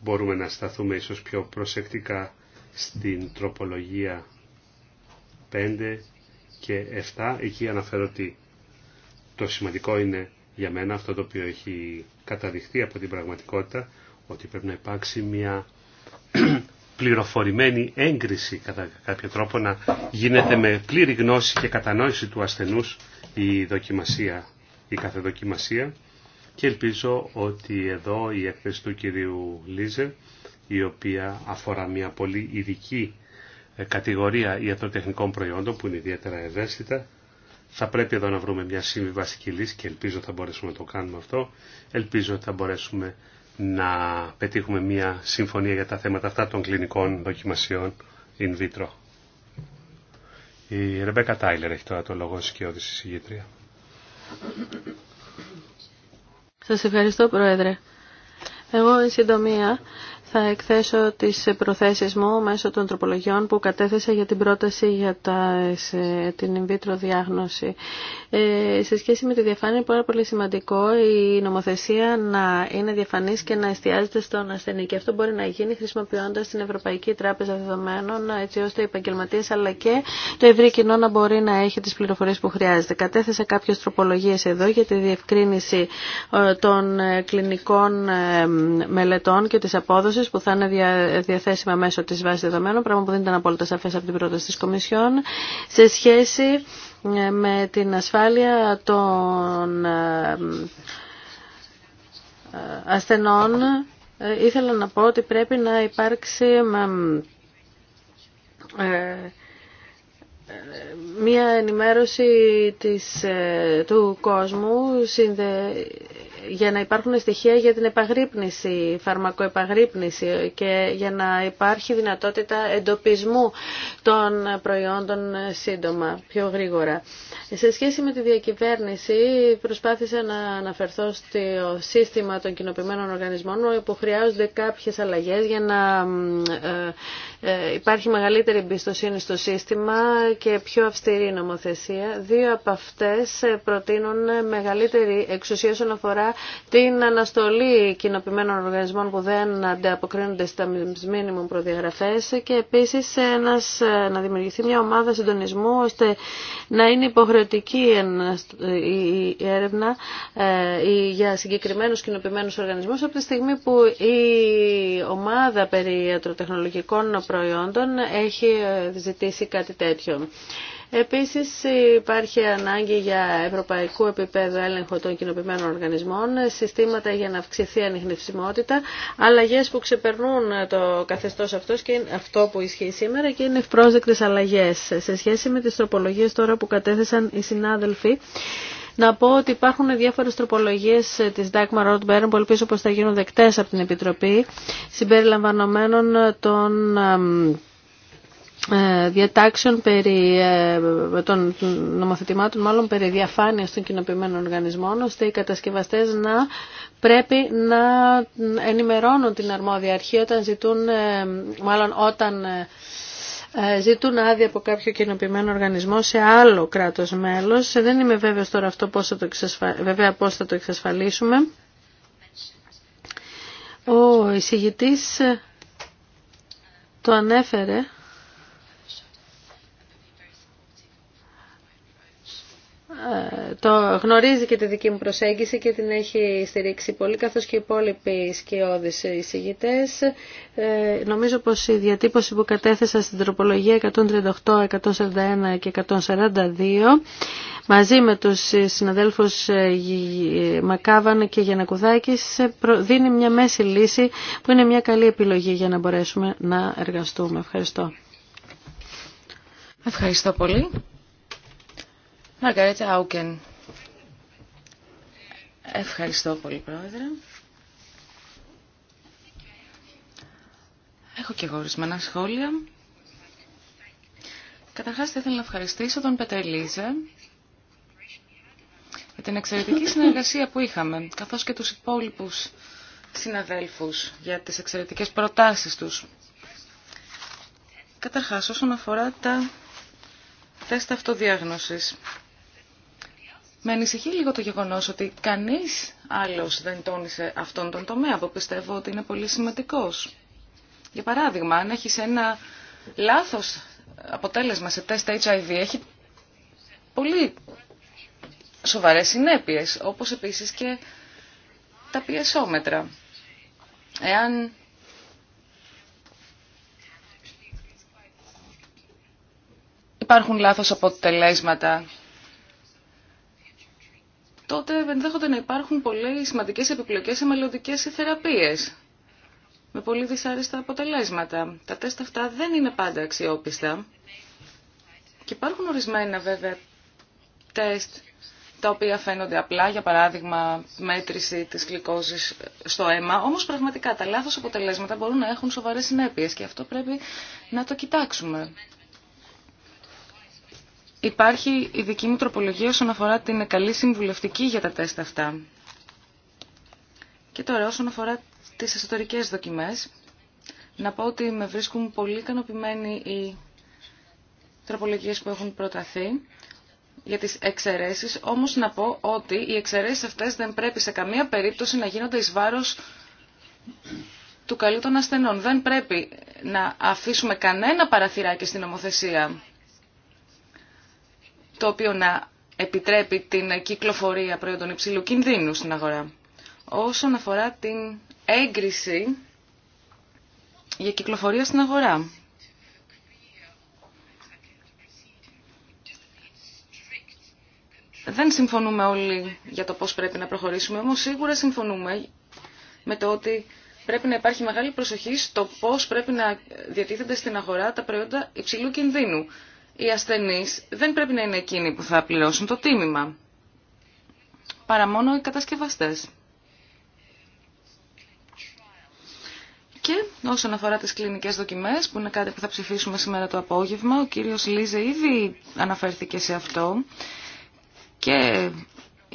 Μπορούμε να σταθούμε ίσως πιο προσεκτικά στην τροπολογία 5 και 7. Εκεί αναφέρω ότι το σημαντικό είναι για μένα αυτό το οποίο έχει καταδειχθεί από την πραγματικότητα ότι πρέπει να υπάρξει μια πληροφορημένη έγκριση κατά κάποιο τρόπο να γίνεται με πλήρη γνώση και κατανόηση του ασθενούς η δοκιμασία, η κάθε και ελπίζω ότι εδώ η έκθεση του κυρίου Λίζε η οποία αφορά μια πολύ ειδική ε, κατηγορία ιατροτεχνικών προϊόντων που είναι ιδιαίτερα ευαίσθητα θα πρέπει εδώ να βρούμε μια βασική λύση και ελπίζω θα μπορέσουμε να το κάνουμε αυτό. Ελπίζω ότι θα μπορέσουμε να πετύχουμε μια συμφωνία για τα θέματα αυτά των κλινικών δοκιμασιών in vitro. Η Ρεμπέκα Τάιλερ έχει τώρα το λόγο σκιώδη συγγήτρια. Σας ευχαριστώ Πρόεδρε. Εγώ, εν συντομία, θα εκθέσω τις προθέσεις μου μέσω των τροπολογιών που κατέθεσα για την πρόταση για τα, σε, την in vitro διάγνωση. Ε, σε σχέση με τη διαφάνεια είναι πάρα πολύ σημαντικό η νομοθεσία να είναι διαφανής και να εστιάζεται στον ασθενή και αυτό μπορεί να γίνει χρησιμοποιώντας την Ευρωπαϊκή Τράπεζα Δεδομένων έτσι ώστε οι επαγγελματίες αλλά και το ευρύ κοινό να μπορεί να έχει τις πληροφορίες που χρειάζεται. Κατέθεσα κάποιες τροπολογίες εδώ για τη διευκρίνηση ε, των ε, κλινικών ε, μελετών και της απόδοσης που θα είναι διαθέσιμα μέσω της βάσης δεδομένων, πράγμα που δεν ήταν απόλυτα σαφές από την πρόταση της Κομισιόν, σε σχέση ε, με την ασφάλεια των ε, ε, ασθενών. Ήθελα να πω ότι πρέπει να υπάρξει μια ενημέρωση της, του κόσμου συνδε, για να υπάρχουν στοιχεία για την επαγρύπνηση, φαρμακοεπαγρύπνηση και για να υπάρχει δυνατότητα εντοπισμού των προϊόντων σύντομα, πιο γρήγορα. Σε σχέση με τη διακυβέρνηση προσπάθησα να αναφερθώ στο σύστημα των κοινοποιημένων οργανισμών που χρειάζονται κάποιες αλλαγές για να ε, ε, υπάρχει μεγαλύτερη εμπιστοσύνη στο σύστημα και πιο αυστηρή νομοθεσία. Δύο από αυτές προτείνουν μεγαλύτερη εξουσία αφορά την αναστολή κοινοποιημένων οργανισμών που δεν ανταποκρίνονται στα μήνυμα προδιαγραφές και επίσης να δημιουργηθεί μια ομάδα συντονισμού ώστε να είναι υποχρεωτική η έρευνα ε, για συγκεκριμένους κοινοποιημένου οργανισμού, από τη στιγμή που η ομάδα περί ιατροτεχνολογικών προϊόντων έχει ε, ζητήσει κάτι τέτοιο. Επίσης υπάρχει ανάγκη για ευρωπαϊκού επίπεδου έλεγχο των κοινοποιημένων οργανισμών, συστήματα για να αυξηθεί η ανιχνευσιμότητα, αλλαγές που ξεπερνούν το καθεστώς αυτός και αυτό που ισχύει σήμερα και είναι ευπρόσδεκτες αλλαγές. Σε σχέση με τις τροπολογίες τώρα που κατέθεσαν οι συνάδελφοι, να πω ότι υπάρχουν διάφορες τροπολογίες της Dagmar Rothbard που ελπίζω πω θα γίνουν δεκτέ από την Επιτροπή συμπεριλαμβανομένων των ε, διατάξεων περί ε, των νομοθετημάτων μάλλον περί διαφάνειας των κοινοποιημένων οργανισμών ώστε οι κατασκευαστές να πρέπει να ενημερώνουν την αρμόδια αρχή όταν ζητούν ε, μάλλον όταν ζητούν άδεια από κάποιο κοινοποιημένο οργανισμό σε άλλο κράτος μέλος. Δεν είμαι βέβαιος τώρα αυτό πώς θα το, εξασφα... Βέβαια πώς θα το εξασφαλίσουμε. Ο εισηγητής το ανέφερε. Ε, το γνωρίζει και τη δική μου προσέγγιση και την έχει στηρίξει πολύ, καθώς και οι υπόλοιποι σκιώδεις εισηγητές. Ε, νομίζω πως η διατύπωση που κατέθεσα στην τροπολογία 138, 141 και 142, μαζί με τους συναδέλφους ε, ε, Μακάβαν και Γιανακουδάκης, δίνει μια μέση λύση που είναι μια καλή επιλογή για να μπορέσουμε να εργαστούμε. Ευχαριστώ. Ευχαριστώ πολύ. Μαργαρέτα Άουκεν. Ευχαριστώ πολύ, Πρόεδρε. Έχω και εγώ ορισμένα σχόλια. Καταρχάς, θα ήθελα να ευχαριστήσω τον Πετρελίζε για την εξαιρετική συνεργασία που είχαμε, καθώς και τους υπόλοιπους συναδέλφους για τις εξαιρετικές προτάσεις τους. Καταρχάς, όσον αφορά τα τεστ αυτοδιάγνωσης. Με ανησυχεί λίγο το γεγονός ότι κανείς άλλος δεν τόνισε αυτόν τον τομέα που πιστεύω ότι είναι πολύ σημαντικό. Για παράδειγμα, αν έχει ένα λάθος αποτέλεσμα σε τεστ HIV, έχει πολύ σοβαρές συνέπειες, όπως επίσης και τα πιεσόμετρα. Εάν υπάρχουν λάθος αποτελέσματα τότε ενδέχονται να υπάρχουν πολύ σημαντικές επιπλοκές σε μελλοντικές θεραπείες με πολύ δυσάρεστα αποτελέσματα. Τα τεστ αυτά δεν είναι πάντα αξιόπιστα και υπάρχουν ορισμένα βέβαια τεστ τα οποία φαίνονται απλά, για παράδειγμα μέτρηση της γλυκόζης στο αίμα, όμως πραγματικά τα λάθος αποτελέσματα μπορούν να έχουν σοβαρές συνέπειες και αυτό πρέπει να το κοιτάξουμε υπάρχει η δική μου τροπολογία όσον αφορά την καλή συμβουλευτική για τα τεστ αυτά. Και τώρα όσον αφορά τις εσωτερικές δοκιμές, να πω ότι με βρίσκουν πολύ ικανοποιημένοι οι τροπολογίες που έχουν προταθεί για τις εξαιρέσεις, όμως να πω ότι οι εξαιρέσεις αυτές δεν πρέπει σε καμία περίπτωση να γίνονται εις βάρος του καλού των ασθενών. Δεν πρέπει να αφήσουμε κανένα παραθυράκι στην νομοθεσία το οποίο να επιτρέπει την κυκλοφορία προϊόντων υψηλού κινδύνου στην αγορά. Όσον αφορά την έγκριση για κυκλοφορία στην αγορά. Δεν συμφωνούμε όλοι για το πώς πρέπει να προχωρήσουμε, όμως σίγουρα συμφωνούμε με το ότι πρέπει να υπάρχει μεγάλη προσοχή στο πώς πρέπει να διατίθενται στην αγορά τα προϊόντα υψηλού κινδύνου οι ασθενείς δεν πρέπει να είναι εκείνοι που θα πληρώσουν το τίμημα, παρά μόνο οι κατασκευαστές. Και όσον αφορά τις κλινικές δοκιμές, που είναι κάτι που θα ψηφίσουμε σήμερα το απόγευμα, ο κύριος Λίζε ήδη αναφέρθηκε σε αυτό και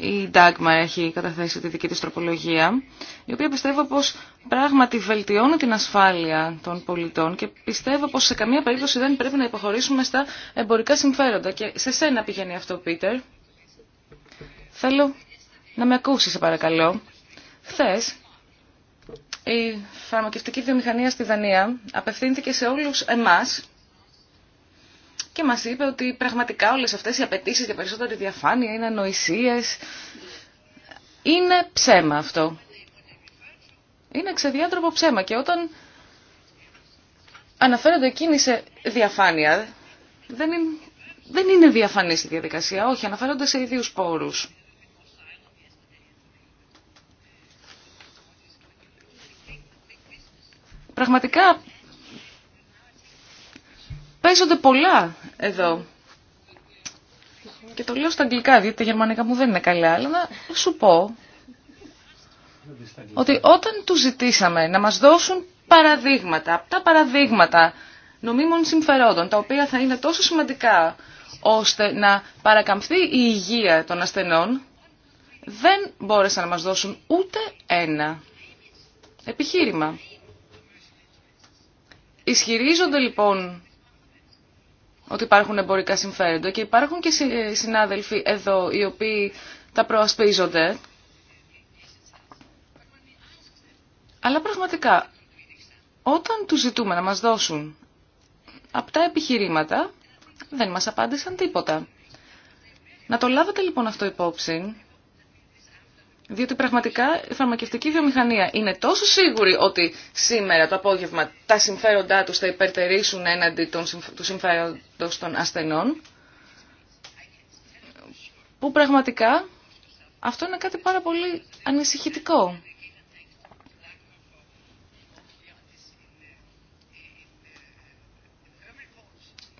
η Ντάγμα έχει καταθέσει τη δική της τροπολογία, η οποία πιστεύω πως πράγματι βελτιώνει την ασφάλεια των πολιτών και πιστεύω πως σε καμία περίπτωση δεν πρέπει να υποχωρήσουμε στα εμπορικά συμφέροντα. Και σε σένα πηγαίνει αυτό, Πίτερ. Θέλω να με ακούσεις, σε παρακαλώ. Χθε η φαρμακευτική βιομηχανία στη Δανία απευθύνθηκε σε όλους εμάς και μας είπε ότι πραγματικά όλες αυτές οι απαιτήσει για περισσότερη διαφάνεια είναι ανοησίες. Είναι ψέμα αυτό. Είναι ξεδιάτροπο ψέμα και όταν αναφέρονται εκείνοι σε διαφάνεια, δεν είναι, δεν είναι διαφανής η διαδικασία, όχι, αναφέρονται σε ιδίους πόρους. Πραγματικά Παίζονται πολλά εδώ. Και το λέω στα αγγλικά, διότι τα γερμανικά μου δεν είναι καλά, αλλά να σου πω ότι όταν του ζητήσαμε να μας δώσουν παραδείγματα, τα παραδείγματα νομίμων συμφερόντων, τα οποία θα είναι τόσο σημαντικά ώστε να παρακαμφθεί η υγεία των ασθενών, δεν μπόρεσαν να μας δώσουν ούτε ένα επιχείρημα. Ισχυρίζονται λοιπόν ότι υπάρχουν εμπορικά συμφέροντα και υπάρχουν και συνάδελφοι εδώ οι οποίοι τα προασπίζονται. Αλλά πραγματικά, όταν τους ζητούμε να μας δώσουν αυτά τα επιχειρήματα, δεν μας απάντησαν τίποτα. Να το λάβετε λοιπόν αυτό υπόψη διότι πραγματικά η φαρμακευτική βιομηχανία είναι τόσο σίγουρη ότι σήμερα το απόγευμα τα συμφέροντά τους θα υπερτερήσουν έναντι των, του συμφέροντος των ασθενών, που πραγματικά αυτό είναι κάτι πάρα πολύ ανησυχητικό.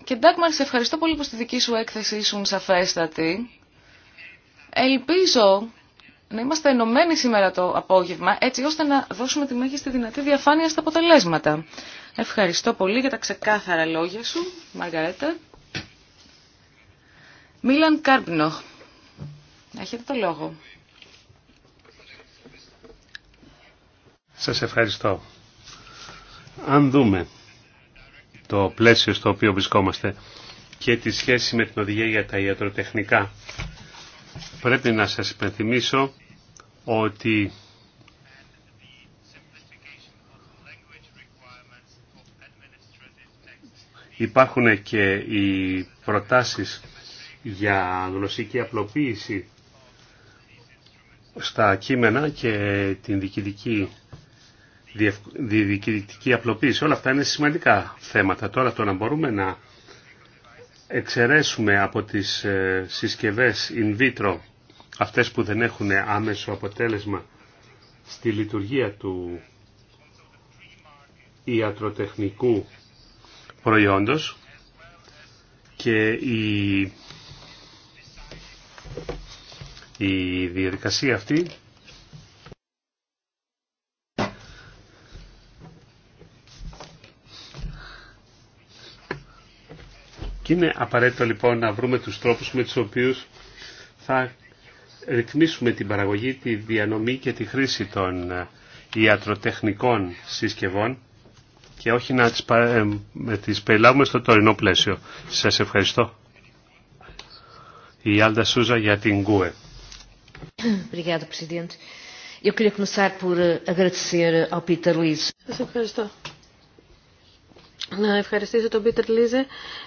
Και Ντάκμαρ, σε ευχαριστώ πολύ που στη δική σου έκθεση ήσουν σαφέστατη. Ελπίζω να είμαστε ενωμένοι σήμερα το απόγευμα, έτσι ώστε να δώσουμε τη μέγιστη δυνατή διαφάνεια στα αποτελέσματα. Ευχαριστώ πολύ για τα ξεκάθαρα λόγια σου, Μαργαρέτα. Μίλαν Κάρπνο. Έχετε το λόγο. Σας ευχαριστώ. Αν δούμε το πλαίσιο στο οποίο βρισκόμαστε και τη σχέση με την οδηγία για τα ιατροτεχνικά Πρέπει να σας υπενθυμίσω ότι υπάρχουν και οι προτάσεις για γλωσσική απλοποίηση στα κείμενα και την διοικητική, διοικητική απλοποίηση. Όλα αυτά είναι σημαντικά θέματα. Τώρα το να μπορούμε να εξαιρέσουμε από τις ε, συσκευές in vitro αυτές που δεν έχουν άμεσο αποτέλεσμα στη λειτουργία του ιατροτεχνικού προϊόντος και η, η διαδικασία αυτή Και είναι απαραίτητο λοιπόν να βρούμε τους τρόπους με τους οποίους θα ρυθμίσουμε την παραγωγή, τη διανομή και τη χρήση των ε, ιατροτεχνικών συσκευών και όχι να τις, ε, τις περιλάβουμε στο τωρινό πλαίσιο. Σας ευχαριστώ. Η Άλτα Σούζα για την ΚΟΕ. Eh, Σας ευχαριστώ να ευχαριστήσω τον Πίτερ Λίζε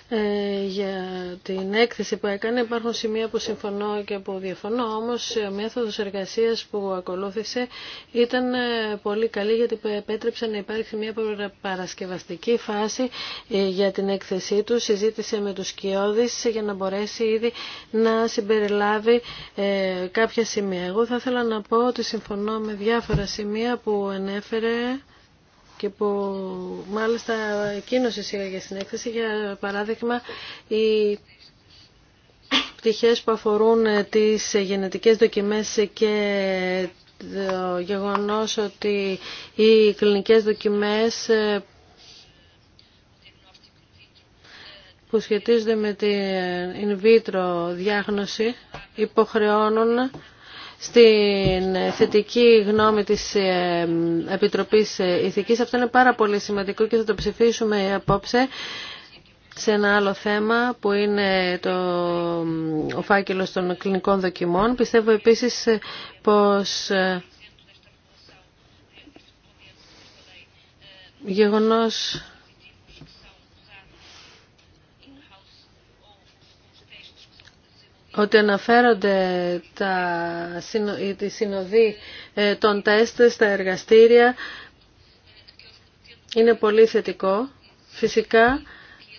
ε, για την έκθεση που έκανε. Υπάρχουν σημεία που συμφωνώ και που διαφωνώ, όμως ο μέθοδος εργασίας που ακολούθησε ήταν ε, πολύ καλή γιατί επέτρεψε να υπάρξει μια παρασκευαστική φάση ε, για την έκθεσή του. Συζήτησε με τους κοιόδης για να μπορέσει ήδη να συμπεριλάβει κάποια σημεία. Εγώ θα ήθελα να πω ότι συμφωνώ με διάφορα σημεία που ενέφερε και που μάλιστα εκείνος εισήγαγε στην έκθεση για παράδειγμα οι πτυχές που αφορούν τις γενετικές δοκιμές και το γεγονός ότι οι κλινικές δοκιμές που σχετίζονται με την in vitro διάγνωση υποχρεώνουν στην θετική γνώμη της ε, Επιτροπής ε, Ηθικής. Αυτό είναι πάρα πολύ σημαντικό και θα το ψηφίσουμε απόψε σε ένα άλλο θέμα που είναι το, ο φάκελος των κλινικών δοκιμών. Πιστεύω επίσης ε, πως γεγονός ότι αναφέρονται τα, οι συνοδοί ε, των τεστ στα εργαστήρια είναι πολύ θετικό. Φυσικά,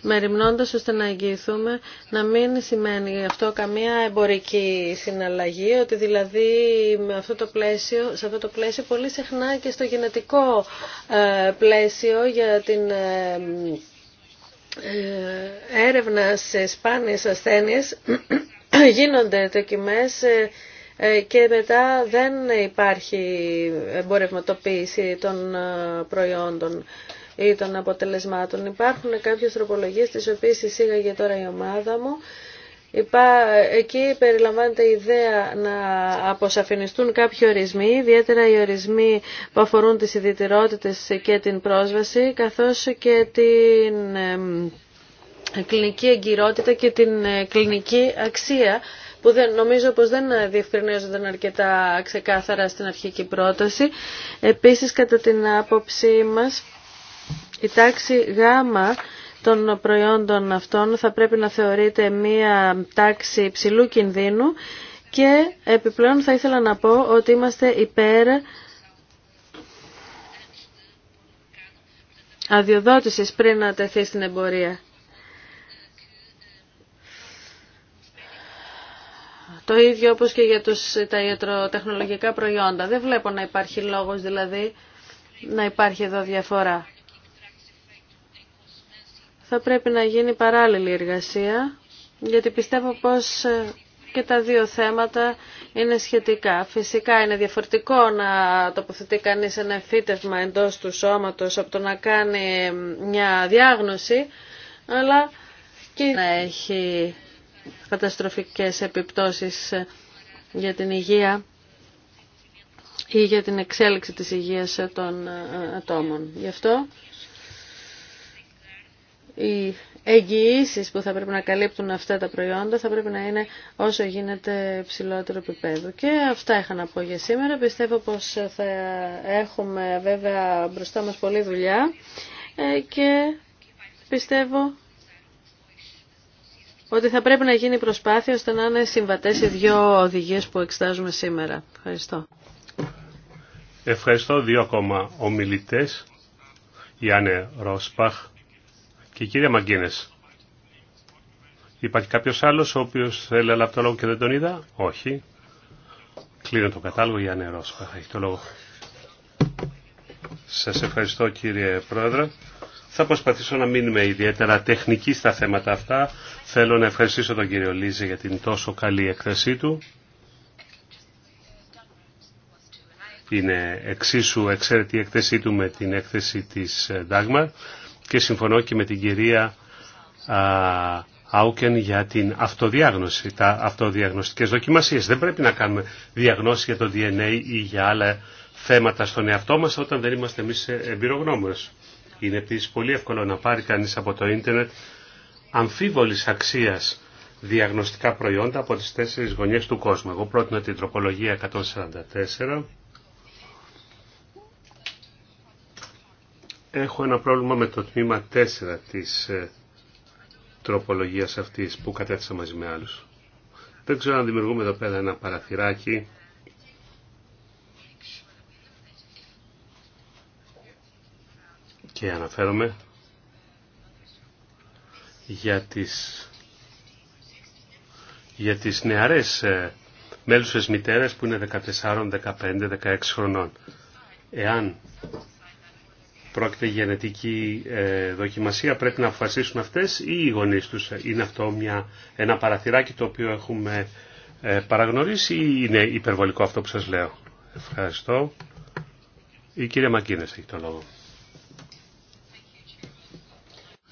μεριμνώντας ώστε να εγγυηθούμε να μην σημαίνει αυτό καμία εμπορική συναλλαγή, ότι δηλαδή με αυτό το πλαίσιο, σε αυτό το πλαίσιο πολύ συχνά και στο γενετικό ε, πλαίσιο για την ε, έρευνα σε σπάνιες ασθένειες γίνονται δοκιμές ε, ε, και μετά δεν υπάρχει εμπορευματοποίηση των ε, προϊόντων ή των αποτελεσμάτων. Υπάρχουν κάποιες τροπολογίες τις οποίες εισήγαγε τώρα η ομάδα μου. Εκεί περιλαμβάνεται η ιδέα να αποσαφινιστούν κάποιοι ορισμοί, ιδιαίτερα οι ορισμοί που αφορούν τις ιδιαιτερότητες και την πρόσβαση, καθώς και την κλινική εγκυρότητα και την ε, κλινική αξία που δεν, νομίζω πως δεν ε, διευκρινίζονταν αρκετά ξεκάθαρα στην αρχική πρόταση. Επίσης, κατά την άποψή μας, η τάξη γάμα των προϊόντων αυτών θα πρέπει να θεωρείται μία τάξη υψηλού κινδύνου και επιπλέον θα ήθελα να πω ότι είμαστε υπέρ αδειοδότησης πριν να τεθεί στην εμπορία. Το ίδιο όπως και για τους, τα ιατροτεχνολογικά προϊόντα. Δεν βλέπω να υπάρχει λόγος δηλαδή να υπάρχει εδώ διαφορά. Θα πρέπει να γίνει παράλληλη εργασία, γιατί πιστεύω πως ε, και τα δύο θέματα είναι σχετικά. Φυσικά είναι διαφορετικό να τοποθετεί κανείς ένα φύτευμα εντός του σώματος από το να κάνει ε, μια διάγνωση, αλλά και να έχει καταστροφικές επιπτώσεις για την υγεία ή για την εξέλιξη της υγείας των ατόμων. Γι' αυτό οι εγγυήσεις που θα πρέπει να καλύπτουν αυτά τα προϊόντα θα πρέπει να είναι όσο γίνεται ψηλότερο επίπεδο. Και αυτά είχα να πω για σήμερα. Πιστεύω πως θα έχουμε βέβαια μπροστά μας πολλή δουλειά ε, και πιστεύω ότι θα πρέπει να γίνει προσπάθεια ώστε να είναι συμβατέ οι δύο οδηγίε που εξετάζουμε σήμερα. Ευχαριστώ. Ευχαριστώ δύο ακόμα ομιλητές, Ιάννε Ρόσπαχ και η κυρία Μαγκίνε. Υπάρχει κάποιο άλλο ο οποίο θέλει να λάβει το λόγο και δεν τον είδα. Όχι. Κλείνω το κατάλογο, Ιάννε Ρόσπαχ έχει το λόγο. Σα ευχαριστώ κύριε Πρόεδρε. Θα προσπαθήσω να μείνουμε ιδιαίτερα τεχνική στα θέματα αυτά, Θέλω να ευχαριστήσω τον κύριο Λίζε για την τόσο καλή έκθεσή του. Είναι εξίσου εξαίρετη η έκθεσή του με την έκθεση της Ντάγμα ε, και συμφωνώ και με την κυρία Άουκεν για την αυτοδιάγνωση, τα αυτοδιαγνωστικές δοκιμασίες. Δεν πρέπει να κάνουμε διαγνώση για το DNA ή για άλλα θέματα στον εαυτό μας όταν δεν είμαστε εμείς ε, εμπειρογνώμονες. Είναι επίσης πολύ εύκολο να πάρει κανείς από το ίντερνετ αμφίβολης αξίας διαγνωστικά προϊόντα από τις τέσσερις γωνιές του κόσμου. Εγώ πρότεινα την τροπολογία 144. Έχω ένα πρόβλημα με το τμήμα 4 της ε, τροπολογίας αυτής που κατέθεσα μαζί με άλλους. Δεν ξέρω αν δημιουργούμε εδώ πέρα ένα παραθυράκι και αναφέρομαι για τις, για τις νεαρές ε, μέλουσες μητέρες που είναι 14, 15, 16 χρονών. Εάν πρόκειται για γενετική ε, δοκιμασία πρέπει να αποφασίσουν αυτές ή οι γονείς τους. Είναι αυτό μια, ένα παραθυράκι το οποίο έχουμε ε, παραγνωρίσει ή είναι υπερβολικό αυτό που σας λέω. Ευχαριστώ. Η κυρία Μακίνες έχει το λόγο.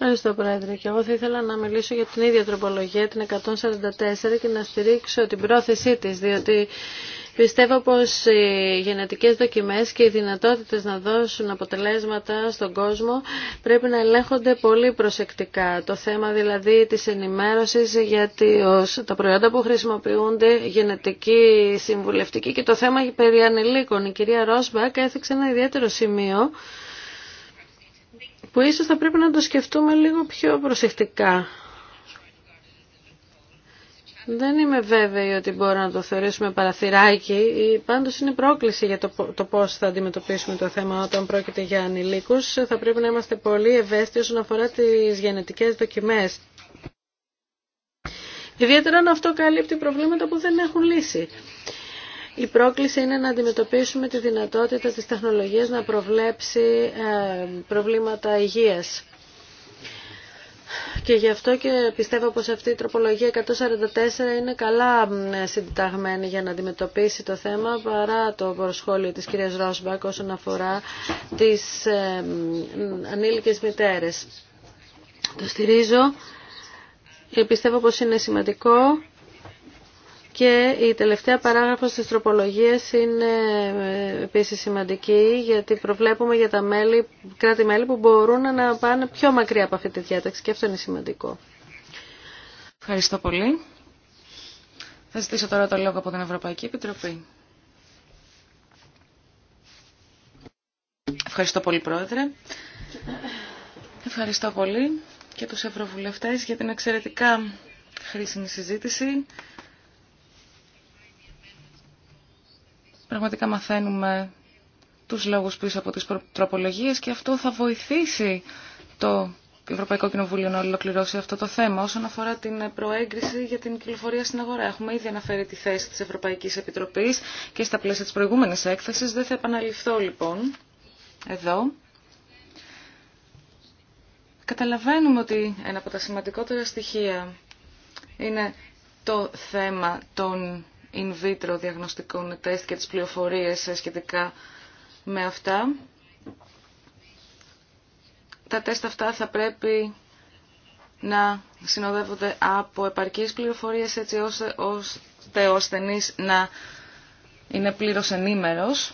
Ευχαριστώ, Πρόεδρε. Και εγώ θα ήθελα να μιλήσω για την ίδια τροπολογία, την 144, και να στηρίξω την πρόθεσή της, διότι Πιστεύω πως οι γενετικές δοκιμές και οι δυνατότητες να δώσουν αποτελέσματα στον κόσμο πρέπει να ελέγχονται πολύ προσεκτικά. Το θέμα δηλαδή της ενημέρωσης για τα προϊόντα που χρησιμοποιούνται, γενετική, συμβουλευτική και το θέμα περί ανηλίκων. Η κυρία Ρόσμπακ έθιξε ένα ιδιαίτερο σημείο που ίσως θα πρέπει να το σκεφτούμε λίγο πιο προσεκτικά. Δεν είμαι βέβαιη ότι μπορούμε να το θεωρήσουμε παραθυράκι. Πάντως είναι πρόκληση για το πώς θα αντιμετωπίσουμε το θέμα όταν πρόκειται για ανηλίκους. Θα πρέπει να είμαστε πολύ ευαίσθητοι όσον αφορά τις γενετικές δοκιμές. Ιδιαίτερα αν αυτό καλύπτει προβλήματα που δεν έχουν λύσει. Η πρόκληση είναι να αντιμετωπίσουμε τη δυνατότητα της τεχνολογίας να προβλέψει ε, προβλήματα υγείας. Και γι' αυτό και πιστεύω πως αυτή η τροπολογία 144 είναι καλά συνταγμένη για να αντιμετωπίσει το θέμα παρά το προσχόλιο της κυρίας Ρόσμπακ όσον αφορά τις ε, ανήλικες μητέρες. Το στηρίζω. Ε, πιστεύω πως είναι σημαντικό και η τελευταία παράγραφος της τροπολογίας είναι ε, επίσης σημαντική γιατί προβλέπουμε για τα μέλη, κράτη-μέλη που μπορούν να πάνε πιο μακριά από αυτή τη διάταξη και αυτό είναι σημαντικό. Ευχαριστώ πολύ. Θα ζητήσω τώρα το λόγο από την Ευρωπαϊκή Επιτροπή. Ευχαριστώ πολύ Πρόεδρε. Ευχαριστώ πολύ και τους Ευρωβουλευτές για την εξαιρετικά χρήσιμη συζήτηση Πραγματικά μαθαίνουμε τους λόγους πίσω από τις τροπολογίες και αυτό θα βοηθήσει το Ευρωπαϊκό Κοινοβούλιο να ολοκληρώσει αυτό το θέμα. Όσον αφορά την προέγκριση για την κυκλοφορία στην αγορά, έχουμε ήδη αναφέρει τη θέση της Ευρωπαϊκής Επιτροπής και στα πλαίσια της προηγούμενης έκθεσης. Δεν θα επαναληφθώ λοιπόν εδώ. Καταλαβαίνουμε ότι ένα από τα σημαντικότερα στοιχεία είναι το θέμα των in vitro διαγνωστικών τεστ και τις πληροφορίες ε, σχετικά με αυτά. Τα τεστ αυτά θα πρέπει να συνοδεύονται από επαρκείς πληροφορίες έτσι ώστε, ο ασθενή να είναι πλήρως ενήμερος.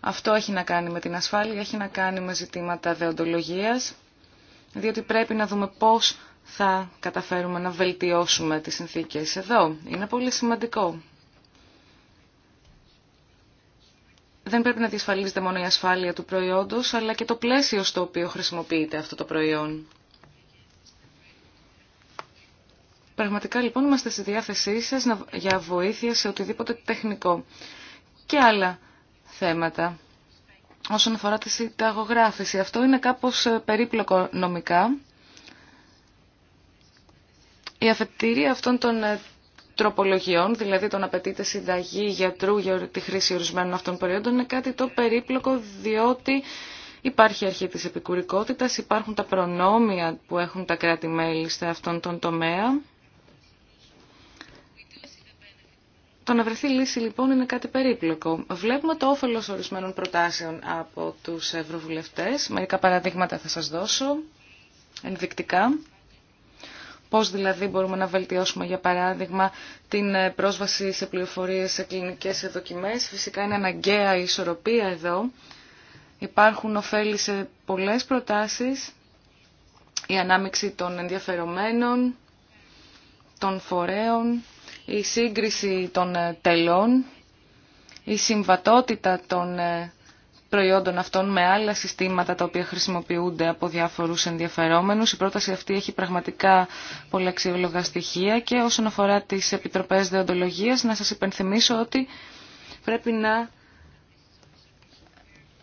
Αυτό έχει να κάνει με την ασφάλεια, έχει να κάνει με ζητήματα δεοντολογίας, διότι πρέπει να δούμε πώς θα καταφέρουμε να βελτιώσουμε τις συνθήκες εδώ. Είναι πολύ σημαντικό. Δεν πρέπει να διασφαλίζεται μόνο η ασφάλεια του προϊόντος, αλλά και το πλαίσιο στο οποίο χρησιμοποιείται αυτό το προϊόν. Πραγματικά λοιπόν είμαστε στη διάθεσή σας για βοήθεια σε οτιδήποτε τεχνικό και άλλα θέματα όσον αφορά τη συνταγογράφηση. Αυτό είναι κάπως ε, περίπλοκο νομικά η αφετηρία αυτών των ε, τροπολογιών, δηλαδή των απαιτείται συνταγή γιατρού για τη χρήση ορισμένων αυτών προϊόντων, είναι κάτι το περίπλοκο διότι υπάρχει αρχή της επικουρικότητας, υπάρχουν τα προνόμια που έχουν τα κράτη-μέλη σε αυτόν τον τομέα. Το να βρεθεί λύση λοιπόν είναι κάτι περίπλοκο. Βλέπουμε το όφελος ορισμένων προτάσεων από τους ευρωβουλευτές. Μερικά παραδείγματα θα σας δώσω ενδεικτικά. Πώς δηλαδή μπορούμε να βελτιώσουμε για παράδειγμα την ε, πρόσβαση σε πληροφορίες σε κλινικές δοκιμές. Φυσικά είναι αναγκαία η ισορροπία εδώ. Υπάρχουν ωφέλη σε πολλές προτάσεις, η ανάμειξη των ενδιαφερομένων, των φορέων, η σύγκριση των ε, τελών, η συμβατότητα των ε, προϊόντων αυτών με άλλα συστήματα τα οποία χρησιμοποιούνται από διάφορου ενδιαφερόμενους. Η πρόταση αυτή έχει πραγματικά πολλά αξιόλογα στοιχεία και όσον αφορά τι επιτροπέ δεοντολογίας να σα υπενθυμίσω ότι πρέπει να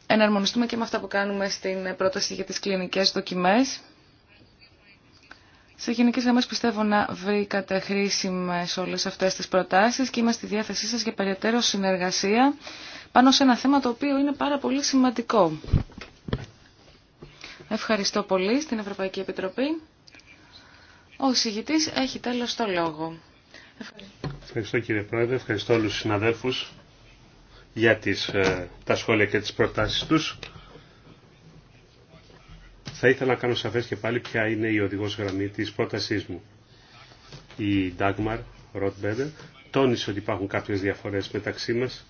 εναρμονιστούμε και με αυτά που κάνουμε στην πρόταση για τι κλινικέ δοκιμέ. Σε γενικέ γραμμέ πιστεύω να βρήκατε χρήσιμε όλε αυτέ τι προτάσει και είμαστε στη διάθεσή σα για περαιτέρω συνεργασία πάνω σε ένα θέμα το οποίο είναι πάρα πολύ σημαντικό. Ευχαριστώ πολύ στην Ευρωπαϊκή Επιτροπή. Ο συγητής έχει τέλος το λόγο. Ευχαριστώ κύριε Πρόεδρε, ευχαριστώ όλους τους συναδέλφους για τις, ε, τα σχόλια και τις προτάσεις τους. Θα ήθελα να κάνω σαφές και πάλι ποια είναι η οδηγός γραμμή της πρότασής μου. Η Dagmar Rothbeder τόνισε ότι υπάρχουν κάποιες διαφορές μεταξύ μας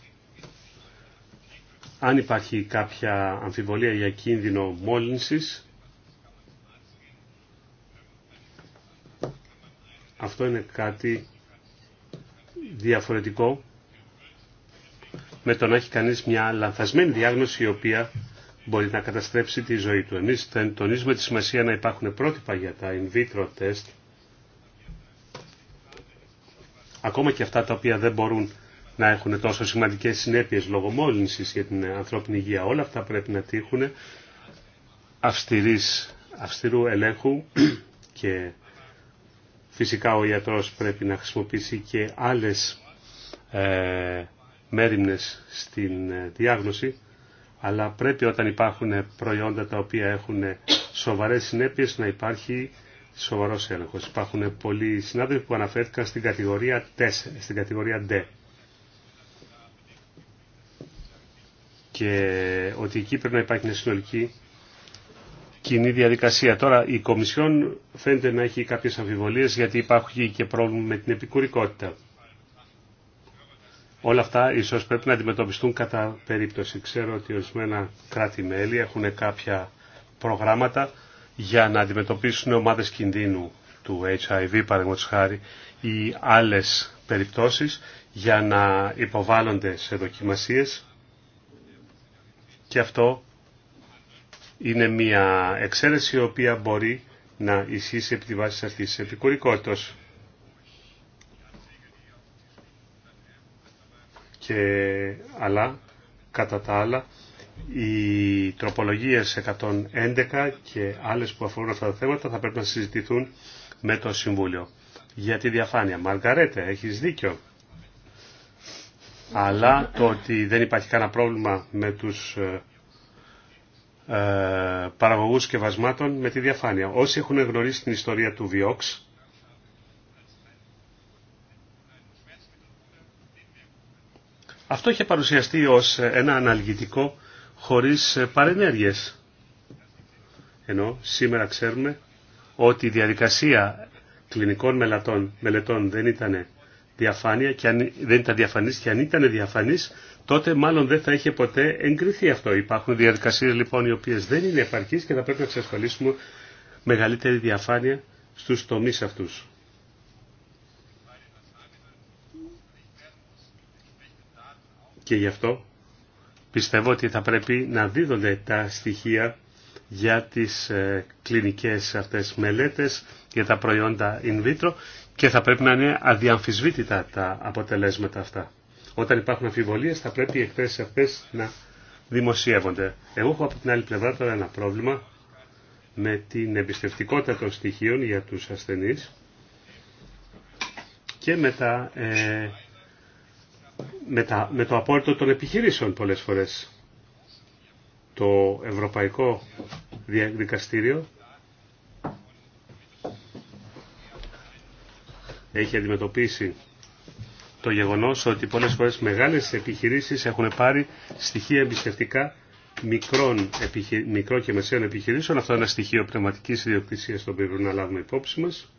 αν υπάρχει κάποια αμφιβολία για κίνδυνο μόλυνσης, αυτό είναι κάτι διαφορετικό με το να έχει κανείς μια λανθασμένη διάγνωση η οποία μπορεί να καταστρέψει τη ζωή του. Εμείς τονίζουμε τη σημασία να υπάρχουν πρότυπα για τα in vitro test, ακόμα και αυτά τα οποία δεν μπορούν να έχουν τόσο σημαντικές συνέπειες λόγω μόλυνσης για την ανθρώπινη υγεία. Όλα αυτά πρέπει να τύχουν αυστηρής, αυστηρού ελέγχου και φυσικά ο ιατρός πρέπει να χρησιμοποιήσει και άλλες ε, μέρημνες στην ε, διάγνωση αλλά πρέπει όταν υπάρχουν προϊόντα τα οποία έχουν σοβαρές συνέπειες να υπάρχει σοβαρός έλεγχος. Υπάρχουν πολλοί συνάδελφοι που αναφέρθηκαν στην κατηγορία 4, στην κατηγορία D. και ότι εκεί πρέπει να υπάρχει μια συνολική κοινή διαδικασία. Τώρα η Κομισιόν φαίνεται να έχει κάποιες αμφιβολίες γιατί υπάρχει και πρόβλημα με την επικουρικότητα. Όλα αυτά ίσως πρέπει να αντιμετωπιστούν κατά περίπτωση. Ξέρω ότι ορισμένα κράτη-μέλη έχουν κάποια προγράμματα για να αντιμετωπίσουν ομάδες κινδύνου του HIV, παραδείγματος χάρη, ή άλλες περιπτώσεις για να υποβάλλονται σε δοκιμασίες και αυτό είναι μια εξαίρεση η οποία μπορεί να ισχύσει επί τη βάση αυτής της επικουρικότητας. Και, αλλά, κατά τα άλλα, οι τροπολογίες 111 και άλλες που αφορούν αυτά τα θέματα θα πρέπει να συζητηθούν με το Συμβούλιο. Για τη διαφάνεια. Μαργαρέτε, έχεις δίκιο αλλά το ότι δεν υπάρχει κανένα πρόβλημα με τους ε, ε παραγωγούς βασμάτων με τη διαφάνεια. Όσοι έχουν γνωρίσει την ιστορία του Βιόξ, αυτό είχε παρουσιαστεί ως ένα αναλγητικό χωρίς παρενέργειες. Ενώ σήμερα ξέρουμε ότι η διαδικασία κλινικών μελετών, μελετών δεν ήταν διαφάνεια και αν δεν ήταν διαφανής και αν ήταν διαφανής τότε μάλλον δεν θα είχε ποτέ εγκριθεί αυτό. Υπάρχουν διαδικασίες λοιπόν οι οποίες δεν είναι επαρκείς και θα πρέπει να εξασφαλίσουμε μεγαλύτερη διαφάνεια στους τομείς αυτούς. Και γι' αυτό πιστεύω ότι θα πρέπει να δίδονται τα στοιχεία για τις ε, κλινικές αυτές μελέτες, για τα προϊόντα in vitro και θα πρέπει να είναι αδιαμφισβήτητα τα αποτελέσματα αυτά. Όταν υπάρχουν αμφιβολίες θα πρέπει οι εκθέσει να δημοσιεύονται. Εγώ έχω από την άλλη πλευρά τώρα ένα πρόβλημα με την εμπιστευτικότητα των στοιχείων για τους ασθενείς και με, ε, με, το απόρριτο των επιχειρήσεων πολλές φορές. Το Ευρωπαϊκό Δικαστήριο έχει αντιμετωπίσει το γεγονός ότι πολλές φορές μεγάλες επιχειρήσεις έχουν πάρει στοιχεία εμπιστευτικά μικρών, μικρό και μεσαίων επιχειρήσεων. Αυτό είναι ένα στοιχείο πνευματικής ιδιοκτησίας το οποίο να λάβουμε υπόψη μας.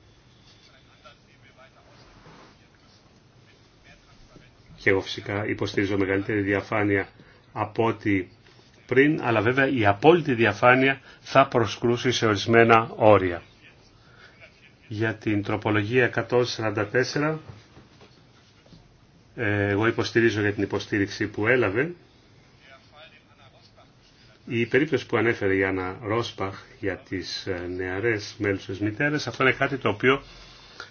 Και εγώ φυσικά υποστηρίζω μεγαλύτερη διαφάνεια από ό,τι πριν, αλλά βέβαια η απόλυτη διαφάνεια θα προσκρούσει σε ορισμένα όρια για την τροπολογία 144. Ε, εγώ υποστηρίζω για την υποστήριξη που έλαβε. Η περίπτωση που ανέφερε η Άννα Ρόσπαχ για τις ε, νεαρές μέλουσες μητέρες, αυτό είναι κάτι το οποίο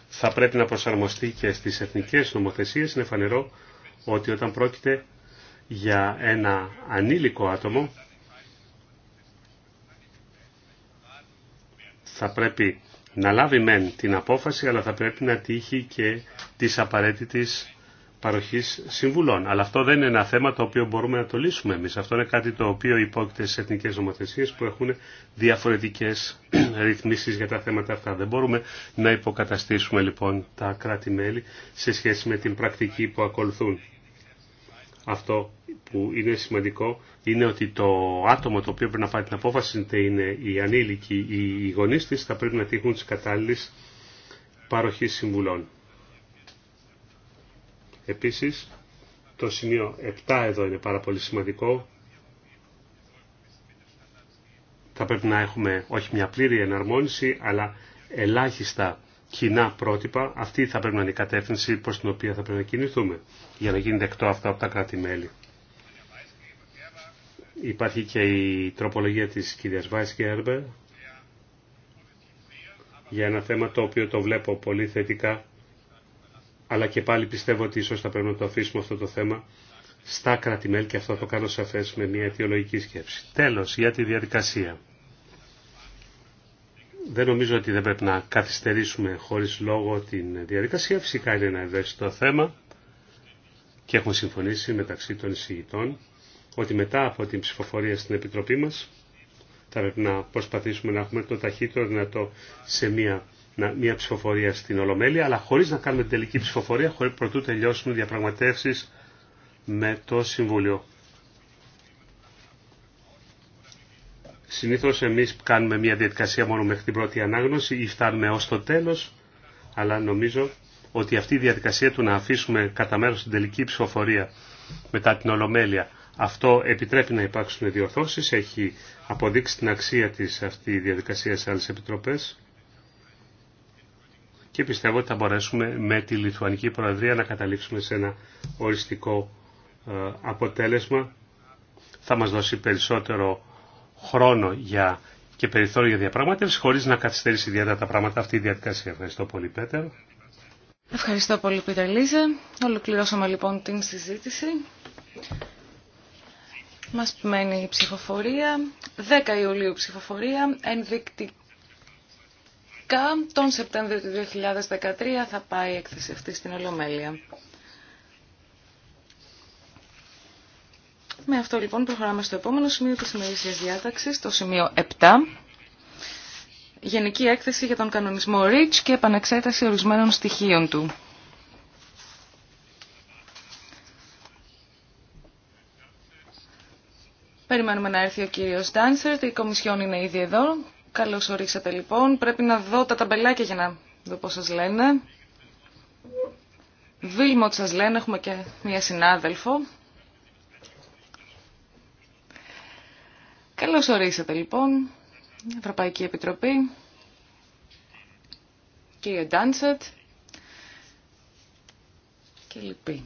θα πρέπει να προσαρμοστεί και στις εθνικές νομοθεσίες. Είναι φανερό ότι όταν πρόκειται για ένα ανήλικο άτομο, θα πρέπει να λάβει μεν την απόφαση, αλλά θα πρέπει να τύχει και της απαραίτητης παροχής συμβουλών. Αλλά αυτό δεν είναι ένα θέμα το οποίο μπορούμε να το λύσουμε εμείς. Αυτό είναι κάτι το οποίο υπόκειται στι εθνικές νομοθεσίες που έχουν διαφορετικές ρυθμίσεις για τα θέματα αυτά. Δεν μπορούμε να υποκαταστήσουμε λοιπόν τα κράτη-μέλη σε σχέση με την πρακτική που ακολουθούν αυτό που είναι σημαντικό είναι ότι το άτομο το οποίο πρέπει να πάρει την απόφαση είτε είναι οι ανήλικοι ή οι γονείς της θα πρέπει να τύχουν τις κατάλληλες παροχή συμβουλών. Επίσης, το σημείο 7 εδώ είναι πάρα πολύ σημαντικό. Θα πρέπει να έχουμε όχι μια πλήρη εναρμόνιση, αλλά ελάχιστα κοινά πρότυπα, αυτή θα πρέπει να είναι η κατεύθυνση προς την οποία θα πρέπει να κινηθούμε για να γίνει δεκτό αυτό από τα κράτη-μέλη. Υπάρχει και η τροπολογία της κυρίας Βάις για ένα θέμα το οποίο το βλέπω πολύ θετικά αλλά και πάλι πιστεύω ότι ίσως θα πρέπει να το αφήσουμε αυτό το θέμα στα κράτη-μέλη και αυτό το κάνω σαφές με μια αιτιολογική σκέψη. Τέλος, για τη διαδικασία δεν νομίζω ότι δεν πρέπει να καθυστερήσουμε χωρίς λόγο την διαδικασία. Φυσικά είναι ένα ευαίσθητο θέμα και έχουμε συμφωνήσει μεταξύ των εισηγητών ότι μετά από την ψηφοφορία στην Επιτροπή μας θα πρέπει να προσπαθήσουμε να έχουμε το ταχύτερο δυνατό σε μια, μια ψηφοφορία στην Ολομέλεια αλλά χωρίς να κάνουμε τελική ψηφοφορία, χωρίς πρωτού τελειώσουμε διαπραγματεύσεις με το Συμβούλιο. Συνήθως εμείς κάνουμε μια διαδικασία μόνο μέχρι την πρώτη ανάγνωση ή φτάνουμε ως το τέλος, αλλά νομίζω ότι αυτή η διαδικασία του να αφήσουμε κατά μέρο την τελική ψηφοφορία μετά την Ολομέλεια, αυτό επιτρέπει να υπάρξουν διορθώσει. έχει αποδείξει την αξία τη αυτή η διαδικασία σε άλλε επιτροπέ. και πιστεύω ότι θα μπορέσουμε με τη Λιθουανική Προεδρία να καταλήξουμε σε ένα οριστικό ε, αποτέλεσμα. Θα μας δώσει περισσότερο χρόνο για και περιθώριο για διαπραγμάτευση χωρίς να καθυστερήσει ιδιαίτερα τα πράγματα αυτή η διαδικασία. Ευχαριστώ πολύ Πέτερ. Ευχαριστώ πολύ Πίτερ Λίζε. Ολοκληρώσαμε λοιπόν την συζήτηση. Μας μένει η ψηφοφορία. 10 Ιουλίου ψηφοφορία. Ενδεικτικά τον Σεπτέμβριο του 2013 θα πάει η έκθεση αυτή στην Ολομέλεια. Με αυτό λοιπόν προχωράμε στο επόμενο σημείο της ημερήσιας διάταξης, το σημείο 7. Γενική έκθεση για τον κανονισμό REACH και επανεξέταση ορισμένων στοιχείων του. Περιμένουμε να έρθει ο κύριος Ντάνσερτ, η Κομισιόν είναι ήδη εδώ. Καλώς ορίσατε λοιπόν. Πρέπει να δω τα ταμπελάκια για να δω πώς σας λένε. Βίλμοτ σας λένε, έχουμε και μία συνάδελφο. Καλώς ορίσατε λοιπόν, Ευρωπαϊκή Επιτροπή, κύριε Ντάνσετ και λοιποί.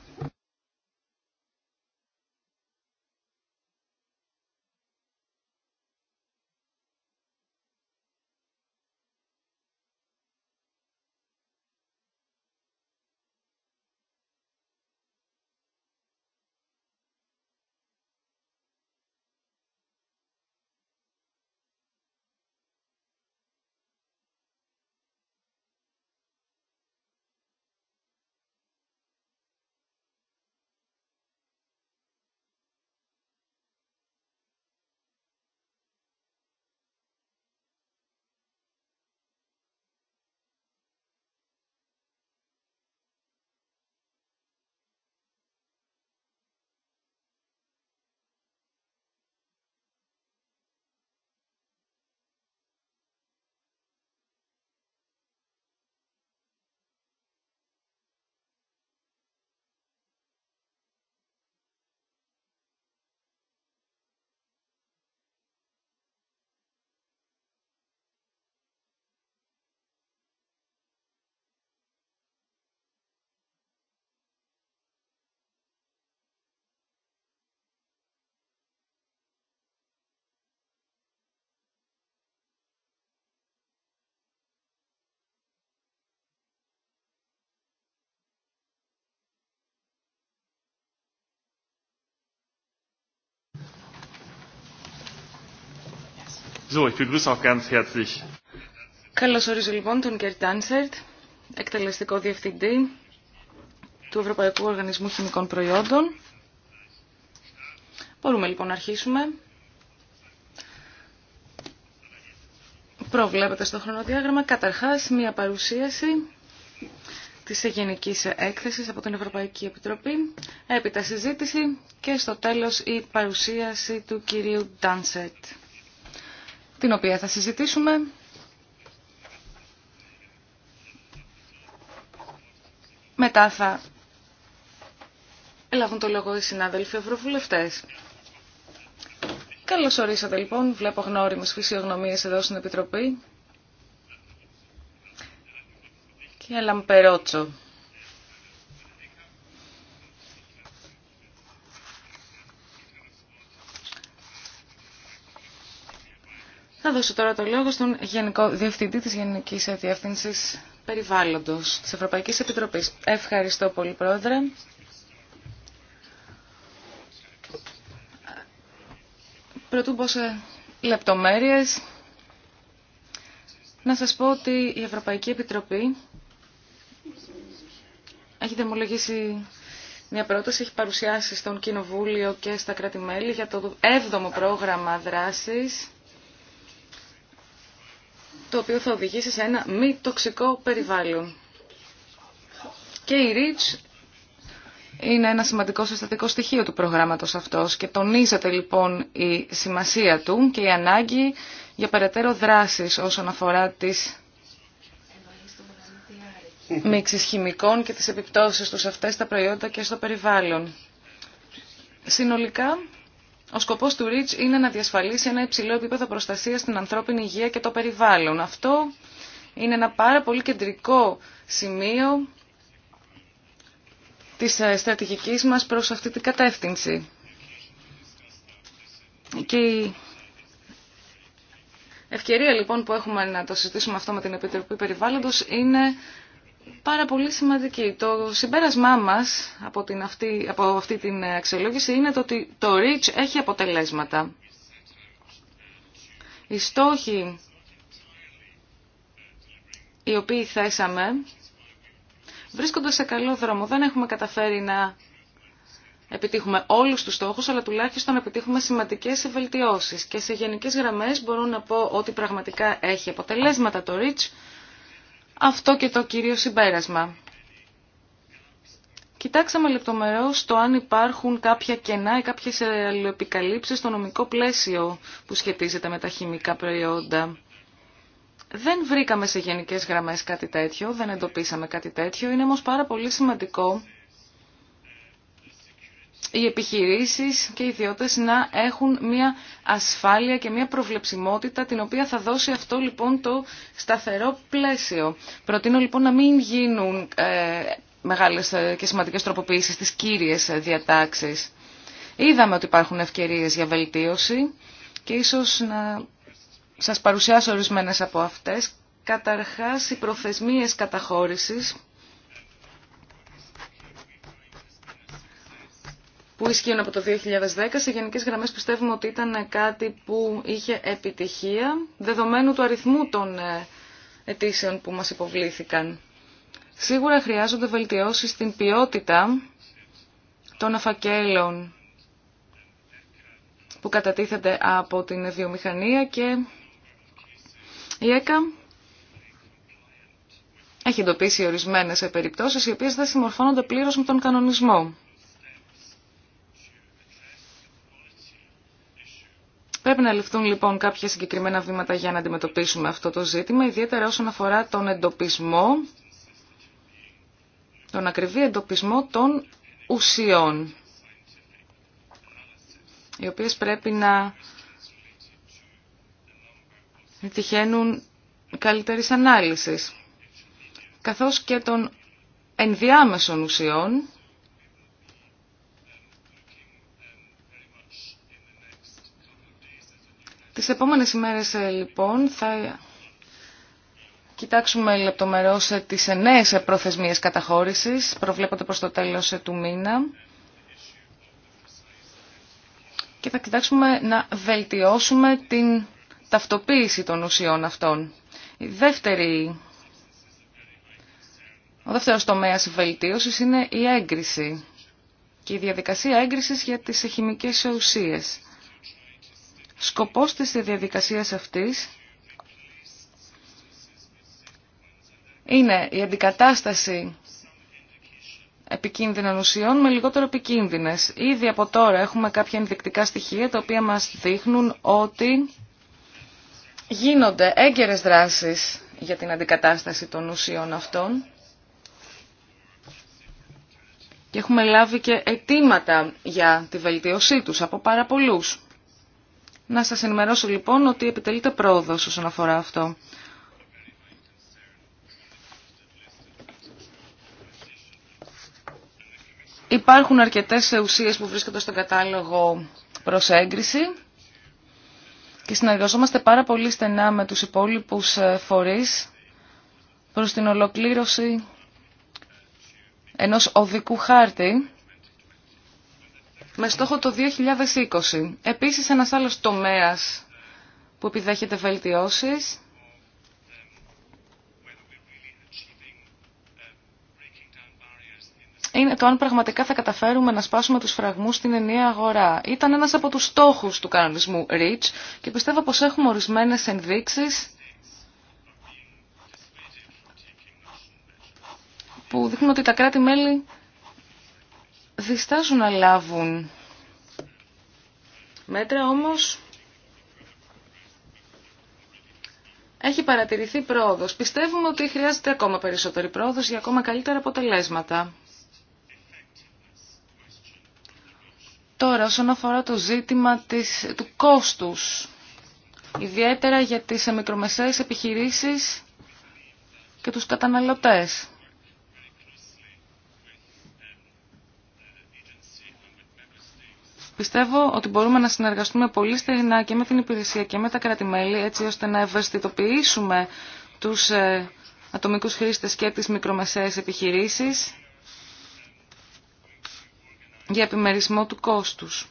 So, ich begrüße auch ganz herzlich. Καλώς ορίζω λοιπόν τον Κέρ Τάνσερτ, εκτελεστικό διευθυντή του Ευρωπαϊκού Οργανισμού Χημικών Προϊόντων. Μπορούμε λοιπόν να αρχίσουμε. Προβλέπετε στο χρονοδιάγραμμα καταρχάς μία παρουσίαση της γενικής έκθεσης από την Ευρωπαϊκή Επιτροπή, έπειτα συζήτηση και στο τέλος η παρουσίαση του κυρίου Τάνσερτ την οποία θα συζητήσουμε μετά θα ελάβουν το λόγο οι συνάδελφοι ευρωβουλευτές. Καλώς ορίσατε λοιπόν, βλέπω γνώριμες φυσιογνωμίες εδώ στην Επιτροπή. Και Λαμπερότσο. Θα δώσω τώρα το λόγο στον Γενικό Διευθυντή της Γενικής Διεύθυνσης Περιβάλλοντος της Ευρωπαϊκής Επιτροπής. Ευχαριστώ πολύ, Πρόεδρε. Πρωτού πω σε λεπτομέρειες, να σας πω ότι η Ευρωπαϊκή Επιτροπή έχει δημολογήσει μια πρόταση, έχει παρουσιάσει στον Κοινοβούλιο και στα κράτη-μέλη για το 7ο πρόγραμμα δράσης το οποίο θα οδηγήσει σε ένα μη τοξικό περιβάλλον. Και η REACH είναι ένα σημαντικό συστατικό στοιχείο του προγράμματος αυτός και τονίζεται λοιπόν η σημασία του και η ανάγκη για περαιτέρω δράσεις όσον αφορά τις μίξεις χημικών και τις επιπτώσεις τους αυτές στα προϊόντα και στο περιβάλλον. Συνολικά, ο σκοπό του ΡΙΤΣ είναι να διασφαλίσει ένα υψηλό επίπεδο προστασία στην ανθρώπινη υγεία και το περιβάλλον. Αυτό είναι ένα πάρα πολύ κεντρικό σημείο της ε, στρατηγική μας προς αυτή την κατεύθυνση. Και η ευκαιρία λοιπόν που έχουμε να το συζητήσουμε αυτό με την Επιτροπή Περιβάλλοντος είναι πάρα πολύ σημαντική. Το συμπέρασμά μας από, την αυτή, από αυτή την αξιολόγηση είναι ότι το REACH έχει αποτελέσματα. Οι στόχοι οι οποίοι θέσαμε βρίσκονται σε καλό δρόμο. Δεν έχουμε καταφέρει να επιτύχουμε όλους τους στόχους, αλλά τουλάχιστον επιτύχουμε σημαντικές βελτιώσεις. Και σε γενικές γραμμές μπορώ να πω ότι πραγματικά έχει αποτελέσματα το REACH αυτό και το κύριο συμπέρασμα. Κοιτάξαμε λεπτομερώς το αν υπάρχουν κάποια κενά ή κάποιες αλληλοεπικαλύψεις στο νομικό πλαίσιο που σχετίζεται με τα χημικά προϊόντα. Δεν βρήκαμε σε γενικές γραμμές κάτι τέτοιο, δεν εντοπίσαμε κάτι τέτοιο. Είναι όμως πάρα πολύ σημαντικό οι επιχειρήσεις και οι ιδιώτες να έχουν μια ασφάλεια και μια προβλεψιμότητα την οποία θα δώσει αυτό λοιπόν το σταθερό πλαίσιο. Προτείνω λοιπόν να μην γίνουν ε, μεγάλες ε, και σημαντικές τροποποιήσεις στις κύριες διατάξεις. Είδαμε ότι υπάρχουν ευκαιρίες για βελτίωση και ίσως να σας παρουσιάσω ορισμένες από αυτές. Καταρχάς οι προθεσμίες καταχώρησης που ισχύουν από το 2010. Σε γενικέ γραμμέ πιστεύουμε ότι ήταν κάτι που είχε επιτυχία, δεδομένου του αριθμού των ε, αιτήσεων που μας υποβλήθηκαν. Σίγουρα χρειάζονται βελτιώσει στην ποιότητα των αφακέλων που κατατίθεται από την βιομηχανία και η ΕΚΑ έχει εντοπίσει ορισμένες ε, περιπτώσεις οι οποίες δεν συμμορφώνονται πλήρως με τον κανονισμό. να ληφθούν λοιπόν κάποια συγκεκριμένα βήματα για να αντιμετωπίσουμε αυτό το ζήτημα, ιδιαίτερα όσον αφορά τον εντοπισμό, τον ακριβή εντοπισμό των ουσιών, οι οποίες πρέπει να τυχαίνουν καλύτερης ανάλυσης, καθώς και των ενδιάμεσων ουσιών, Τις επόμενες ημέρες ε, λοιπόν θα κοιτάξουμε λεπτομερώς ε, τις νέες ε, προθεσμίες καταχώρησης, προβλέπονται προς το τέλος του μήνα. Και θα κοιτάξουμε να βελτιώσουμε την ταυτοποίηση των ουσιών αυτών. Η δεύτερη, ο δεύτερος τομέας βελτίωσης είναι η έγκριση και η διαδικασία έγκρισης για τις χημικές ουσίες. Σκοπός της διαδικασίας αυτής είναι η αντικατάσταση επικίνδυνων ουσιών με λιγότερο επικίνδυνες. Ήδη από τώρα έχουμε κάποια ενδεικτικά στοιχεία τα οποία μας δείχνουν ότι γίνονται έγκαιρες δράσεις για την αντικατάσταση των ουσιών αυτών και έχουμε λάβει και αιτήματα για τη βελτίωσή τους από πάρα πολλούς. Να σας ενημερώσω λοιπόν ότι επιτελείται πρόοδος όσον αφορά αυτό. Υπάρχουν αρκετές ουσίες που βρίσκονται στον κατάλογο προς έγκριση και συνεργαζόμαστε πάρα πολύ στενά με τους υπόλοιπους ε, φορείς προς την ολοκλήρωση ενός οδικού χάρτη με στόχο το 2020. Επίσης ένας άλλος τομέας που επιδέχεται βελτιώσεις είναι το αν πραγματικά θα καταφέρουμε να σπάσουμε τους φραγμούς στην ενιαία αγορά. Ήταν ένας από τους στόχους του κανονισμού REACH και πιστεύω πως έχουμε ορισμένες ενδείξεις που δείχνουν ότι τα κράτη-μέλη διστάζουν να λάβουν μέτρα, όμως έχει παρατηρηθεί πρόοδος. Πιστεύουμε ότι χρειάζεται ακόμα περισσότερη πρόοδος για ακόμα καλύτερα αποτελέσματα. Τώρα, όσον αφορά το ζήτημα της, του κόστους, ιδιαίτερα για τις μικρομεσαίες επιχειρήσεις και τους καταναλωτές. Πιστεύω ότι μπορούμε να συνεργαστούμε πολύ στενά και με την υπηρεσία και με τα κρατη έτσι ώστε να ευαισθητοποιήσουμε τους ε, ατομικούς χρήστες και τις μικρομεσαίες επιχειρήσεις για επιμερισμό του κόστους.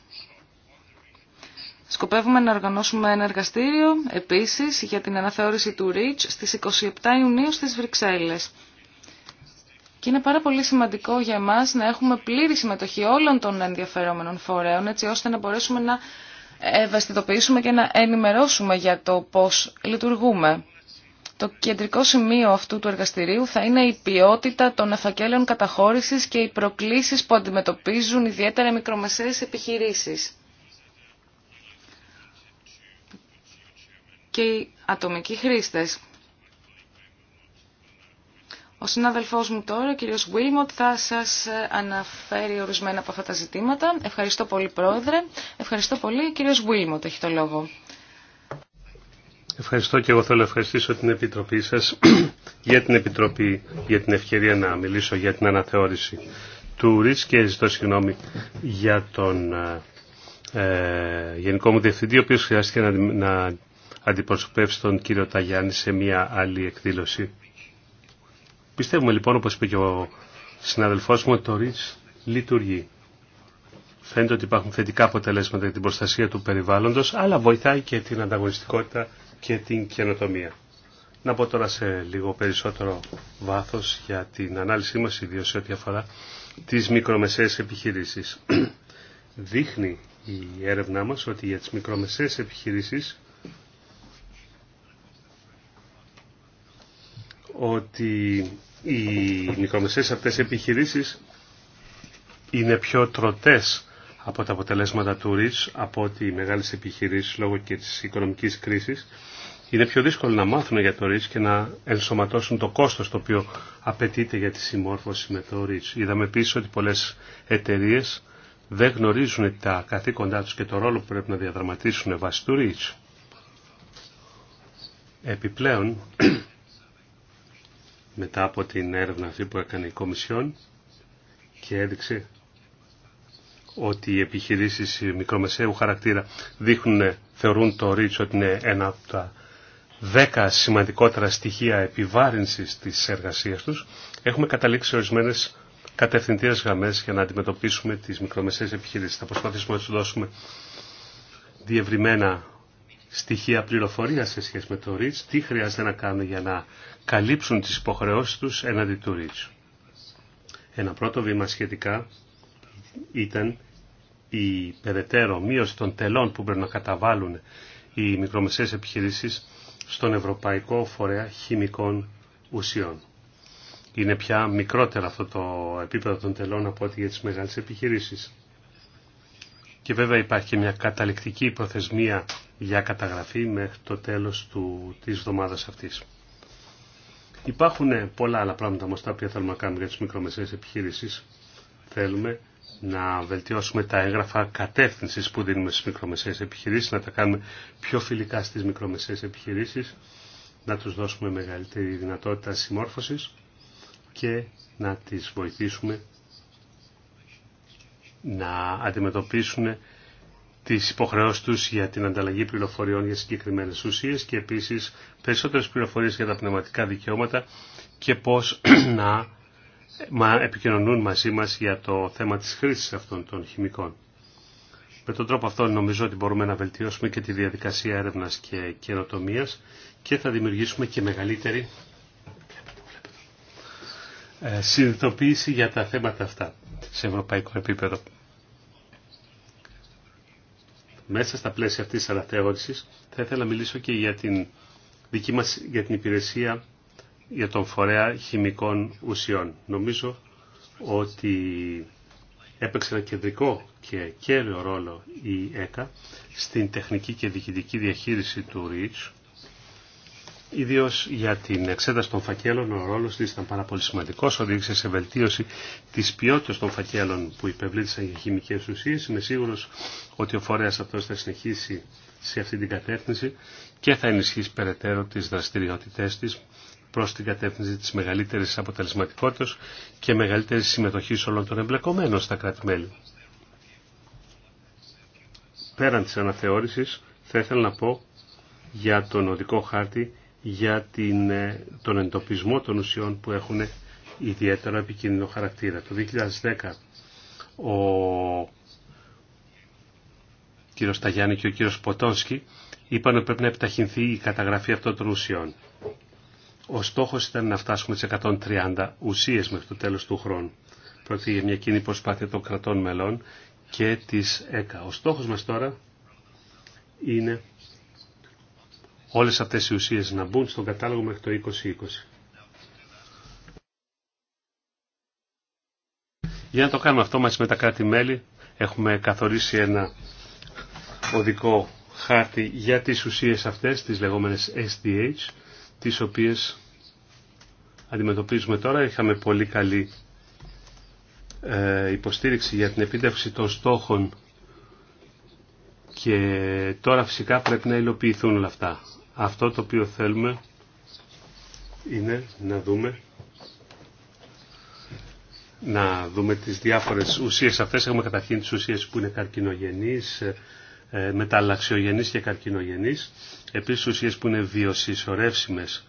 Σκοπεύουμε να οργανώσουμε ένα εργαστήριο επίσης για την αναθεώρηση του REACH στις 27 Ιουνίου στις Βρυξέλλες. Και είναι πάρα πολύ σημαντικό για εμάς να έχουμε πλήρη συμμετοχή όλων των ενδιαφερόμενων φορέων, έτσι ώστε να μπορέσουμε να ευαισθητοποιήσουμε και να ενημερώσουμε για το πώς λειτουργούμε. Το κεντρικό σημείο αυτού του εργαστηρίου θα είναι η ποιότητα των εφακέλων καταχώρησης και οι προκλήσεις που αντιμετωπίζουν ιδιαίτερα μικρομεσαίες επιχειρήσεις. Και οι ατομικοί χρήστες. Ο συνάδελφός μου τώρα, ο κύριος Βίλμοτ, θα σας ε, αναφέρει ορισμένα από αυτά τα ζητήματα. Ευχαριστώ πολύ, Πρόεδρε. Ευχαριστώ πολύ. Ο κύριος Βίλμοτ έχει το λόγο. Ευχαριστώ και εγώ θέλω να ευχαριστήσω την Επιτροπή σας για την Επιτροπή, για την ευκαιρία να μιλήσω για την αναθεώρηση του ΡΙΣ και ζητώ συγγνώμη για τον ε, ε Γενικό μου Διευθυντή, ο οποίος χρειάστηκε να, να αντιπροσωπεύσει τον κύριο Ταγιάννη σε μια άλλη εκδήλωση Πιστεύουμε λοιπόν, όπως είπε και ο συναδελφός μου, ότι το REACH λειτουργεί. Φαίνεται ότι υπάρχουν θετικά αποτελέσματα για την προστασία του περιβάλλοντος, αλλά βοηθάει και την ανταγωνιστικότητα και την καινοτομία. Να πω τώρα σε λίγο περισσότερο βάθος για την ανάλυση μας, ιδίως σε ό,τι αφορά τις μικρομεσαίες επιχειρήσει. Δείχνει η έρευνά μα ότι για τις μικρομεσαίες επιχειρήσεις ότι οι μικρομεσαίες αυτές επιχειρήσεις είναι πιο τροτές από τα αποτελέσματα του ΡΙΤΣ από ότι οι μεγάλες επιχειρήσεις λόγω και της οικονομικής κρίσης είναι πιο δύσκολο να μάθουν για το ΡΙΤΣ και να ενσωματώσουν το κόστος το οποίο απαιτείται για τη συμμόρφωση με το ΡΙΤΣ. Είδαμε επίσης ότι πολλές εταιρείε δεν γνωρίζουν τα καθήκοντά τους και το ρόλο που πρέπει να διαδραματίσουν βάσει του ΡΙΤΣ. Επιπλέον, μετά από την έρευνα αυτή που έκανε η Κομισιόν και έδειξε ότι οι επιχειρήσεις μικρομεσαίου χαρακτήρα δείχνουν, θεωρούν το ρίτσο ότι είναι ένα από τα δέκα σημαντικότερα στοιχεία επιβάρυνσης της εργασίας τους. Έχουμε καταλήξει ορισμένες κατευθυντήρες γραμμές για να αντιμετωπίσουμε τις μικρομεσαίες επιχειρήσεις. Θα προσπαθήσουμε να τους δώσουμε διευρυμένα στοιχεία πληροφορία σε σχέση με το REACH, τι χρειάζεται να κάνουν για να καλύψουν τις υποχρεώσεις τους έναντι του REACH. Ένα πρώτο βήμα σχετικά ήταν η περαιτέρω μείωση των τελών που πρέπει να καταβάλουν οι μικρομεσαίες επιχειρήσεις στον Ευρωπαϊκό Φορέα Χημικών Ουσιών. Είναι πια μικρότερο αυτό το επίπεδο των τελών από ό,τι για τις μεγάλες επιχειρήσεις. Και βέβαια υπάρχει και μια καταληκτική προθεσμία για καταγραφή μέχρι το τέλος του, της εβδομάδας αυτής. Υπάρχουν πολλά άλλα πράγματα όμως τα οποία θέλουμε να κάνουμε για τις μικρομεσαίες επιχείρησεις. Θέλουμε να βελτιώσουμε τα έγγραφα κατεύθυνση που δίνουμε στις μικρομεσαίες επιχειρήσεις, να τα κάνουμε πιο φιλικά στις μικρομεσαίες επιχειρήσεις, να τους δώσουμε μεγαλύτερη δυνατότητα συμμόρφωσης και να τις βοηθήσουμε να αντιμετωπίσουν τις υποχρεώσεις τους για την ανταλλαγή πληροφοριών για συγκεκριμένες ουσίες και επίσης περισσότερες πληροφορίες για τα πνευματικά δικαιώματα και πώς να μα επικοινωνούν μαζί μας για το θέμα της χρήσης αυτών των χημικών. Με τον τρόπο αυτό νομίζω ότι μπορούμε να βελτιώσουμε και τη διαδικασία έρευνας και καινοτομία και θα δημιουργήσουμε και μεγαλύτερη ε, συνειδητοποίηση για τα θέματα αυτά σε ευρωπαϊκό επίπεδο. Μέσα στα πλαίσια αυτής της αναθεώρησης θα ήθελα να μιλήσω και για την δική μας για την υπηρεσία για τον φορέα χημικών ουσιών. Νομίζω ότι έπαιξε ένα κεντρικό και κέριο ρόλο η ΕΚΑ στην τεχνική και διοικητική διαχείριση του ΡΙΤΣ Ιδίω για την εξέταση των φακέλων, ο ρόλο τη ήταν πάρα πολύ σημαντικό. Οδήγησε σε βελτίωση τη ποιότητα των φακέλων που υπευλήθησαν για χημικέ ουσίε. Είμαι σίγουρο ότι ο φορέα αυτό θα συνεχίσει σε αυτή την κατεύθυνση και θα ενισχύσει περαιτέρω τι δραστηριότητέ τη προ την κατεύθυνση τη μεγαλύτερη αποτελεσματικότητα και μεγαλύτερη συμμετοχή όλων των εμπλεκομένων στα κράτη-μέλη. Πέραν τη αναθεώρηση, θα ήθελα να πω για τον οδικό χάρτη για την, ε, τον εντοπισμό των ουσιών που έχουν ιδιαίτερα επικίνδυνο χαρακτήρα. Το 2010 ο κύριος Σταγιάννη και ο κύριος Ποτόνσκι είπαν ότι πρέπει να επιταχυνθεί η καταγραφή αυτών των ουσιών. Ο στόχος ήταν να φτάσουμε τις 130 ουσίες μέχρι το τέλος του χρόνου. Πρόκειται για μια κοινή προσπάθεια των κρατών μελών και της ΕΚΑ. Ο στόχος μας τώρα είναι όλες αυτές οι ουσίες να μπουν στον κατάλογο μέχρι το 2020. Για να το κάνουμε αυτό μαζί με τα κράτη-μέλη έχουμε καθορίσει ένα οδικό χάρτη για τις ουσίες αυτές, τις λεγόμενες SDH, τις οποίες αντιμετωπίζουμε τώρα. Είχαμε πολύ καλή ε, υποστήριξη για την επίτευξη των στόχων και τώρα φυσικά πρέπει να υλοποιηθούν όλα αυτά. Αυτό το οποίο θέλουμε είναι να δούμε να δούμε τις διάφορες ουσίες αυτές. Έχουμε καταρχήν τις ουσίες που είναι καρκινογενείς, ε, μεταλλαξιογενείς και καρκινογενείς. Επίσης ουσίες που είναι βιοσυσσωρεύσιμες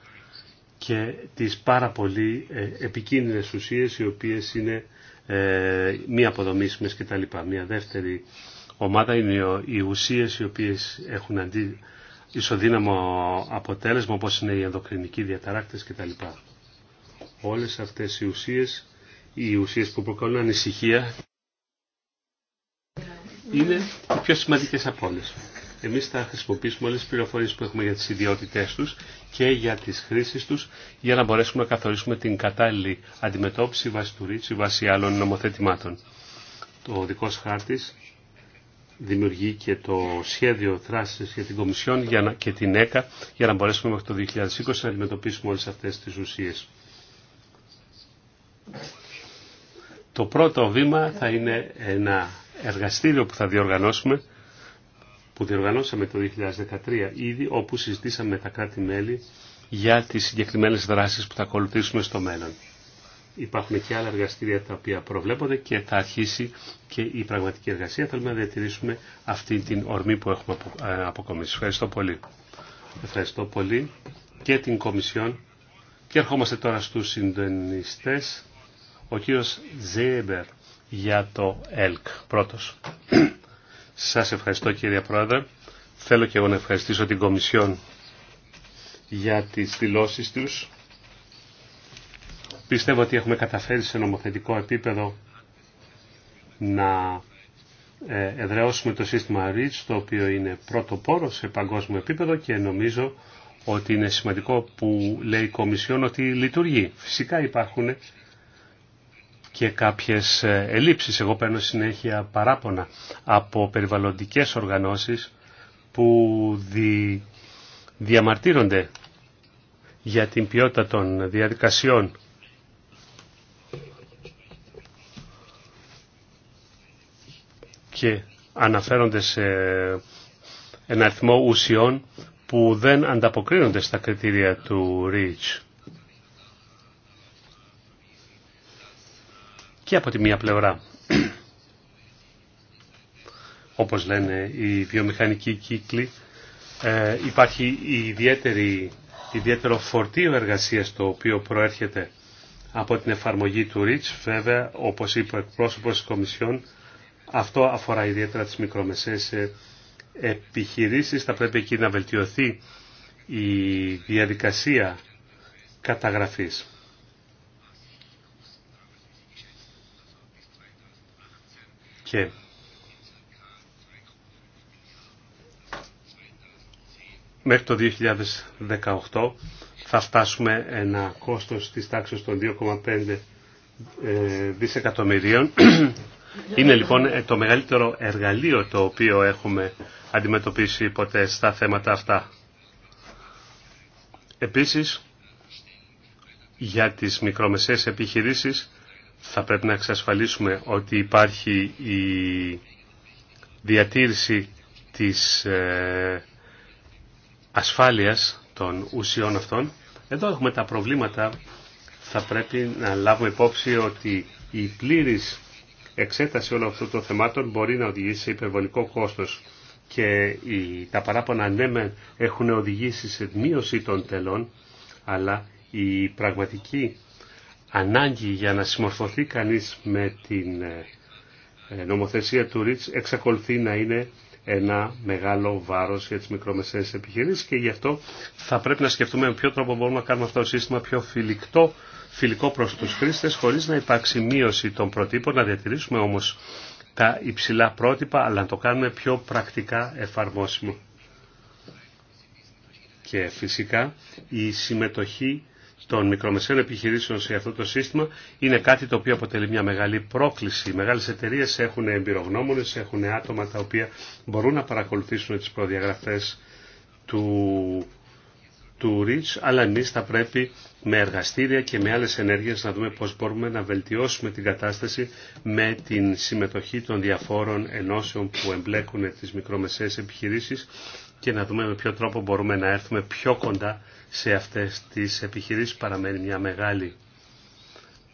και τις πάρα πολύ ε, επικίνδυνες ουσίες οι οποίες είναι ε, μη αποδομήσιμες κτλ. Μια δεύτερη ομάδα είναι οι ουσίες οι οποίες έχουν αντί, ισοδύναμο αποτέλεσμα όπως είναι οι ενδοκρινικοί διαταράκτες κτλ. Όλες αυτές οι ουσίες, οι ουσίες που προκαλούν ανησυχία είναι οι πιο σημαντικές από όλες. Εμείς θα χρησιμοποιήσουμε όλες τις πληροφορίες που έχουμε για τις ιδιότητές τους και για τις χρήσεις τους για να μπορέσουμε να καθορίσουμε την κατάλληλη αντιμετώπιση βάσει του ρίτσου, βάσει άλλων νομοθετημάτων. Το δικός χάρτης δημιουργεί και το σχέδιο δράσης για την Κομισιόν και την ΕΚΑ για να μπορέσουμε μέχρι το 2020 να αντιμετωπίσουμε όλες αυτές τις ουσίες. Το πρώτο βήμα θα είναι ένα εργαστήριο που θα διοργανώσουμε, που διοργανώσαμε το 2013 ήδη, όπου συζητήσαμε με τα κράτη-μέλη για τις συγκεκριμένες δράσεις που θα ακολουθήσουμε στο μέλλον. Υπάρχουν και άλλα εργαστήρια τα οποία προβλέπονται και θα αρχίσει και η πραγματική εργασία. Θέλουμε να διατηρήσουμε αυτή την ορμή που έχουμε ε, αποκομίσει. Ευχαριστώ πολύ. Ευχαριστώ πολύ και την Κομισιόν. Και ερχόμαστε τώρα στους συντονιστές. Ο κύριος Ζέμπερ για το ΕΛΚ. Πρώτος. Σας ευχαριστώ κύριε Πρόεδρε. Θέλω και εγώ να ευχαριστήσω την Κομισιόν για τις δηλώσεις τους Πιστεύω ότι έχουμε καταφέρει σε νομοθετικό επίπεδο να ε, εδραιώσουμε το σύστημα REACH, το οποίο είναι πρώτο πόρο σε παγκόσμιο επίπεδο και νομίζω ότι είναι σημαντικό που λέει η Κομισιόν ότι λειτουργεί. Φυσικά υπάρχουν και κάποιες ε, ελλείψεις. Εγώ παίρνω συνέχεια παράπονα από περιβαλλοντικές οργανώσεις που δι... διαμαρτύρονται για την ποιότητα των διαδικασιών και αναφέρονται σε ένα αριθμό ουσιών που δεν ανταποκρίνονται στα κριτήρια του REACH. Και από τη μία πλευρά, όπως λένε οι βιομηχανικοί κύκλοι, ε, υπάρχει ιδιαίτερη, ιδιαίτερο φορτίο εργασίας το οποίο προέρχεται από την εφαρμογή του REACH. Βέβαια, όπως είπε ο εκπρόσωπος της Κομισιόν, αυτό αφορά ιδιαίτερα τις μικρομεσαίες ε, επιχειρήσεις. Θα πρέπει εκεί να βελτιωθεί η διαδικασία καταγραφής. Και μέχρι το 2018 θα φτάσουμε ένα κόστος της τάξης των 2,5 ε, δισεκατομμυρίων είναι λοιπόν ε, το μεγαλύτερο εργαλείο το οποίο έχουμε αντιμετωπίσει ποτέ στα θέματα αυτά. Επίσης, για τις μικρομεσαίες επιχειρήσεις θα πρέπει να εξασφαλίσουμε ότι υπάρχει η διατήρηση της ε, ασφάλειας των ουσιών αυτών. Εδώ έχουμε τα προβλήματα. Θα πρέπει να λάβουμε υπόψη ότι η πλήρης εξέταση όλων αυτών των θεμάτων μπορεί να οδηγήσει σε υπερβολικό κόστος και οι, τα παράπονα ναι έχουν οδηγήσει σε μείωση των τελών αλλά η πραγματική ανάγκη για να συμμορφωθεί κανείς με την ε, ε, νομοθεσία του ΡΙΤΣ εξακολουθεί να είναι ένα μεγάλο βάρος για τις μικρομεσαίες επιχειρήσεις και γι' αυτό θα πρέπει να σκεφτούμε με ποιο τρόπο μπορούμε να κάνουμε αυτό το σύστημα πιο φιλικτό φιλικό προς τους χρήστες χωρίς να υπάρξει μείωση των προτύπων, να διατηρήσουμε όμως τα υψηλά πρότυπα, αλλά να το κάνουμε πιο πρακτικά εφαρμόσιμο. Και φυσικά η συμμετοχή των μικρομεσαίων επιχειρήσεων σε αυτό το σύστημα είναι κάτι το οποίο αποτελεί μια μεγάλη πρόκληση. Οι μεγάλες εταιρείες έχουν εμπειρογνώμονες, έχουν άτομα τα οποία μπορούν να παρακολουθήσουν τις προδιαγραφές του του αλλά εμείς θα πρέπει με εργαστήρια και με άλλες ενέργειες να δούμε πώς μπορούμε να βελτιώσουμε την κατάσταση με την συμμετοχή των διαφόρων ενώσεων που εμπλέκουν τις μικρομεσαίες επιχειρήσεις και να δούμε με ποιο τρόπο μπορούμε να έρθουμε πιο κοντά σε αυτές τις επιχειρήσεις. Παραμένει μια μεγάλη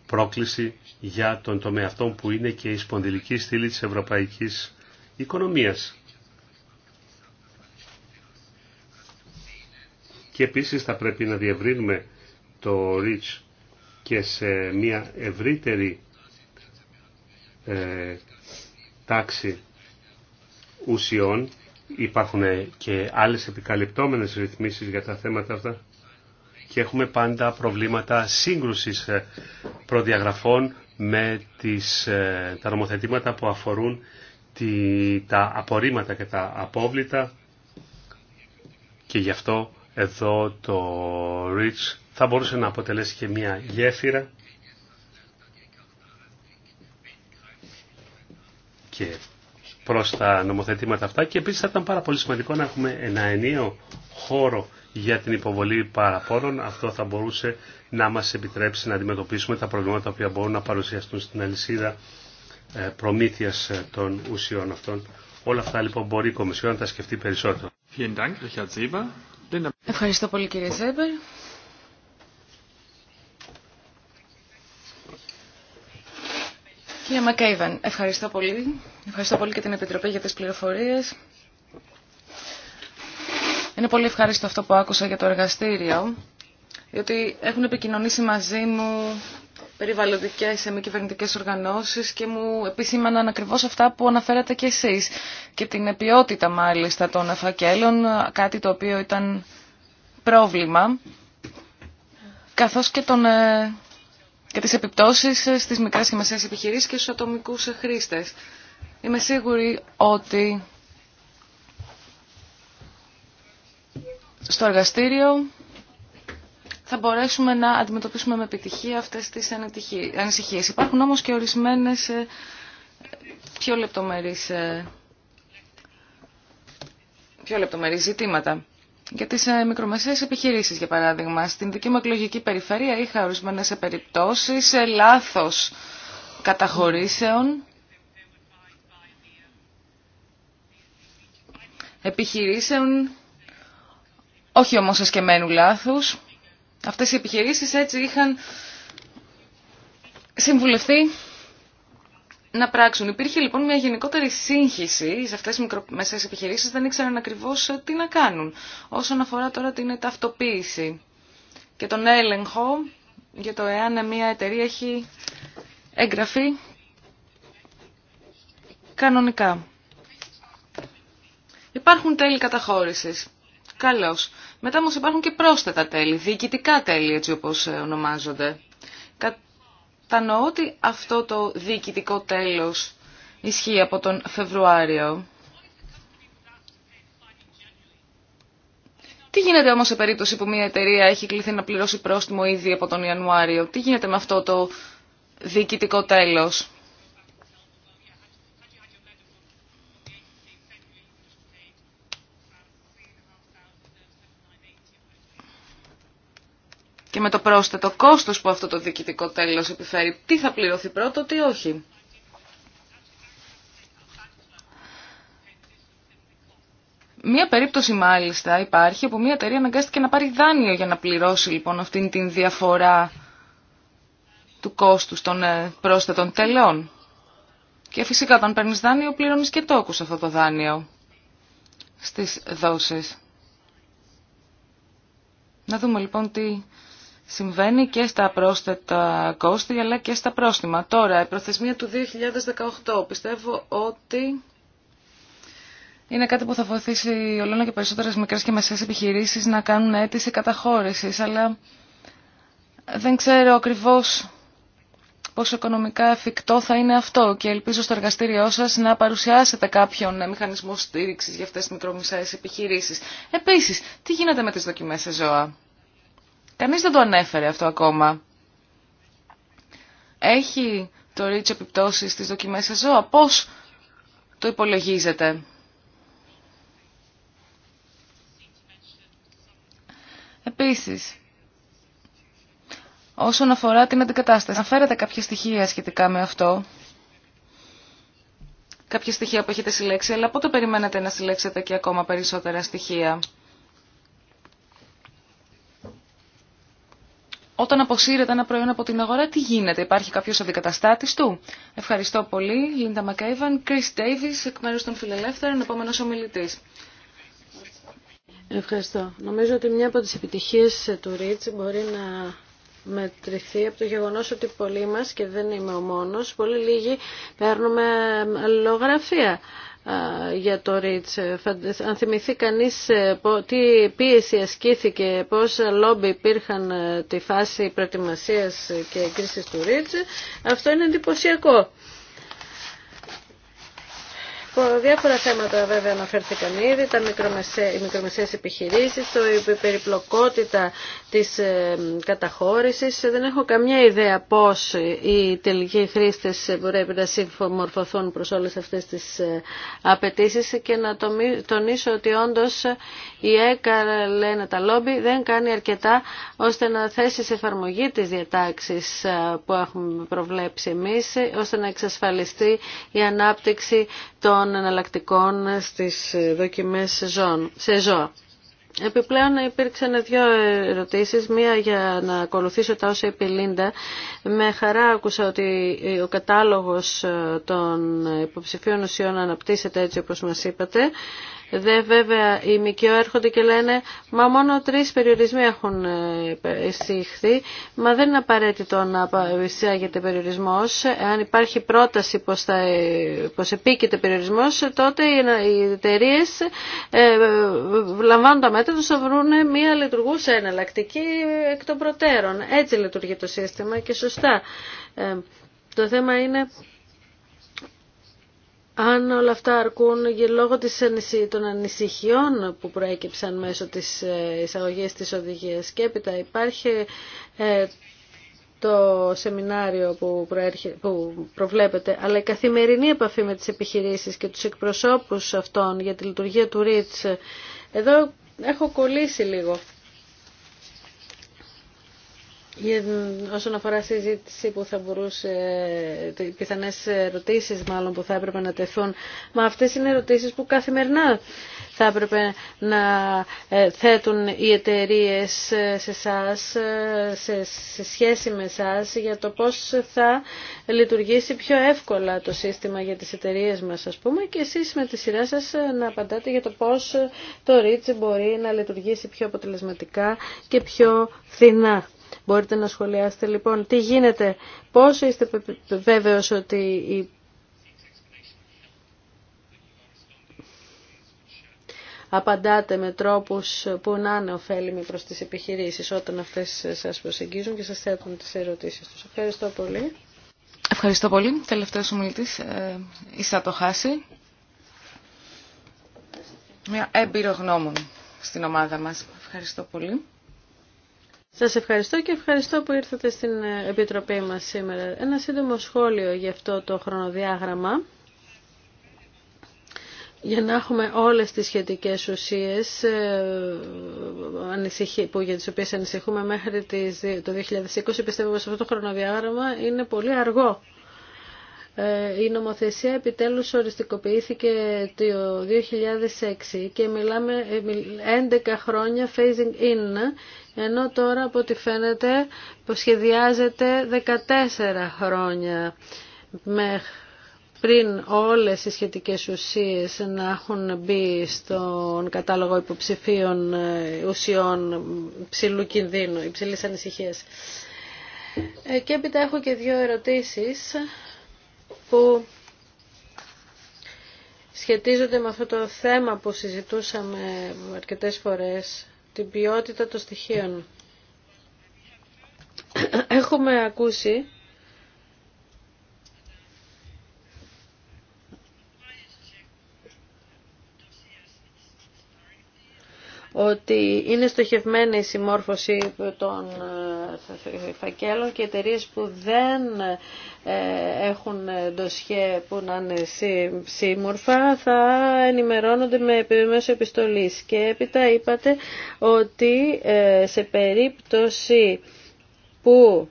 πρόκληση για τον τομέα αυτό που είναι και η σπονδυλική στήλη της ευρωπαϊκής οικονομίας. και επίσης θα πρέπει να διευρύνουμε το REACH και σε μια ευρύτερη ε, τάξη ουσιών. Υπάρχουν ε, και άλλες επικαλυπτόμενες ρυθμίσεις για τα θέματα αυτά και έχουμε πάντα προβλήματα σύγκρουσης ε, προδιαγραφών με τις, τα νομοθετήματα που αφορούν τη, τα απορρίμματα και τα απόβλητα και γι' αυτό εδώ το REACH θα μπορούσε να αποτελέσει και μια γέφυρα και προς τα νομοθετήματα αυτά και επίσης θα ήταν πάρα πολύ σημαντικό να έχουμε ένα ενίο χώρο για την υποβολή παραπόρων. Αυτό θα μπορούσε να μας επιτρέψει να αντιμετωπίσουμε τα προβλήματα τα οποία μπορούν να παρουσιαστούν στην αλυσίδα ε, προμήθειας ε, των ουσιών αυτών. Όλα αυτά λοιπόν μπορεί η Κομισιόν να τα σκεφτεί περισσότερο. Ευχαριστώ πολύ κύριε Ζέμπερ. Κύριε Μακέιβεν, ευχαριστώ πολύ. Ευχαριστώ πολύ και την Επιτροπή για τις πληροφορίες. Είναι πολύ ευχαριστώ αυτό που άκουσα για το εργαστήριο, διότι έχουν επικοινωνήσει μαζί μου περιβαλλοντικές μη κυβερνητικέ οργανώσεις και μου επισήμαναν ακριβώς αυτά που αναφέρατε κι εσείς και την ποιότητα μάλιστα των φακέλων, κάτι το οποίο ήταν πρόβλημα, καθώς και, τον, ε, και τις επιπτώσεις ε, στις μικρές και μεσαίες επιχειρήσεις και στους ατομικούς ε, χρήστες. Είμαι σίγουρη ότι στο εργαστήριο θα μπορέσουμε να αντιμετωπίσουμε με επιτυχία αυτές τις ανησυχίες. Υπάρχουν όμως και ορισμένες πιο λεπτομερείς, πιο λεπτομερείς ζητήματα για τις ε, μικρομεσαίες επιχειρήσεις, για παράδειγμα. Στην δική μου εκλογική περιφέρεια είχα ορισμένες περιπτώσεις ε, λάθος καταχωρήσεων επιχειρήσεων, όχι όμως ασκεμένου λάθους. Αυτές οι επιχειρήσεις έτσι είχαν συμβουλευτεί να πράξουν. Υπήρχε λοιπόν μια γενικότερη σύγχυση σε αυτέ τι μικρομεσαίε επιχειρήσει δεν ήξεραν ακριβώ ε, τι να κάνουν. Όσον αφορά τώρα την ταυτοποίηση και τον έλεγχο για το εάν μια εταιρεία έχει εγγραφεί κανονικά. Υπάρχουν τέλη καταχώρηση. Καλώ. Μετά όμω υπάρχουν και πρόσθετα τέλη, διοικητικά τέλη έτσι όπω ε, ονομάζονται κατανοώ ότι αυτό το διοικητικό τέλος ισχύει από τον Φεβρουάριο. Τι γίνεται όμως σε περίπτωση που μια εταιρεία έχει κληθεί να πληρώσει πρόστιμο ήδη από τον Ιανουάριο. Τι γίνεται με αυτό το διοικητικό τέλος. και με το πρόσθετο κόστος που αυτό το διοικητικό τέλος επιφέρει. Τι θα πληρωθεί πρώτο, τι όχι. Μία περίπτωση μάλιστα υπάρχει οπου μία εταιρεία αναγκάστηκε να πάρει δάνειο για να πληρώσει λοιπόν αυτήν την διαφορά του κόστου των ε, πρόσθετων τελών. Και φυσικά όταν παίρνει δάνειο πληρώνεις και τόκους αυτό το δάνειο στις δόσεις. Να δούμε λοιπόν τι συμβαίνει και στα πρόσθετα κόστη αλλά και στα πρόστιμα. Τώρα, η προθεσμία του 2018 πιστεύω ότι είναι κάτι που θα βοηθήσει ολόνα και περισσότερες μικρές και μεσαίες επιχειρήσεις να κάνουν αίτηση καταχώρησης, αλλά δεν ξέρω ακριβώς πόσο οικονομικά εφικτό θα είναι αυτό και ελπίζω στο εργαστήριό σας να παρουσιάσετε κάποιον μηχανισμό στήριξης για αυτές τις μικρομεσαίες επιχειρήσεις. Επίσης, τι γίνεται με τις δοκιμές σε ζώα. Κανείς δεν το ανέφερε αυτό ακόμα. Έχει το ρίτσο επιπτώσει στις δοκιμές σε ζώα. Πώς το υπολογίζετε. Επίσης, όσον αφορά την αντικατάσταση, αναφέρατε κάποια στοιχεία σχετικά με αυτό. Κάποια στοιχεία που έχετε συλλέξει, αλλά πότε περιμένετε να συλλέξετε και ακόμα περισσότερα στοιχεία. Όταν αποσύρεται ένα προϊόν από την αγορά, τι γίνεται, υπάρχει κάποιο αντικαταστάτη του. Ευχαριστώ πολύ. Λίντα Μακέιβαν, Κρι Ντέιβι, εκ μέρου των Φιλελεύθερων, επόμενο ομιλητή. Ευχαριστώ. Νομίζω ότι μια από τι επιτυχίε του Ρίτς μπορεί να μετρηθεί από το γεγονός ότι πολλοί μας, και δεν είμαι ο μόνος, πολύ λίγοι παίρνουμε λογογραφία για το ΡΙΤΣ. Αν θυμηθεί κανείς ε, τι πίεση ασκήθηκε, πώς λόμπι υπήρχαν ε, τη φάση προετοιμασίας και κρίσης του ΡΙΤΣ, αυτό είναι εντυπωσιακό. Διάφορα θέματα βέβαια αναφέρθηκαν ήδη, τα μικρομεσαίες, οι μικρομεσαίες επιχειρήσεις, το, η περιπλοκότητα της ε, καταχώρησης. Δεν έχω καμιά ιδέα πώς οι τελικοί χρήστες μπορεί να συμφωμορφωθούν προς όλες αυτές τις ε, απαιτήσεις και να τονίσω ότι όντως η ΕΚΑ, λένε τα λόμπι, δεν κάνει αρκετά ώστε να θέσει σε εφαρμογή τις διατάξεις ε, που έχουμε προβλέψει εμείς, ώστε να εξασφαλιστεί η ανάπτυξη των εναλλακτικών στις δοκιμές σε ζώα. Επιπλέον υπήρξαν δύο ερωτήσεις, μία για να ακολουθήσω τα όσα είπε Λίντα. Με χαρά άκουσα ότι ο κατάλογος των υποψηφίων ουσιών αναπτύσσεται έτσι όπως μας είπατε. Δε βέβαια οι ΜΚΟ έρχονται και λένε μα μόνο τρεις περιορισμοί έχουν ε, εισήχθει». μα δεν είναι απαραίτητο να εισάγεται περιορισμός. Αν υπάρχει πρόταση πως, θα, ε, πως επίκειται περιορισμός τότε οι εταιρείε ε, λαμβάνουν τα μέτρα τους θα βρουν μια λειτουργούσα εναλλακτική εκ των προτέρων. Έτσι λειτουργεί το σύστημα και σωστά. το θέμα είναι αν όλα αυτά αρκούν για λόγω της, των ανησυχιών που προέκυψαν μέσω της ε, εισαγωγής της οδηγίας. Και έπειτα υπάρχει ε, το σεμινάριο που, που προβλέπεται, αλλά η καθημερινή επαφή με τις επιχειρήσεις και τους εκπροσώπους αυτών για τη λειτουργία του ΡΙΤΣ, εδώ έχω κολλήσει λίγο. Όσον αφορά συζήτηση που θα μπορούσε, πιθανές ερωτήσεις μάλλον που θα έπρεπε να τεθούν, μα αυτές είναι ερωτήσεις που καθημερινά θα έπρεπε να ε, θέτουν οι εταιρείε ε, σε εσά, ε, σε σχέση με εσά, για το πώς θα λειτουργήσει πιο εύκολα το σύστημα για τις εταιρείε μας, ας πούμε, και εσείς με τη σειρά σας να απαντάτε για το πώς το REACH μπορεί να λειτουργήσει πιο αποτελεσματικά και πιο φθηνά. Μπορείτε να σχολιάσετε λοιπόν τι γίνεται, πόσο είστε βέβαιος ότι απαντάτε με τρόπους που να είναι ωφέλιμοι προς τις επιχειρήσεις όταν αυτές σας προσεγγίζουν και σας θέτουν τις ερωτήσεις τους. Ευχαριστώ πολύ. Ευχαριστώ πολύ. Τελευταίος ομιλητής, ε, το χάσει. Μια έμπειρο γνώμων στην ομάδα μας. Ευχαριστώ πολύ. Σας ευχαριστώ και ευχαριστώ που ήρθατε στην ε, Επιτροπή μας σήμερα. Ένα σύντομο σχόλιο για αυτό το χρονοδιάγραμμα για να έχουμε όλες τις σχετικές ουσίες ε, που για τις οποίες ανησυχούμε μέχρι το 2020 πιστεύω ότι αυτό το χρονοδιάγραμμα είναι πολύ αργό. Ε, η νομοθεσία επιτέλους οριστικοποιήθηκε το 2006 και μιλάμε 11 ε, χρόνια phasing in, ενώ τώρα από ό,τι φαίνεται σχεδιάζεται 14 χρόνια πριν όλες οι σχετικές ουσίες να έχουν μπει στον κατάλογο υποψηφίων ε, ουσιών ψηλού κινδύνου, υψηλής ανησυχίας. Και έπειτα έχω και δύο ερωτήσεις που σχετίζονται με αυτό το θέμα που συζητούσαμε αρκετές φορές, την ποιότητα των στοιχείων. Έχουμε ακούσει ότι είναι στοχευμένη η συμμόρφωση των ε, φακέλων και εταιρείε που δεν ε, έχουν ντοσιέ που να είναι σύμμορφα θα ενημερώνονται με μέσω επιστολής. Και έπειτα είπατε ότι ε, σε περίπτωση που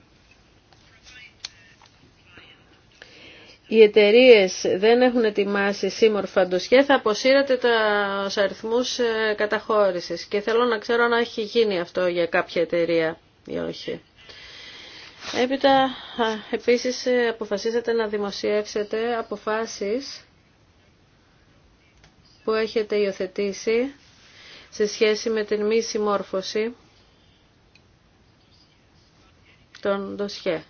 οι εταιρείε δεν έχουν ετοιμάσει σύμμορφα ντοσιέ, θα αποσύρετε του αριθμού ε, καταχώρηση. Και θέλω να ξέρω αν έχει γίνει αυτό για κάποια εταιρεία ή όχι. Έπειτα, επίσης, ε, αποφασίσατε να δημοσιεύσετε αποφάσεις που έχετε υιοθετήσει σε σχέση με την μη συμμόρφωση των ντοσιέ.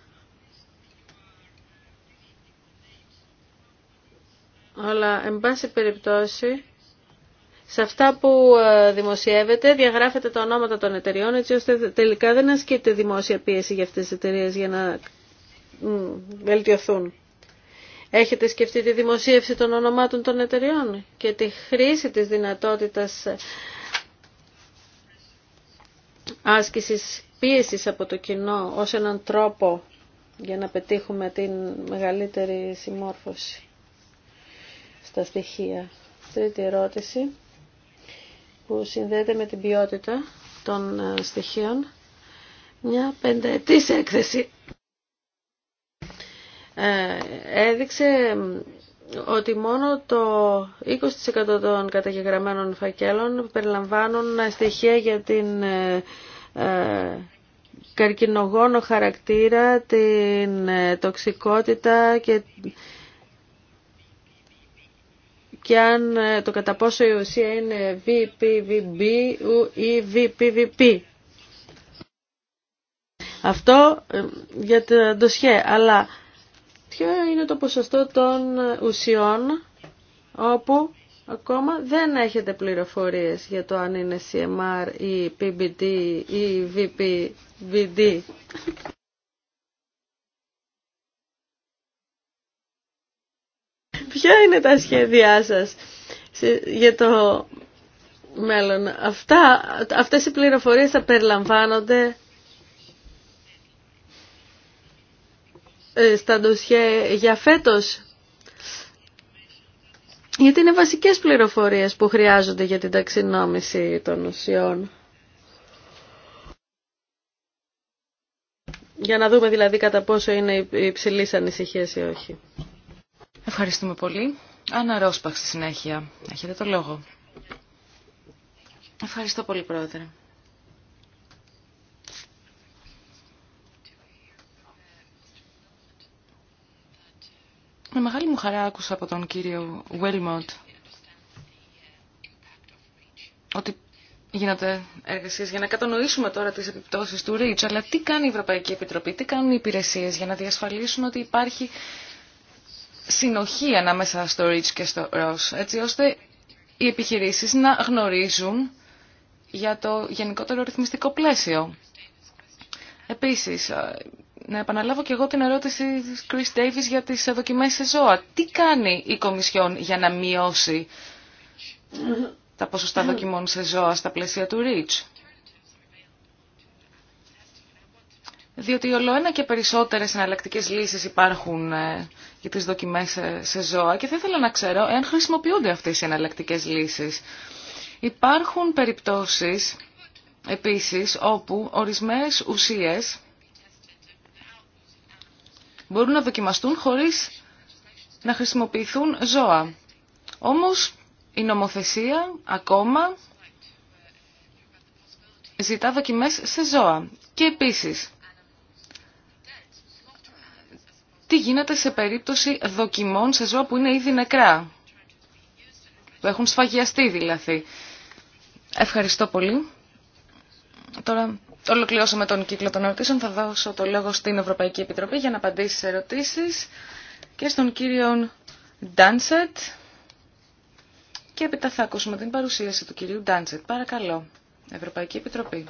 Αλλά, εν πάση περιπτώσει, σε αυτά που ε, δημοσιεύεται διαγράφεται τα ονόματα των εταιριών έτσι ώστε τελικά δεν ασκείται δημόσια πίεση για αυτές τις εταιρείες για να βελτιωθούν. Έχετε σκεφτεί τη δημοσίευση των ονομάτων των εταιριών και τη χρήση της δυνατότητας ε, άσκησης πίεσης από το κοινό ως έναν τρόπο για να πετύχουμε την μεγαλύτερη συμμόρφωση στα στοιχεία. Τρίτη ερώτηση που συνδέεται με την ποιότητα των ε, στοιχείων. Μια πενταετής έκθεση ε, έδειξε ότι μόνο το 20% των καταγεγραμμένων φακέλων περιλαμβάνουν στοιχεία για την ε, καρκινογόνο χαρακτήρα, την τοξικότητα και και αν ε, το κατά πόσο η ουσία είναι VPVB ή VPVP. Αυτό ε, για το ντοσιέ, αλλά ποιο είναι το ποσοστό των ουσιών όπου ακόμα δεν έχετε πληροφορίες για το αν είναι CMR ή PBD ή VPVD. Ποια είναι τα σχέδιά σας για το μέλλον. Αυτά, αυτές οι πληροφορίες θα περιλαμβάνονται ε, στα ντοσιέ για φέτος. Γιατί είναι βασικές πληροφορίες που χρειάζονται για την ταξινόμηση των ουσιών. Για να δούμε δηλαδή κατά πόσο είναι υψηλής ανησυχίας ή όχι. Ευχαριστούμε πολύ. Άννα Ρόσπαχ στη συνέχεια. Έχετε το λόγο. Ευχαριστώ πολύ, Πρόεδρε. Με μεγάλη μου χαρά άκουσα από τον κύριο Βέλμοντ ότι γίνονται εργασίε για να κατανοήσουμε τώρα τι επιπτώσει του ΡΙΤΣ. Αλλά τι κάνει η Ευρωπαϊκή Επιτροπή, τι κάνουν οι υπηρεσίε για να διασφαλίσουν ότι υπάρχει συνοχή ανάμεσα στο REACH και στο ROS, έτσι ώστε οι επιχειρήσεις να γνωρίζουν για το γενικότερο ρυθμιστικό πλαίσιο. Επίσης, ε, να επαναλάβω και εγώ την ερώτηση της Chris Davis για τις δοκιμές σε ζώα. Τι κάνει η Κομισιόν για να μειώσει τα ποσοστά δοκιμών σε ζώα στα πλαίσια του REACH. διότι ολοένα και περισσότερες εναλλακτικές λύσεις υπάρχουν ε, για τις δοκιμές ε, σε ζώα και θα ήθελα να ξέρω εάν χρησιμοποιούνται αυτές οι εναλλακτικέ λύσεις. Υπάρχουν περιπτώσεις επίσης όπου ορισμένες ουσίες μπορούν να δοκιμαστούν χωρίς να χρησιμοποιηθούν ζώα. Όμως η νομοθεσία ακόμα ζητά δοκιμές σε ζώα. Και επίσης τι γίνεται σε περίπτωση δοκιμών σε ζώα που είναι ήδη νεκρά. Που έχουν σφαγιαστεί δηλαδή. Ευχαριστώ πολύ. Τώρα ολοκληρώσαμε τον κύκλο των ερωτήσεων. Θα δώσω το λόγο στην Ευρωπαϊκή Επιτροπή για να απαντήσει σε ερωτήσεις και στον κύριο Ντάνσετ. Και έπειτα θα ακούσουμε την παρουσίαση του κυρίου Ντάνσετ. Παρακαλώ, Ευρωπαϊκή Επιτροπή.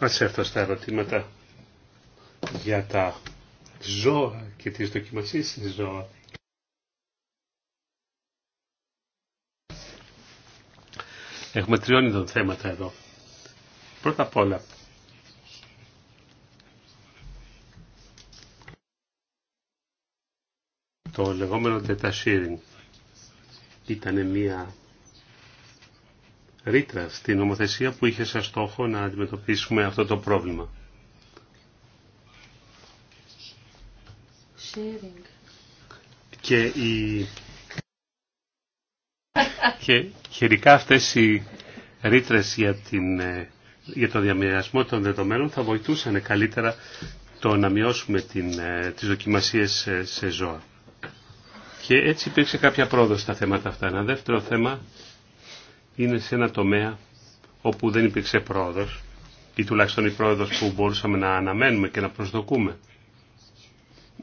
έρθω στα ερωτήματα για τα ζώα και τις δοκιμασίες της ζώα. Έχουμε τριών ειδών θέματα εδώ. Πρώτα απ' όλα, το λεγόμενο data sharing ήταν μια ρήτρα στην νομοθεσία που είχε σαν στόχο να αντιμετωπίσουμε αυτό το πρόβλημα. Sharing. Και οι... και χερικά αυτές οι ρήτρε για, την... Ε, για το διαμοιρασμό των δεδομένων θα βοηθούσαν καλύτερα το να μειώσουμε την... Ε, τις δοκιμασίες σε ζώα. Και έτσι υπήρξε κάποια πρόοδο στα θέματα αυτά. Ένα δεύτερο θέμα είναι σε ένα τομέα όπου δεν υπήρξε πρόοδος ή τουλάχιστον η πρόοδος που μπορούσαμε να αναμένουμε και να προσδοκούμε.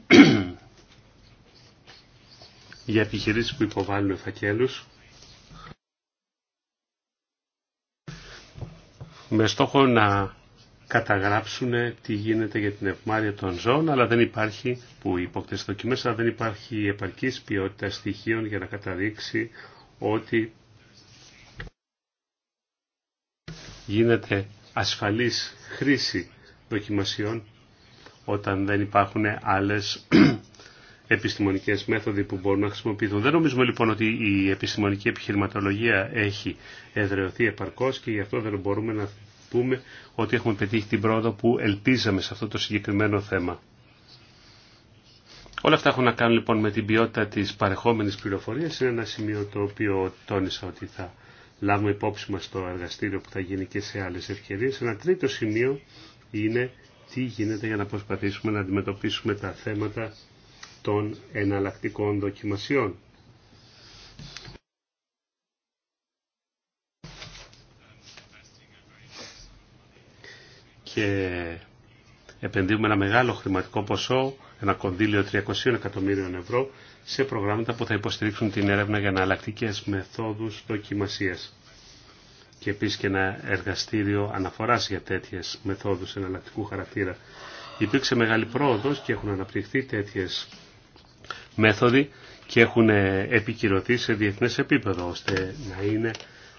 Για επιχειρήσεις που υποβάλλουν φακέλους με στόχο να καταγράψουν τι γίνεται για την ευμάρεια των ζώων, αλλά δεν υπάρχει, που υποκτές δοκιμές, αλλά δεν υπάρχει επαρκής ποιότητα στοιχείων για να καταδείξει ότι γίνεται ασφαλής χρήση δοκιμασιών όταν δεν υπάρχουν άλλες επιστημονικές μέθοδοι που μπορούν να χρησιμοποιηθούν. Δεν νομίζουμε λοιπόν ότι η επιστημονική επιχειρηματολογία έχει εδρεωθεί επαρκώς και γι' αυτό δεν μπορούμε να πούμε ότι έχουμε πετύχει την πρόοδο που ελπίζαμε σε αυτό το συγκεκριμένο θέμα. Όλα αυτά έχουν να κάνουν λοιπόν με την ποιότητα της παρεχόμενης πληροφορίας. Είναι ένα σημείο το οποίο τόνισα ότι θα λάβουμε υπόψη μας στο εργαστήριο που θα γίνει και σε άλλες ευκαιρίες. Ένα τρίτο σημείο είναι τι γίνεται για να προσπαθήσουμε να αντιμετωπίσουμε τα θέματα των εναλλακτικών δοκιμασιών. Και επενδύουμε ένα μεγάλο χρηματικό ποσό, ένα κονδύλιο 300 εκατομμύριων ευρώ, σε προγράμματα που θα υποστηρίξουν την έρευνα για αναλλακτικέ μεθόδους δοκιμασία. και επίσης και ένα εργαστήριο αναφοράς για τέτοιες μεθόδους εναλλακτικού χαρακτήρα. Υπήρξε μεγάλη πρόοδος και έχουν αναπτυχθεί τέτοιες μέθοδοι και έχουν επικυρωθεί σε διεθνές επίπεδο ώστε να είναι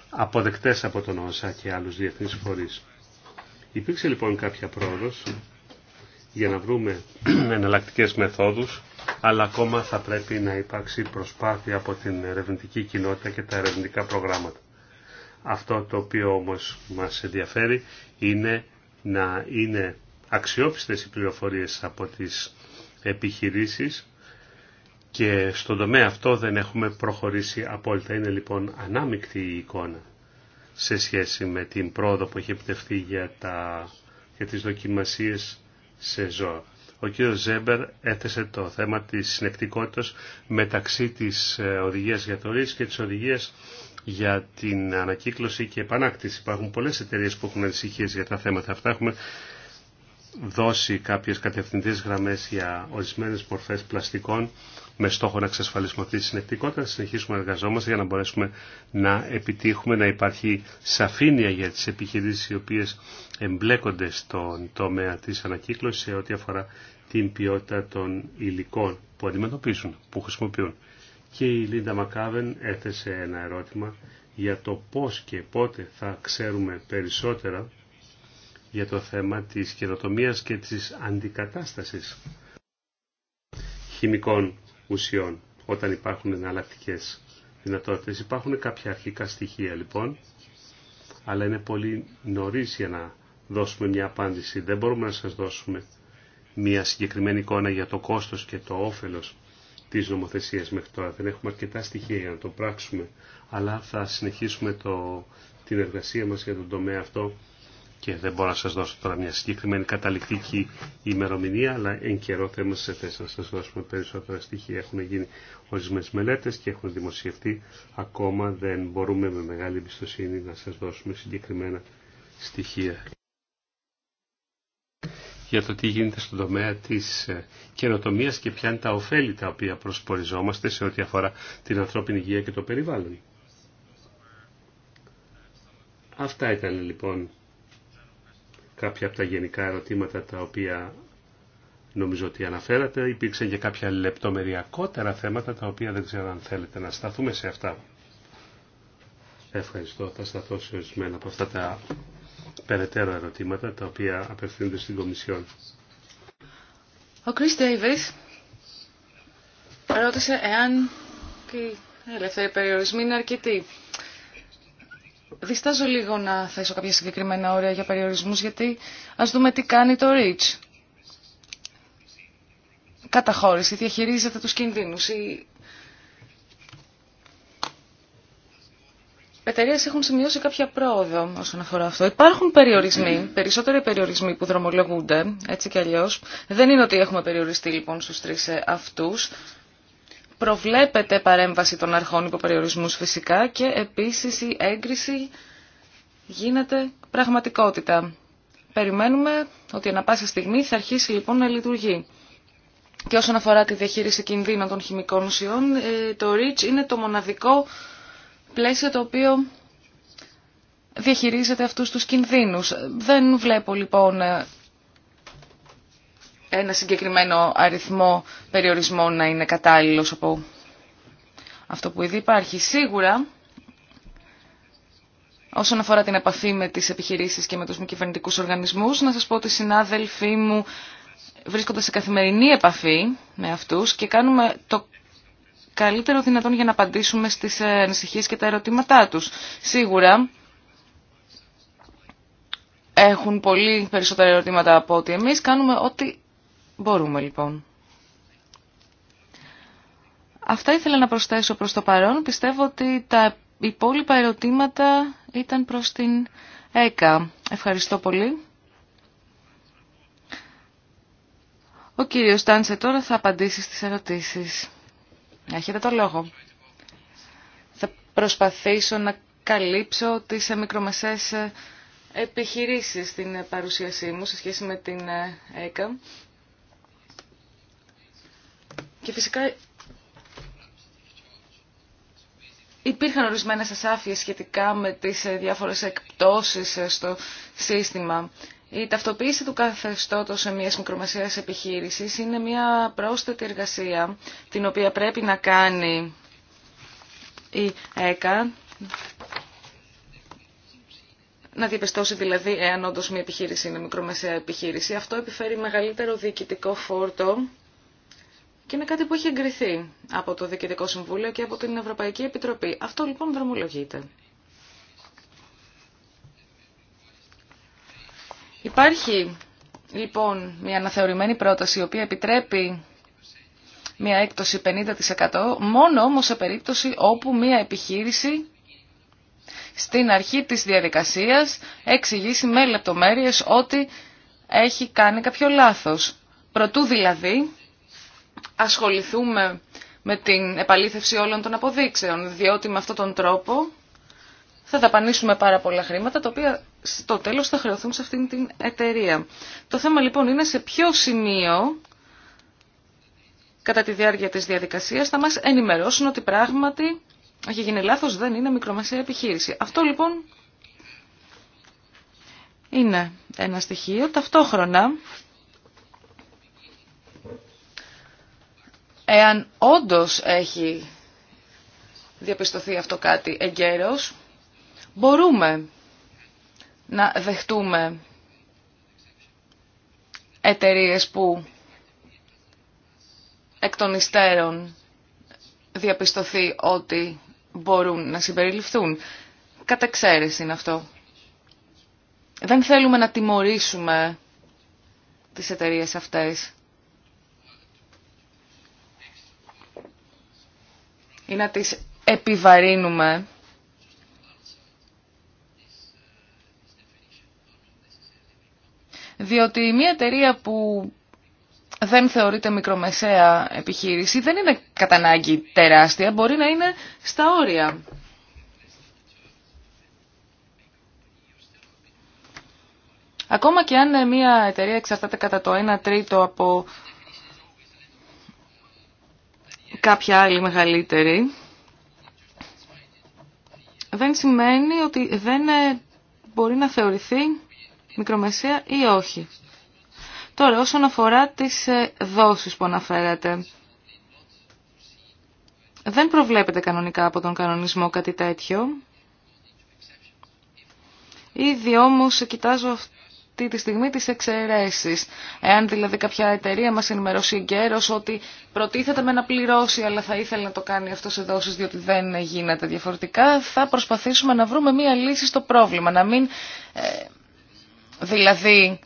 αποδεκτές από τον ΩΣΑ και άλλους διεθνείς φορείς. Υπήρξε λοιπόν κάποια πρόοδος για να βρούμε εναλλακτικέ μεθόδους, αλλά ακόμα θα πρέπει να υπάρξει προσπάθεια από την ερευνητική κοινότητα και τα ερευνητικά προγράμματα. Αυτό το οποίο όμως μας ενδιαφέρει είναι να είναι αξιόπιστες οι πληροφορίες από τις επιχειρήσεις και στον τομέα αυτό δεν έχουμε προχωρήσει απόλυτα. Είναι λοιπόν ανάμεικτη η εικόνα σε σχέση με την πρόοδο που έχει επιτευχθεί για, τα, για τις δοκιμασίες σε ζώα. Ο κ. Ζέμπερ έθεσε το θέμα της συνεκτικότητας μεταξύ της ε, οδηγίας για το ρίσκο και της οδηγίας για την ανακύκλωση και επανάκτηση. Υπάρχουν πολλές εταιρείες που έχουν ανησυχίες για τα θέματα αυτά. Έχουμε δώσει κάποιες κατευθυντές γραμμές για ορισμένες μορφές πλαστικών με στόχο να εξασφαλίσουμε αυτή τη συνεκτικότητα, να συνεχίσουμε να εργαζόμαστε για να μπορέσουμε να επιτύχουμε να υπάρχει σαφήνεια για τις επιχειρήσεις οι οποίες εμπλέκονται στον τομέα της ανακύκλωσης σε ό,τι αφορά την ποιότητα των υλικών που αντιμετωπίζουν, που χρησιμοποιούν. Και η Λίντα Μακάβεν έθεσε ένα ερώτημα για το πώς και πότε θα ξέρουμε περισσότερα για το θέμα της καινοτομία και της αντικατάστασης χημικών ουσιών όταν υπάρχουν εναλλακτικέ δυνατότητες. Υπάρχουν κάποια αρχικά στοιχεία λοιπόν, αλλά είναι πολύ νωρί για να δώσουμε μια απάντηση. Δεν μπορούμε να σας δώσουμε μια συγκεκριμένη εικόνα για το κόστος και το όφελος της νομοθεσίας μέχρι τώρα. Δεν έχουμε αρκετά στοιχεία για να το πράξουμε, αλλά θα συνεχίσουμε το, την εργασία μας για τον τομέα αυτό και δεν μπορώ να σας δώσω τώρα μια συγκεκριμένη καταληκτική ημερομηνία, αλλά εν καιρό θα είμαστε σε θέση να σας δώσουμε περισσότερα στοιχεία. Έχουν γίνει ορισμένε μελέτες και έχουν δημοσιευτεί. Ακόμα δεν μπορούμε με μεγάλη εμπιστοσύνη να σας δώσουμε συγκεκριμένα στοιχεία. Για το τι γίνεται στον τομέα της ε, καινοτομίας και ποια είναι τα ωφέλη τα οποία προσποριζόμαστε σε ό,τι αφορά την ανθρώπινη υγεία και το περιβάλλον. Αυτά ήταν λοιπόν κάποια από τα γενικά ερωτήματα τα οποία νομίζω ότι αναφέρατε. Υπήρξαν και κάποια λεπτομεριακότερα θέματα τα οποία δεν ξέρω αν θέλετε να σταθούμε σε αυτά. Ευχαριστώ. Θα σταθώ σε ορισμένα από αυτά τα περαιτέρω ερωτήματα τα οποία απευθύνονται στην Κομισιόν. Ο Κρίς Ντέιβις ρώτησε εάν η ελεύθεροι περιορισμή είναι αρκετή διστάζω λίγο να θέσω κάποια συγκεκριμένα όρια για περιορισμούς, γιατί ας δούμε τι κάνει το REACH. Καταχώρηση, διαχειρίζεται τους κινδύνους. Οι εταιρείε έχουν σημειώσει κάποια πρόοδο όσον αφορά αυτό. Υπάρχουν περιορισμοί, περισσότεροι περιορισμοί που δρομολογούνται, έτσι κι αλλιώς. Δεν είναι ότι έχουμε περιοριστεί λοιπόν στους τρεις ε, αυτούς προβλέπεται παρέμβαση των αρχών υποπεριορισμούς φυσικά και επίσης η έγκριση γίνεται πραγματικότητα. Περιμένουμε ότι ανα πάσα στιγμή θα αρχίσει λοιπόν να λειτουργεί. Και όσον αφορά τη διαχείριση κινδύνων των χημικών ουσιών, ε, το REACH είναι το μοναδικό πλαίσιο το οποίο διαχειρίζεται αυτούς τους κινδύνους. Δεν βλέπω λοιπόν ε, ένα συγκεκριμένο αριθμό περιορισμών να είναι κατάλληλος από αυτό που ήδη υπάρχει. Σίγουρα, όσον αφορά την επαφή με τις επιχειρήσεις και με τους μη κυβερνητικού οργανισμούς, να σας πω ότι οι συνάδελφοί μου βρίσκονται σε καθημερινή επαφή με αυτούς και κάνουμε το καλύτερο δυνατόν για να απαντήσουμε στις ανησυχίε και τα ερωτήματά τους. Σίγουρα έχουν πολύ περισσότερα ερωτήματα από ό,τι εμείς. Κάνουμε ό,τι Μπορούμε λοιπόν. Αυτά ήθελα να προσθέσω προς το παρόν. Πιστεύω ότι τα υπόλοιπα ερωτήματα ήταν προς την ΕΚΑ. Ευχαριστώ πολύ. Ο κύριος Τάνσε τώρα θα απαντήσει στις ερωτήσεις. Έχετε το λόγο. Θα προσπαθήσω να καλύψω τις μικρομεσαίες επιχειρήσεις στην παρουσίασή μου σε σχέση με την ΕΚΑ. Και φυσικά υπήρχαν ορισμένες ασάφειες σχετικά με τις ε, διάφορες εκπτώσεις ε, στο σύστημα. Η ταυτοποίηση του καθεστώτος σε μία μικρομεσαίας επιχείρησης είναι μια πρόσθετη εργασία την οποία πρέπει να κάνει η ΕΚΑ να διαπιστώσει δηλαδή εάν όντω μια επιχείρηση είναι μικρομεσαία επιχείρηση. Αυτό επιφέρει μεγαλύτερο διοικητικό φόρτο και είναι κάτι που έχει εγκριθεί από το Διοικητικό Συμβούλιο και από την Ευρωπαϊκή Επιτροπή. Αυτό λοιπόν δρομολογείται. Υπάρχει λοιπόν μια αναθεωρημένη πρόταση η οποία επιτρέπει μια έκπτωση 50% μόνο όμως σε περίπτωση όπου μια επιχείρηση στην αρχή της διαδικασίας εξηγήσει με λεπτομέρειες ότι έχει κάνει κάποιο λάθος. Προτού δηλαδή ασχοληθούμε με την επαλήθευση όλων των αποδείξεων, διότι με αυτόν τον τρόπο θα δαπανίσουμε πάρα πολλά χρήματα, τα οποία στο τέλος θα χρεωθούν σε αυτήν την εταιρεία. Το θέμα λοιπόν είναι σε ποιο σημείο, κατά τη διάρκεια της διαδικασίας, θα μας ενημερώσουν ότι πράγματι έχει γίνει λάθος, δεν είναι μικρομεσαία επιχείρηση. Αυτό λοιπόν είναι ένα στοιχείο. Ταυτόχρονα Εάν όντως έχει διαπιστωθεί αυτό κάτι εγκαίρως, μπορούμε να δεχτούμε εταιρείες που εκ των υστέρων διαπιστωθεί ότι μπορούν να συμπεριληφθούν. Κατ' εξαίρεση είναι αυτό. Δεν θέλουμε να τιμωρήσουμε τις εταιρείες αυτές. ή να τις επιβαρύνουμε. Διότι μια εταιρεία που δεν θεωρείται μικρομεσαία επιχείρηση δεν είναι κατά ανάγκη τεράστια, μπορεί να είναι στα όρια. Ακόμα και αν μια εταιρεία εξαρτάται κατά το 1 τρίτο από κάποια άλλη μεγαλύτερη, δεν σημαίνει ότι δεν ε, μπορεί να θεωρηθεί μικρομεσία ή όχι. Τώρα, όσον αφορά τις ε, δόσεις που αναφέρατε, δεν προβλέπεται κανονικά από τον κανονισμό κάτι τέτοιο. Ήδη όμως κοιτάζω αυτό αυτή τη στιγμή τις εξαιρέσεις. Εάν δηλαδή κάποια εταιρεία μας ενημερώσει εγκαίρως ότι προτίθεται με να πληρώσει αλλά θα ήθελε να το κάνει αυτό σε δόσεις διότι δεν γίνεται διαφορετικά, θα προσπαθήσουμε να βρούμε μία λύση στο πρόβλημα. Να μην ε, δηλαδή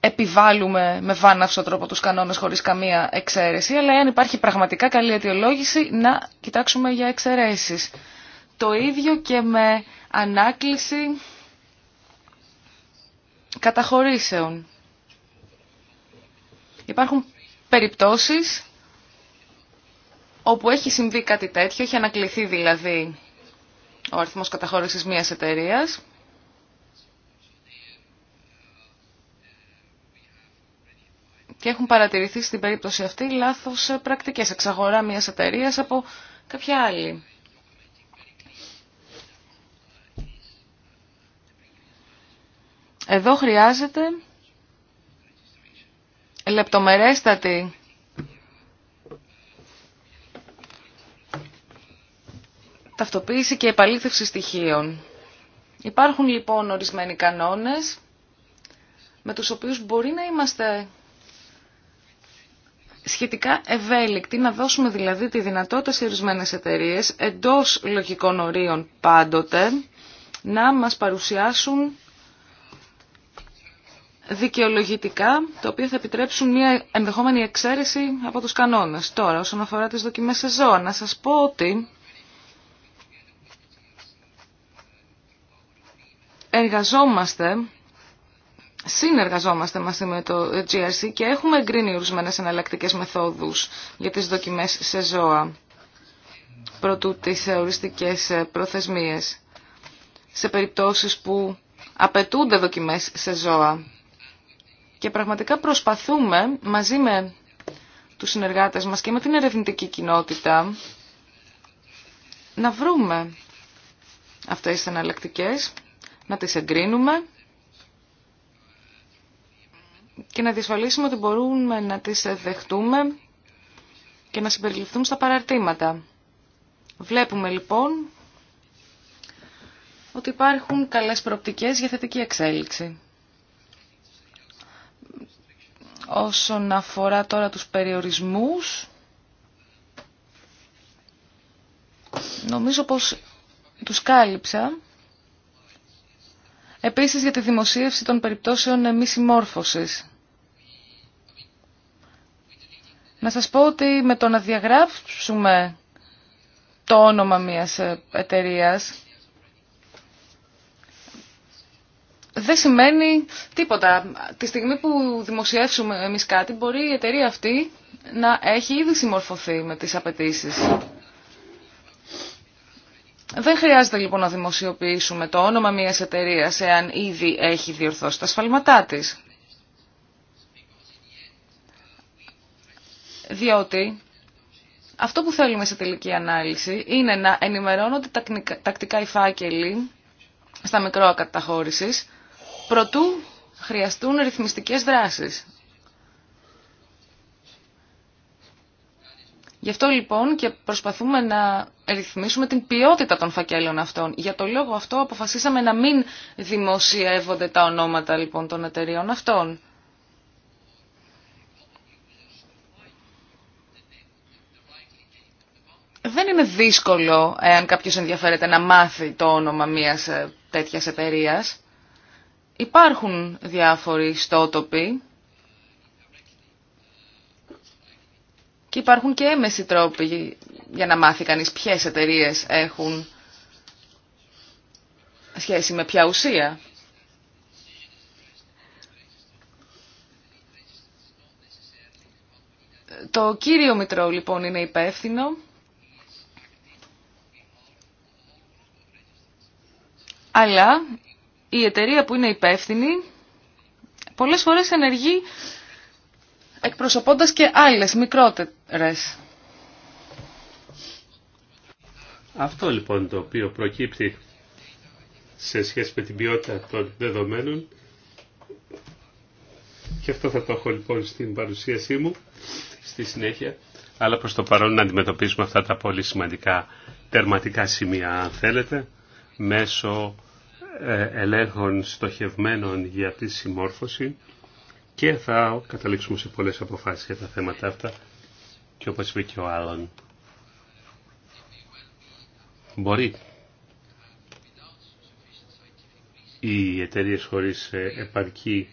επιβάλλουμε με βάναυσο τρόπο τους κανόνες χωρίς καμία εξαίρεση, αλλά εάν υπάρχει πραγματικά καλή αιτιολόγηση να κοιτάξουμε για εξαιρεσει. Το ίδιο και με ανάκληση καταχωρήσεων. Υπάρχουν περιπτώσεις όπου έχει συμβεί κάτι τέτοιο, έχει ανακληθεί δηλαδή ο αριθμός καταχώρησης μιας εταιρείας και έχουν παρατηρηθεί στην περίπτωση αυτή λάθος πρακτικές εξαγορά μιας εταιρείας από κάποια άλλη. Εδώ χρειάζεται λεπτομερέστατη ταυτοποίηση και επαλήθευση στοιχείων. Υπάρχουν λοιπόν ορισμένοι κανόνες με τους οποίους μπορεί να είμαστε σχετικά ευέλικτοι, να δώσουμε δηλαδή τη δυνατότητα σε ορισμένε εταιρείε εντός λογικών ορίων πάντοτε να μας παρουσιάσουν δικαιολογητικά, τα οποία θα επιτρέψουν μια ενδεχόμενη εξαίρεση από τους κανόνες. Τώρα, όσον αφορά τις δοκιμές σε ζώα, να σας πω ότι εργαζόμαστε, συνεργαζόμαστε μαζί με το GRC και έχουμε εγκρίνει ορισμένε εναλλακτικές μεθόδους για τις δοκιμές σε ζώα προτού τις οριστικές προθεσμίες σε περιπτώσεις που απαιτούνται δοκιμές σε ζώα. Και πραγματικά προσπαθούμε μαζί με τους συνεργάτες μας και με την ερευνητική κοινότητα να βρούμε αυτές τις εναλλακτικέ, να τις εγκρίνουμε και να διασφαλίσουμε ότι μπορούμε να τις δεχτούμε και να συμπεριληφθούν στα παραρτήματα. Βλέπουμε λοιπόν ότι υπάρχουν καλές προοπτικές για θετική εξέλιξη. Όσον αφορά τώρα τους περιορισμούς, νομίζω πως τους κάλυψα. Επίσης για τη δημοσίευση των περιπτώσεων μη συμμόρφωσης. Να σας πω ότι με το να διαγράψουμε το όνομα μιας εταιρείας δεν σημαίνει τίποτα. Τη στιγμή που δημοσιεύσουμε εμείς κάτι, μπορεί η εταιρεία αυτή να έχει ήδη συμμορφωθεί με τις απαιτήσει. Δεν χρειάζεται λοιπόν να δημοσιοποιήσουμε το όνομα μιας εταιρείας εάν ήδη έχει διορθώσει τα σφαλματά της. Διότι αυτό που θέλουμε σε τελική ανάλυση είναι να ενημερώνονται τακτικά οι φάκελοι στα μικρόα καταχώρησης προτού χρειαστούν ρυθμιστικές δράσεις. Γι' αυτό λοιπόν και προσπαθούμε να ρυθμίσουμε την ποιότητα των φακέλων αυτών. Για το λόγο αυτό αποφασίσαμε να μην δημοσιεύονται τα ονόματα λοιπόν των εταιρείων αυτών. Δεν είναι δύσκολο, εάν κάποιος ενδιαφέρεται, να μάθει το όνομα μιας ε, τέτοιας εταιρείας. Υπάρχουν διάφοροι στότοποι και υπάρχουν και έμεση τρόποι για να μάθει κανείς ποιες εταιρείες έχουν σχέση με ποια ουσία. Το κύριο Μητρό λοιπόν είναι υπεύθυνο. Αλλά η εταιρεία που είναι υπεύθυνη πολλές φορές ενεργεί εκπροσωπώντας και άλλες μικρότερες. Αυτό λοιπόν το οποίο προκύπτει σε σχέση με την ποιότητα των δεδομένων και αυτό θα το έχω λοιπόν στην παρουσίασή μου στη συνέχεια αλλά προς το παρόν να αντιμετωπίσουμε αυτά τα πολύ σημαντικά τερματικά σημεία αν θέλετε μέσω ε, ελέγχων στοχευμένων για τη συμμόρφωση και θα καταλήξουμε σε πολλές αποφάσεις για τα θέματα αυτά και όπως είπε και ο άλλον. Μπορεί οι εταιρείε χωρίς ε, επαρκή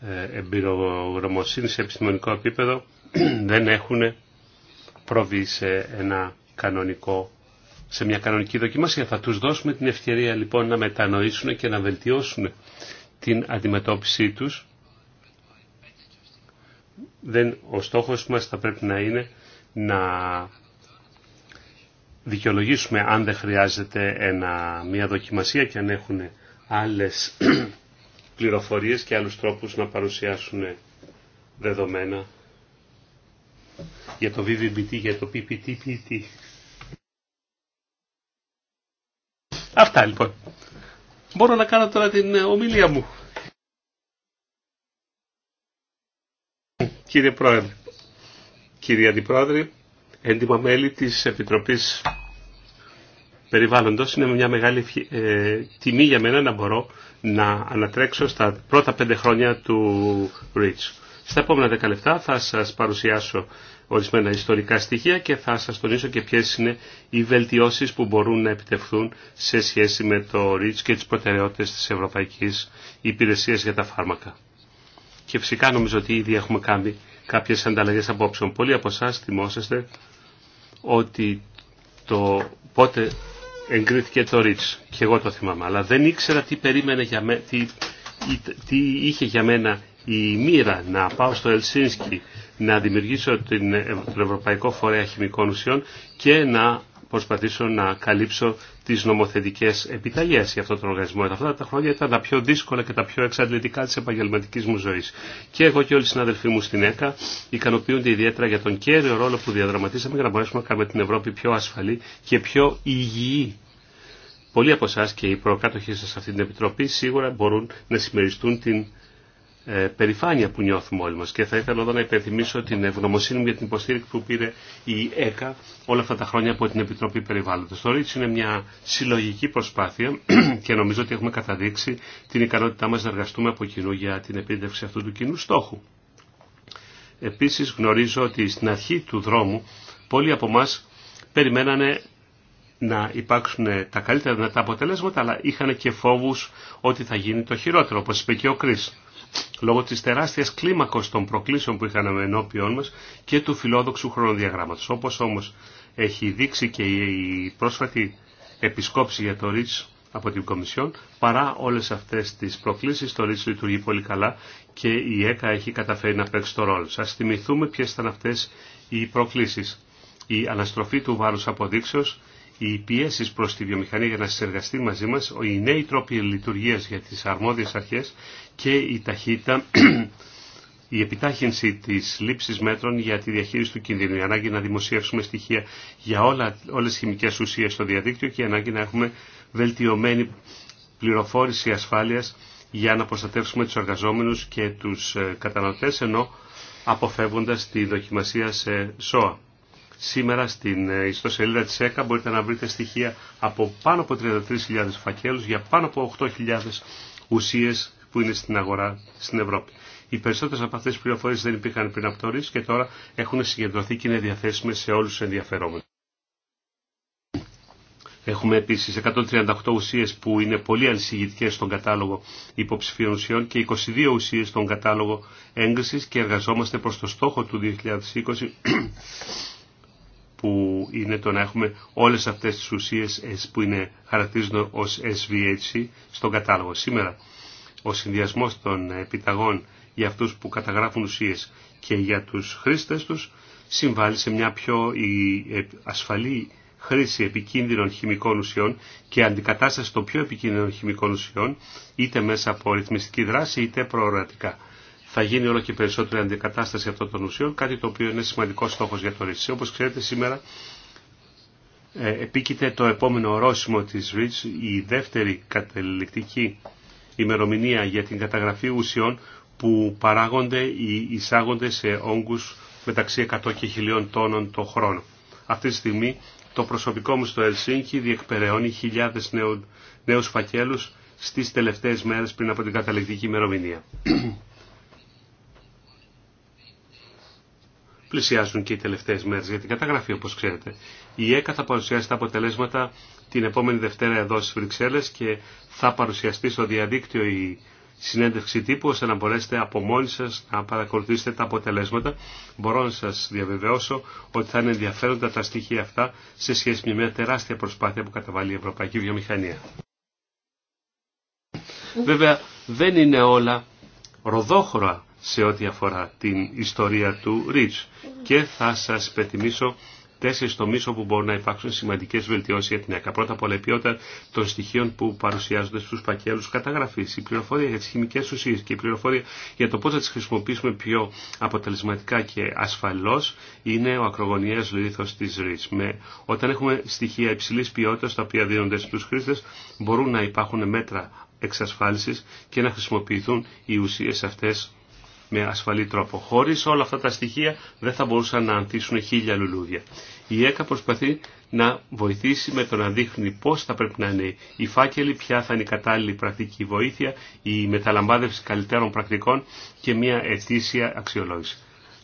ε, εμπειρογνωμοσύνη σε επιστημονικό επίπεδο δεν έχουν προβεί σε ένα κανονικό σε μια κανονική δοκιμασία. Θα τους δώσουμε την ευκαιρία λοιπόν να μετανοήσουν και να βελτιώσουν την αντιμετώπιση τους. Δεν, ο στόχος μας θα πρέπει να είναι να δικαιολογήσουμε αν δεν χρειάζεται μια δοκιμασία και αν έχουν άλλες πληροφορίες και άλλους τρόπους να παρουσιάσουν δεδομένα για το VVBT, για το PPTPT. Αυτά λοιπόν. Μπορώ να κάνω τώρα την ε, ομιλία μου. Κύριε Πρόεδρε, κύριε Αντιπρόεδρε, έντιμα μέλη της Επιτροπής Περιβάλλοντος, είναι μια μεγάλη ε, τιμή για μένα να μπορώ να ανατρέξω στα πρώτα πέντε χρόνια του Ρίτσου. Στα επόμενα 10 λεπτά θα σας παρουσιάσω ορισμένα ιστορικά στοιχεία και θα σας τονίσω και ποιες είναι οι βελτιώσεις που μπορούν να επιτευχθούν σε σχέση με το REACH και τις προτεραιότητες της Ευρωπαϊκής Υπηρεσίας για τα Φάρμακα. Και φυσικά νομίζω ότι ήδη έχουμε κάνει κάποιες ανταλλαγές απόψεων. Πολλοί από εσά θυμόσαστε ότι το πότε εγκρίθηκε το REACH και εγώ το θυμάμαι, αλλά δεν ήξερα τι περίμενε για τι είχε για μένα η μοίρα να πάω στο Ελσίνσκι να δημιουργήσω την, ε, τον Ευρωπαϊκό Φορέα Χημικών Ουσιών και να προσπαθήσω να καλύψω τις νομοθετικές επιταγές για αυτόν τον οργανισμό. Αυτά τα χρόνια ήταν τα πιο δύσκολα και τα πιο εξαντλητικά της επαγγελματικής μου ζωής. Και εγώ και όλοι οι συνάδελφοί μου στην ΕΚΑ ικανοποιούνται ιδιαίτερα για τον κέριο ρόλο που διαδραματίσαμε για να μπορέσουμε να κάνουμε την Ευρώπη πιο ασφαλή και πιο υγιή. Πολλοί από εσά και οι προκάτοχοι σας σε αυτή την Επιτροπή σίγουρα μπορούν να συμμεριστούν την ε, περηφάνεια που νιώθουμε όλοι μας και θα ήθελα εδώ να υπενθυμίσω την ευγνωμοσύνη μου για την υποστήριξη που πήρε η ΕΚΑ όλα αυτά τα χρόνια από την Επιτροπή Περιβάλλοντος. Το ΡΙΤΣ είναι μια συλλογική προσπάθεια και νομίζω ότι έχουμε καταδείξει την ικανότητά μας να εργαστούμε από κοινού για την επίτευξη αυτού του κοινού στόχου. Επίσης γνωρίζω ότι στην αρχή του δρόμου πολλοί από εμά περιμένανε να υπάρξουν τα καλύτερα δυνατά αποτελέσματα, αλλά είχαν και φόβους ότι θα γίνει το χειρότερο, όπως είπε και ο Κρίς λόγω της τεράστιας κλίμακος των προκλήσεων που είχαν ενώπιόν μας και του φιλόδοξου χρονοδιαγράμματος. Όπως όμως έχει δείξει και η πρόσφατη επισκόψη για το ΡΙΤΣ από την Κομισιόν, παρά όλες αυτές τις προκλήσεις το ΡΙΤΣ λειτουργεί πολύ καλά και η ΕΚΑ έχει καταφέρει να παίξει το ρόλο. Σας θυμηθούμε ποιε ήταν αυτές οι προκλήσεις. Η αναστροφή του βάρους αποδείξεως, οι πιέσει προ τη βιομηχανία για να συνεργαστεί μαζί μα, οι νέοι τρόποι λειτουργία για τι αρμόδιε αρχέ και η ταχύτητα, η επιτάχυνση της λήψης μέτρων για τη διαχείριση του κινδύνου, η ανάγκη να δημοσιεύσουμε στοιχεία για όλα, όλες τις χημικές ουσίες στο διαδίκτυο και η ανάγκη να έχουμε βελτιωμένη πληροφόρηση ασφάλειας για να προστατεύσουμε τους εργαζόμενους και τους ε, καταναλωτές, ενώ αποφεύγοντας τη δοκιμασία σε σώα. Σήμερα στην ε, ιστοσελίδα της ΕΚΑ μπορείτε να βρείτε στοιχεία από πάνω από 33.000 φακέλους για πάνω από 8.000 ουσίες που είναι στην αγορά στην Ευρώπη. Οι περισσότερε από αυτέ τι πληροφορίε δεν υπήρχαν πριν από τώρα και τώρα έχουν συγκεντρωθεί και είναι διαθέσιμε σε όλου του ενδιαφερόμενου. Έχουμε επίση 138 ουσίε που είναι πολύ ανησυχητικέ στον κατάλογο υποψηφίων ουσιών και 22 ουσίε στον κατάλογο έγκρισης και εργαζόμαστε προ το στόχο του 2020 που είναι το να έχουμε όλες αυτές τις ουσίες που είναι, χαρακτηρίζονται ως SVHC στον κατάλογο. Σήμερα ο συνδυασμός των επιταγών για αυτούς που καταγράφουν ουσίες και για τους χρήστες τους συμβάλλει σε μια πιο ε, ασφαλή χρήση επικίνδυνων χημικών ουσιών και αντικατάσταση των πιο επικίνδυνων χημικών ουσιών είτε μέσα από ρυθμιστική δράση είτε προορατικά. Θα γίνει όλο και περισσότερη αντικατάσταση αυτών των ουσιών, κάτι το οποίο είναι σημαντικό στόχο για το ΡΙΤΣ. Όπω ξέρετε, σήμερα ε, επίκειται το επόμενο ορόσημο τη ΡΙΤΣ, η δεύτερη καταληκτική ημερομηνία για την καταγραφή ουσιών που παράγονται ή εισάγονται σε όγκους μεταξύ 100 και 1000 τόνων το χρόνο. Αυτή τη στιγμή το προσωπικό μου στο Ελσίνκι διεκπεραιώνει χιλιάδες νέους φακέλους στις τελευταίες μέρες πριν από την καταληκτική ημερομηνία. πλησιάζουν και οι τελευταίες μέρες για την καταγραφή όπως ξέρετε. Η ΕΚΑ θα παρουσιάσει τα αποτελέσματα την επόμενη Δευτέρα εδώ στις Βρυξέλλες και θα παρουσιαστεί στο διαδίκτυο η συνέντευξη τύπου ώστε να μπορέσετε από μόνοι σας να παρακολουθήσετε τα αποτελέσματα. Μπορώ να σας διαβεβαιώσω ότι θα είναι ενδιαφέροντα τα στοιχεία αυτά σε σχέση με μια τεράστια προσπάθεια που καταβάλει η Ευρωπαϊκή Βιομηχανία. Βέβαια δεν είναι όλα ροδόχρωα σε ό,τι αφορά την ιστορία του Ρίτς και θα σας υπενθυμίσω τέσσερις τομείς όπου μπορούν να υπάρξουν σημαντικές βελτιώσεις για την ΕΚΑ. Πρώτα απ' όλα η ποιότητα των στοιχείων που παρουσιάζονται στους πακέλους καταγραφής, η πληροφορία για τις χημικές ουσίες και η πληροφορία για το πώς θα τις χρησιμοποιήσουμε πιο αποτελεσματικά και ασφαλώς είναι ο ακρογωνιαίος λίθος της ΡΙΤΣ. Με, όταν έχουμε στοιχεία υψηλής ποιότητας τα οποία δίνονται στους χρήστες μπορούν να υπάρχουν μέτρα εξασφάλισης και να χρησιμοποιηθούν οι ουσίες αυτές με ασφαλή τρόπο. Χωρί όλα αυτά τα στοιχεία δεν θα μπορούσαν να αντίσουν χίλια λουλούδια. Η ΕΚΑ προσπαθεί να βοηθήσει με το να δείχνει πώ θα πρέπει να είναι οι φάκελοι, ποια θα είναι η κατάλληλη πρακτική βοήθεια, η μεταλαμπάδευση καλύτερων πρακτικών και μια ετήσια αξιολόγηση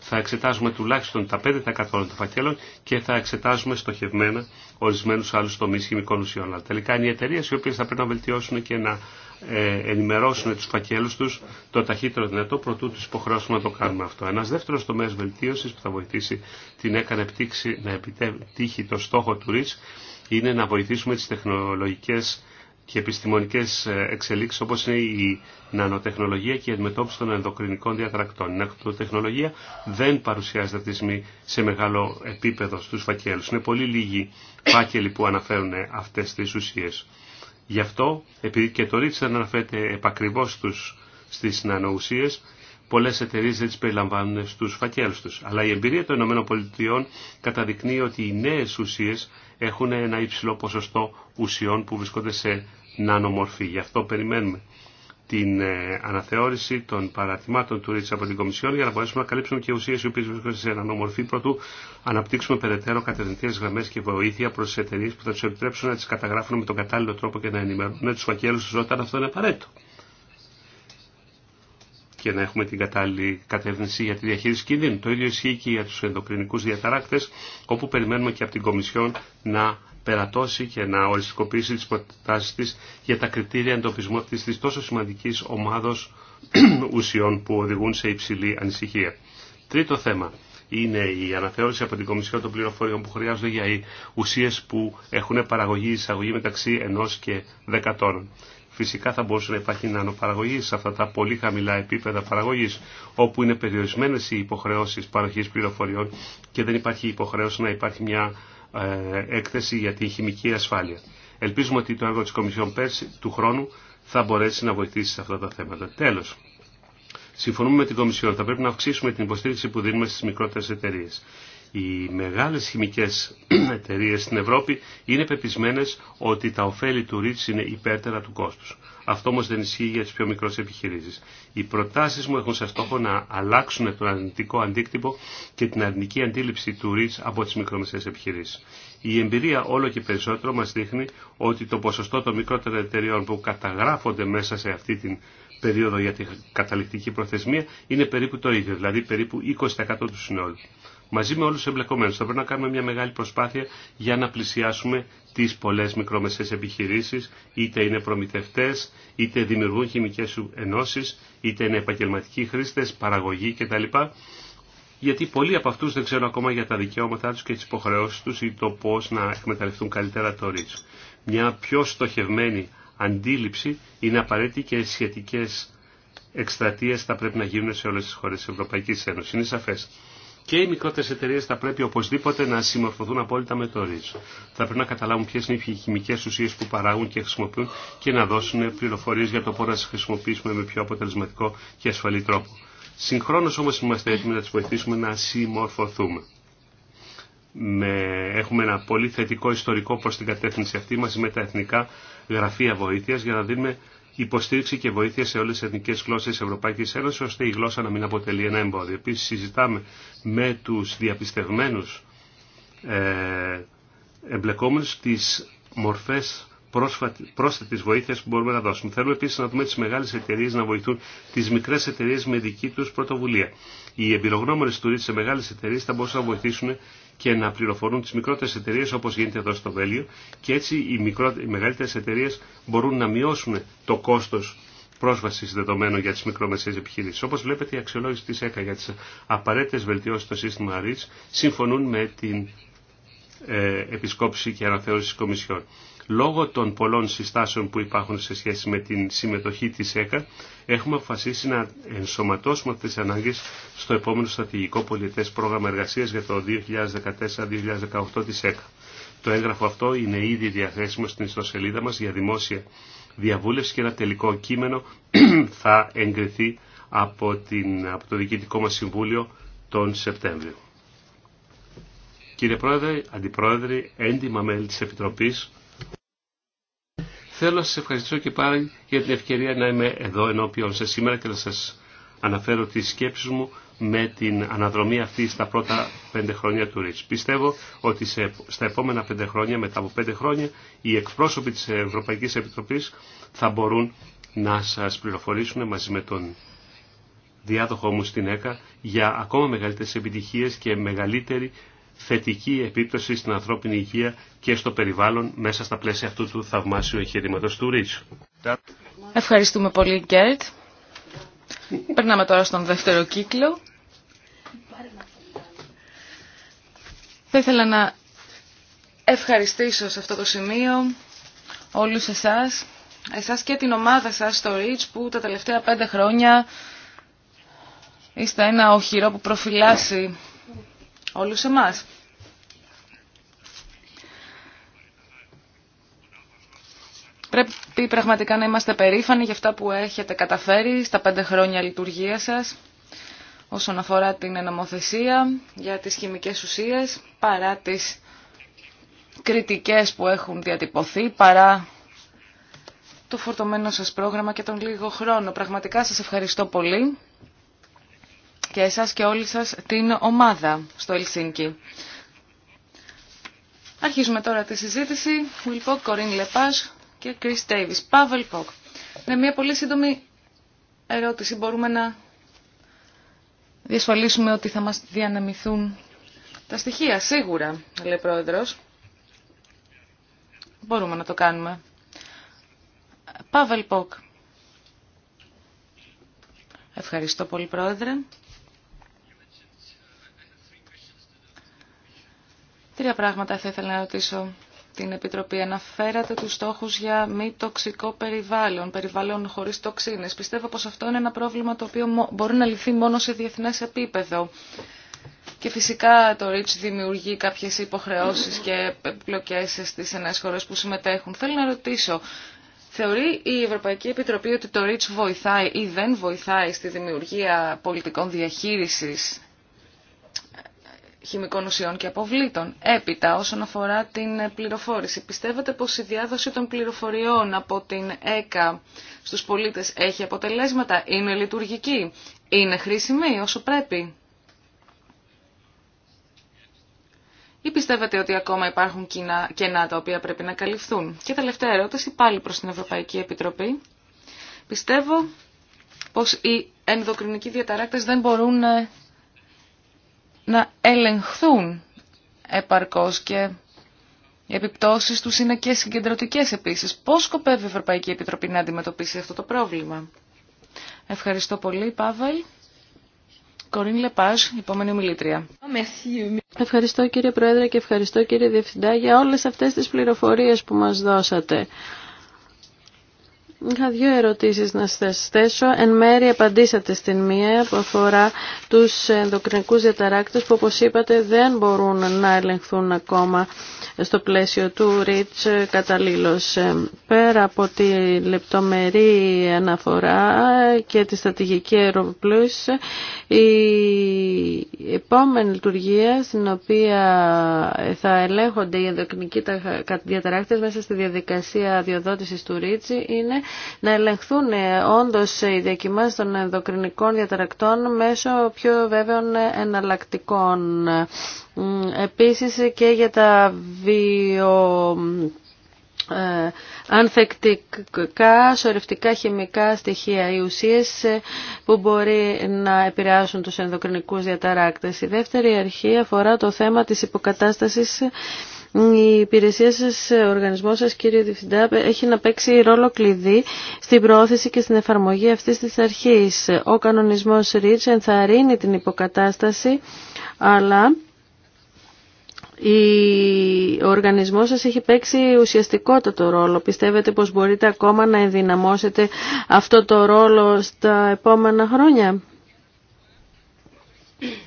θα εξετάζουμε τουλάχιστον τα 5% των φακέλων και θα εξετάζουμε στοχευμένα ορισμένους άλλους τομείς χημικών ουσιών. Αλλά τελικά είναι οι εταιρείε οι οποίες θα πρέπει να βελτιώσουν και να ε, ενημερώσουν τους φακέλους τους το ταχύτερο δυνατό προτού τους υποχρεώσουμε να το κάνουμε αυτό. Ένας δεύτερος τομέας βελτίωσης που θα βοηθήσει την έκανε πτήξη να επιτύχει το στόχο του ΡΙΣ είναι να βοηθήσουμε τις τεχνολογικές και επιστημονικές ε, εξελίξεις όπως είναι η νανοτεχνολογία και η αντιμετώπιση των ενδοκρινικών διατρακτών. Η νανοτεχνολογία δεν παρουσιάζεται αυτή τη στιγμή σε μεγάλο επίπεδο στους φακέλους. Είναι πολύ λίγοι φάκελοι που αναφέρουν αυτές τις ουσίες. Γι' αυτό, επειδή και το Ρίτσα αναφέρεται επακριβώς στους, στις νανοουσίες, Πολλέ εταιρείε δεν τι περιλαμβάνουν στους φακέλου του. Αλλά η εμπειρία των ΗΠΑ καταδεικνύει ότι οι νέε ουσίε έχουν ένα υψηλό ποσοστό ουσιών που βρισκόνται σε νανομορφή. Γι' αυτό περιμένουμε την ε, αναθεώρηση των παρατημάτων του ΡΙΤΣ από την Κομισιόν για να μπορέσουμε να καλύψουμε και ουσίε οι οποίε βρίσκονται σε νανομορφή πρωτού αναπτύξουμε περαιτέρω κατευθυντήρε γραμμέ και βοήθεια προ τι εταιρείε που θα του επιτρέψουν να τι καταγράφουν με τον κατάλληλο τρόπο και να ενημερώνουν του φακέλου του όταν αυτό είναι απαραίτητο και να έχουμε την κατάλληλη κατεύθυνση για τη διαχείριση κινδύνου. Το ίδιο ισχύει και για τους ενδοκρινικούς διαταράκτες, όπου περιμένουμε και από την Κομισιόν να περατώσει και να οριστικοποιήσει τις προτάσεις της για τα κριτήρια εντοπισμού αυτής της τόσο σημαντικής ομάδος ουσιών που οδηγούν σε υψηλή ανησυχία. Τρίτο θέμα είναι η αναθεώρηση από την Κομισιόν των Πληροφοριών που χρειάζονται για οι ουσίες που έχουν παραγωγή ή εισαγωγή μεταξύ ενός και τόνων. Φυσικά θα μπορούσε να υπάρχει νανοπαραγωγή σε αυτά τα πολύ χαμηλά επίπεδα παραγωγή, όπου είναι περιορισμένε οι υποχρεώσει, παροχή πληροφοριών και δεν υπάρχει υποχρέωση να υπάρχει μια ε, έκθεση για την χημική ασφάλεια. Ελπίζουμε ότι το έργο τη Κομισιόν πέρσι του χρόνου θα μπορέσει να βοηθήσει σε αυτά τα θέματα. Τέλο. συμφωνούμε με την Κομισιόν, θα πρέπει να αυξήσουμε την υποστήριξη που δίνουμε στι μικρότερε εταιρείε. Οι μεγάλες χημικές εταιρείες στην Ευρώπη είναι πεπισμένες ότι τα ωφέλη του ρίτς είναι υπέρτερα του κόστους. Αυτό όμως δεν ισχύει για τις πιο μικρές επιχειρήσεις. Οι προτάσεις μου έχουν σε στόχο να αλλάξουν τον αρνητικό αντίκτυπο και την αρνητική αντίληψη του ρίτς από τις μικρομεσαίες επιχειρήσεις. Η εμπειρία όλο και περισσότερο μας δείχνει ότι το ποσοστό των μικρότερων εταιρεών που καταγράφονται μέσα σε αυτή την περίοδο για την καταληκτική προθεσμία είναι περίπου το ίδιο, δηλαδή περίπου 20% του συνόλου μαζί με όλους τους εμπλεκομένους. Θα πρέπει να κάνουμε μια μεγάλη προσπάθεια για να πλησιάσουμε τις πολλές μικρομεσαίες επιχειρήσεις, είτε είναι προμηθευτές, είτε δημιουργούν χημικές ενώσεις, είτε είναι επαγγελματικοί χρήστες, παραγωγή κτλ. Γιατί πολλοί από αυτούς δεν ξέρουν ακόμα για τα δικαιώματά τους και τις υποχρεώσεις τους ή το πώς να εκμεταλλευτούν καλύτερα το ρίτσο. Μια πιο στοχευμένη αντίληψη είναι απαραίτητη και σχετικές εκστρατείες θα πρέπει να γίνουν σε όλες τις χώρες της Ευρωπαϊκής Ένωσης. Είναι σαφές και οι μικρότερε εταιρείε θα πρέπει οπωσδήποτε να συμμορφωθούν απόλυτα με το ΡΙΖΟ. Θα πρέπει να καταλάβουν ποιε είναι οι χημικέ ουσίε που παράγουν και χρησιμοποιούν και να δώσουν πληροφορίε για το πώ να τι χρησιμοποιήσουμε με πιο αποτελεσματικό και ασφαλή τρόπο. Συγχρόνω όμω είμαστε έτοιμοι να τι βοηθήσουμε να συμμορφωθούμε. Με, έχουμε ένα πολύ θετικό ιστορικό προ την κατεύθυνση αυτή μαζί με τα εθνικά γραφεία βοήθεια για να δίνουμε υποστήριξη και βοήθεια σε όλες τις εθνικές γλώσσες τη Ευρωπαϊκής Ένωσης, ώστε η γλώσσα να μην αποτελεί ένα εμπόδιο. Επίσης, συζητάμε με τους διαπιστευμένους ε, εμπλεκόμενους τις μορφές πρόσθετης βοήθειας που μπορούμε να δώσουμε. Θέλουμε επίσης να δούμε τι μεγάλες εταιρείε να βοηθούν τις μικρές εταιρείε με δική του πρωτοβουλία. Οι εμπειρογνώμονε τουρίστε σε μεγάλες εταιρείες θα μπορούσαν να βοηθήσουν και να πληροφορούν τις μικρότερες εταιρείες όπως γίνεται εδώ στο Βέλιο και έτσι οι, οι μεγαλύτερες εταιρείες μπορούν να μειώσουν το κόστος πρόσβαση δεδομένων για τι μικρομεσαίε επιχειρήσει. Όπω βλέπετε, η αξιολόγηση τη ΕΚΑ για τι απαραίτητε βελτιώσει στο σύστημα REACH συμφωνούν με την ε, επισκόπηση και αναθεώρηση τη Κομισιόν λόγω των πολλών συστάσεων που υπάρχουν σε σχέση με την συμμετοχή της ΕΚΑ, έχουμε αποφασίσει να ενσωματώσουμε αυτές τις ανάγκες στο επόμενο στρατηγικό πολιτές πρόγραμμα εργασίας για το 2014-2018 της ΕΚΑ. Το έγγραφο αυτό είναι ήδη διαθέσιμο στην ιστοσελίδα μας για δημόσια διαβούλευση και ένα τελικό κείμενο θα εγκριθεί από, την, από το Διοικητικό μας Συμβούλιο τον Σεπτέμβριο. Κύριε Πρόεδρε, Αντιπρόεδρε, έντιμα μέλη της Επιτροπής, Θέλω να σας ευχαριστήσω και πάλι για την ευκαιρία να είμαι εδώ ενώπιον σας σήμερα και να σας αναφέρω τις σκέψεις μου με την αναδρομή αυτή στα πρώτα πέντε χρόνια του ΡΙΤΣ. Πιστεύω ότι σε, στα επόμενα πέντε χρόνια, μετά από πέντε χρόνια, οι εκπρόσωποι της Ευρωπαϊκής Επιτροπής θα μπορούν να σας πληροφορήσουν μαζί με τον διάδοχό μου στην ΕΚΑ για ακόμα μεγαλύτερες επιτυχίες και μεγαλύτερη θετική επίπτωση στην ανθρώπινη υγεία και στο περιβάλλον μέσα στα πλαίσια αυτού του θαυμάσιου εγχειρήματος του Ριτς. Ευχαριστούμε πολύ Γκέρτ. Περνάμε τώρα στον δεύτερο κύκλο. Θα ήθελα να ευχαριστήσω σε αυτό το σημείο όλους εσάς, εσάς και την ομάδα σας στο Ριτς, που τα τελευταία πέντε χρόνια είστε ένα οχυρό που προφυλάσσει όλους εμάς. Πρέπει πραγματικά να είμαστε περήφανοι για αυτά που έχετε καταφέρει στα πέντε χρόνια λειτουργία σας όσον αφορά την ενομοθεσία για τις χημικές ουσίες παρά τις κριτικές που έχουν διατυπωθεί παρά το φορτωμένο σας πρόγραμμα και τον λίγο χρόνο. Πραγματικά σας ευχαριστώ πολύ και εσάς και όλοι σας την ομάδα στο Ελσίνκι. Αρχίζουμε τώρα τη συζήτηση. Will Pog, Corinne Lepage και Chris Davis. Pavel Pog. Με ναι, μια πολύ σύντομη ερώτηση μπορούμε να διασφαλίσουμε ότι θα μας διανεμηθούν τα στοιχεία. Σίγουρα, λέει πρόεδρος. Μπορούμε να το κάνουμε. Pavel Ποκ. Ευχαριστώ πολύ, Πρόεδρε. Τρία πράγματα θα ήθελα να ρωτήσω την Επιτροπή. Αναφέρατε τους στόχους για μη τοξικό περιβάλλον, περιβάλλον χωρίς τοξίνες. Πιστεύω πως αυτό είναι ένα πρόβλημα το οποίο μπορεί να λυθεί μόνο σε διεθνές επίπεδο. Και φυσικά το REACH δημιουργεί κάποιες υποχρεώσεις και επιπλοκέ στις ενές χώρες που συμμετέχουν. Θέλω να ρωτήσω, θεωρεί η Ευρωπαϊκή Επιτροπή ότι το REACH βοηθάει ή δεν βοηθάει στη δημιουργία πολιτικών διαχείρισης χημικών ουσιών και αποβλήτων. Έπειτα, όσον αφορά την πληροφόρηση, πιστεύετε πως η διάδοση των πληροφοριών από την ΕΚΑ στους πολίτες έχει αποτελέσματα, είναι λειτουργική, είναι χρήσιμη όσο πρέπει. Ή πιστεύετε ότι ακόμα υπάρχουν κοινά, κενά τα οποία πρέπει να καλυφθούν. Και τελευταία ερώτηση πάλι προς την Ευρωπαϊκή Επιτροπή. Πιστεύω πως οι ενδοκρινικοί διαταράκτες δεν μπορούν ε, να ελεγχθούν επαρκώς και οι επιπτώσεις τους είναι και συγκεντρωτικές επίσης. Πώς σκοπεύει η Ευρωπαϊκή Επιτροπή να αντιμετωπίσει αυτό το πρόβλημα. Ευχαριστώ πολύ, Πάβαλ. Κορίν Λεπάζ, επόμενη ομιλήτρια. Ευχαριστώ κύριε Πρόεδρε και ευχαριστώ κύριε Διευθυντά για όλες αυτές τις πληροφορίες που μας δώσατε. Είχα δύο ερωτήσεις να σας θέσω. Εν μέρη απαντήσατε στην μία που αφορά τους ενδοκρινικούς διαταράκτες που όπως είπατε δεν μπορούν να ελεγχθούν ακόμα στο πλαίσιο του ΡΙΤΣ καταλήλως. Ε, πέρα από τη λεπτομερή αναφορά και τη στρατηγική αεροπλούς, η επόμενη λειτουργία στην οποία θα ελέγχονται οι ενδοκρινικοί διαταράκτες μέσα στη διαδικασία διοδότησης του ΡΙΤΣ είναι να ελεγχθούν ε, όντως οι διακοιμάνσεις των ενδοκρινικών διαταρακτών μέσω πιο βέβαιων εναλλακτικών. Ε, επίσης και για τα βιο ε, ανθεκτικά, σωρευτικά χημικά στοιχεία, Η ουσίες που μπορεί να επηρεάσουν τους ενδοκρινικούς διαταράκτες. Η δεύτερη αρχή αφορά το θέμα της υποκατάστασης η υπηρεσία σας, ο οργανισμός σας, κύριε Διευθυντά, έχει να παίξει ρόλο κλειδί στην προώθηση και στην εφαρμογή αυτής της αρχής. Ο κανονισμός REACH ενθαρρύνει την υποκατάσταση, αλλά ο οργανισμός σας έχει παίξει ουσιαστικότατο ρόλο. Πιστεύετε πως μπορείτε ακόμα να ενδυναμώσετε αυτό το ρόλο στα επόμενα χρόνια.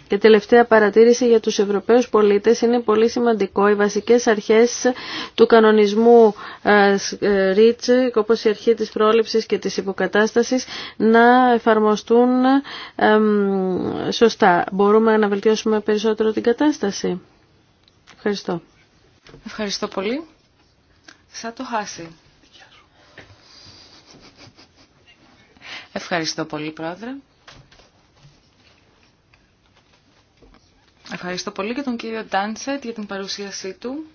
Και τελευταία παρατήρηση για τους Ευρωπαίους πολίτες είναι πολύ σημαντικό οι βασικές αρχές του κανονισμού REACH, ε, ε, όπως η αρχή της πρόληψης και της υποκατάστασης, να εφαρμοστούν σωστά. Μπορούμε να βελτιώσουμε περισσότερο την κατάσταση. Ευχαριστώ. Ευχαριστώ πολύ. Σαν το χάσει. Ευχαριστώ πολύ, Πρόεδρε. Ευχαριστώ πολύ και τον κύριο Ντάνσετ για την παρουσίασή του.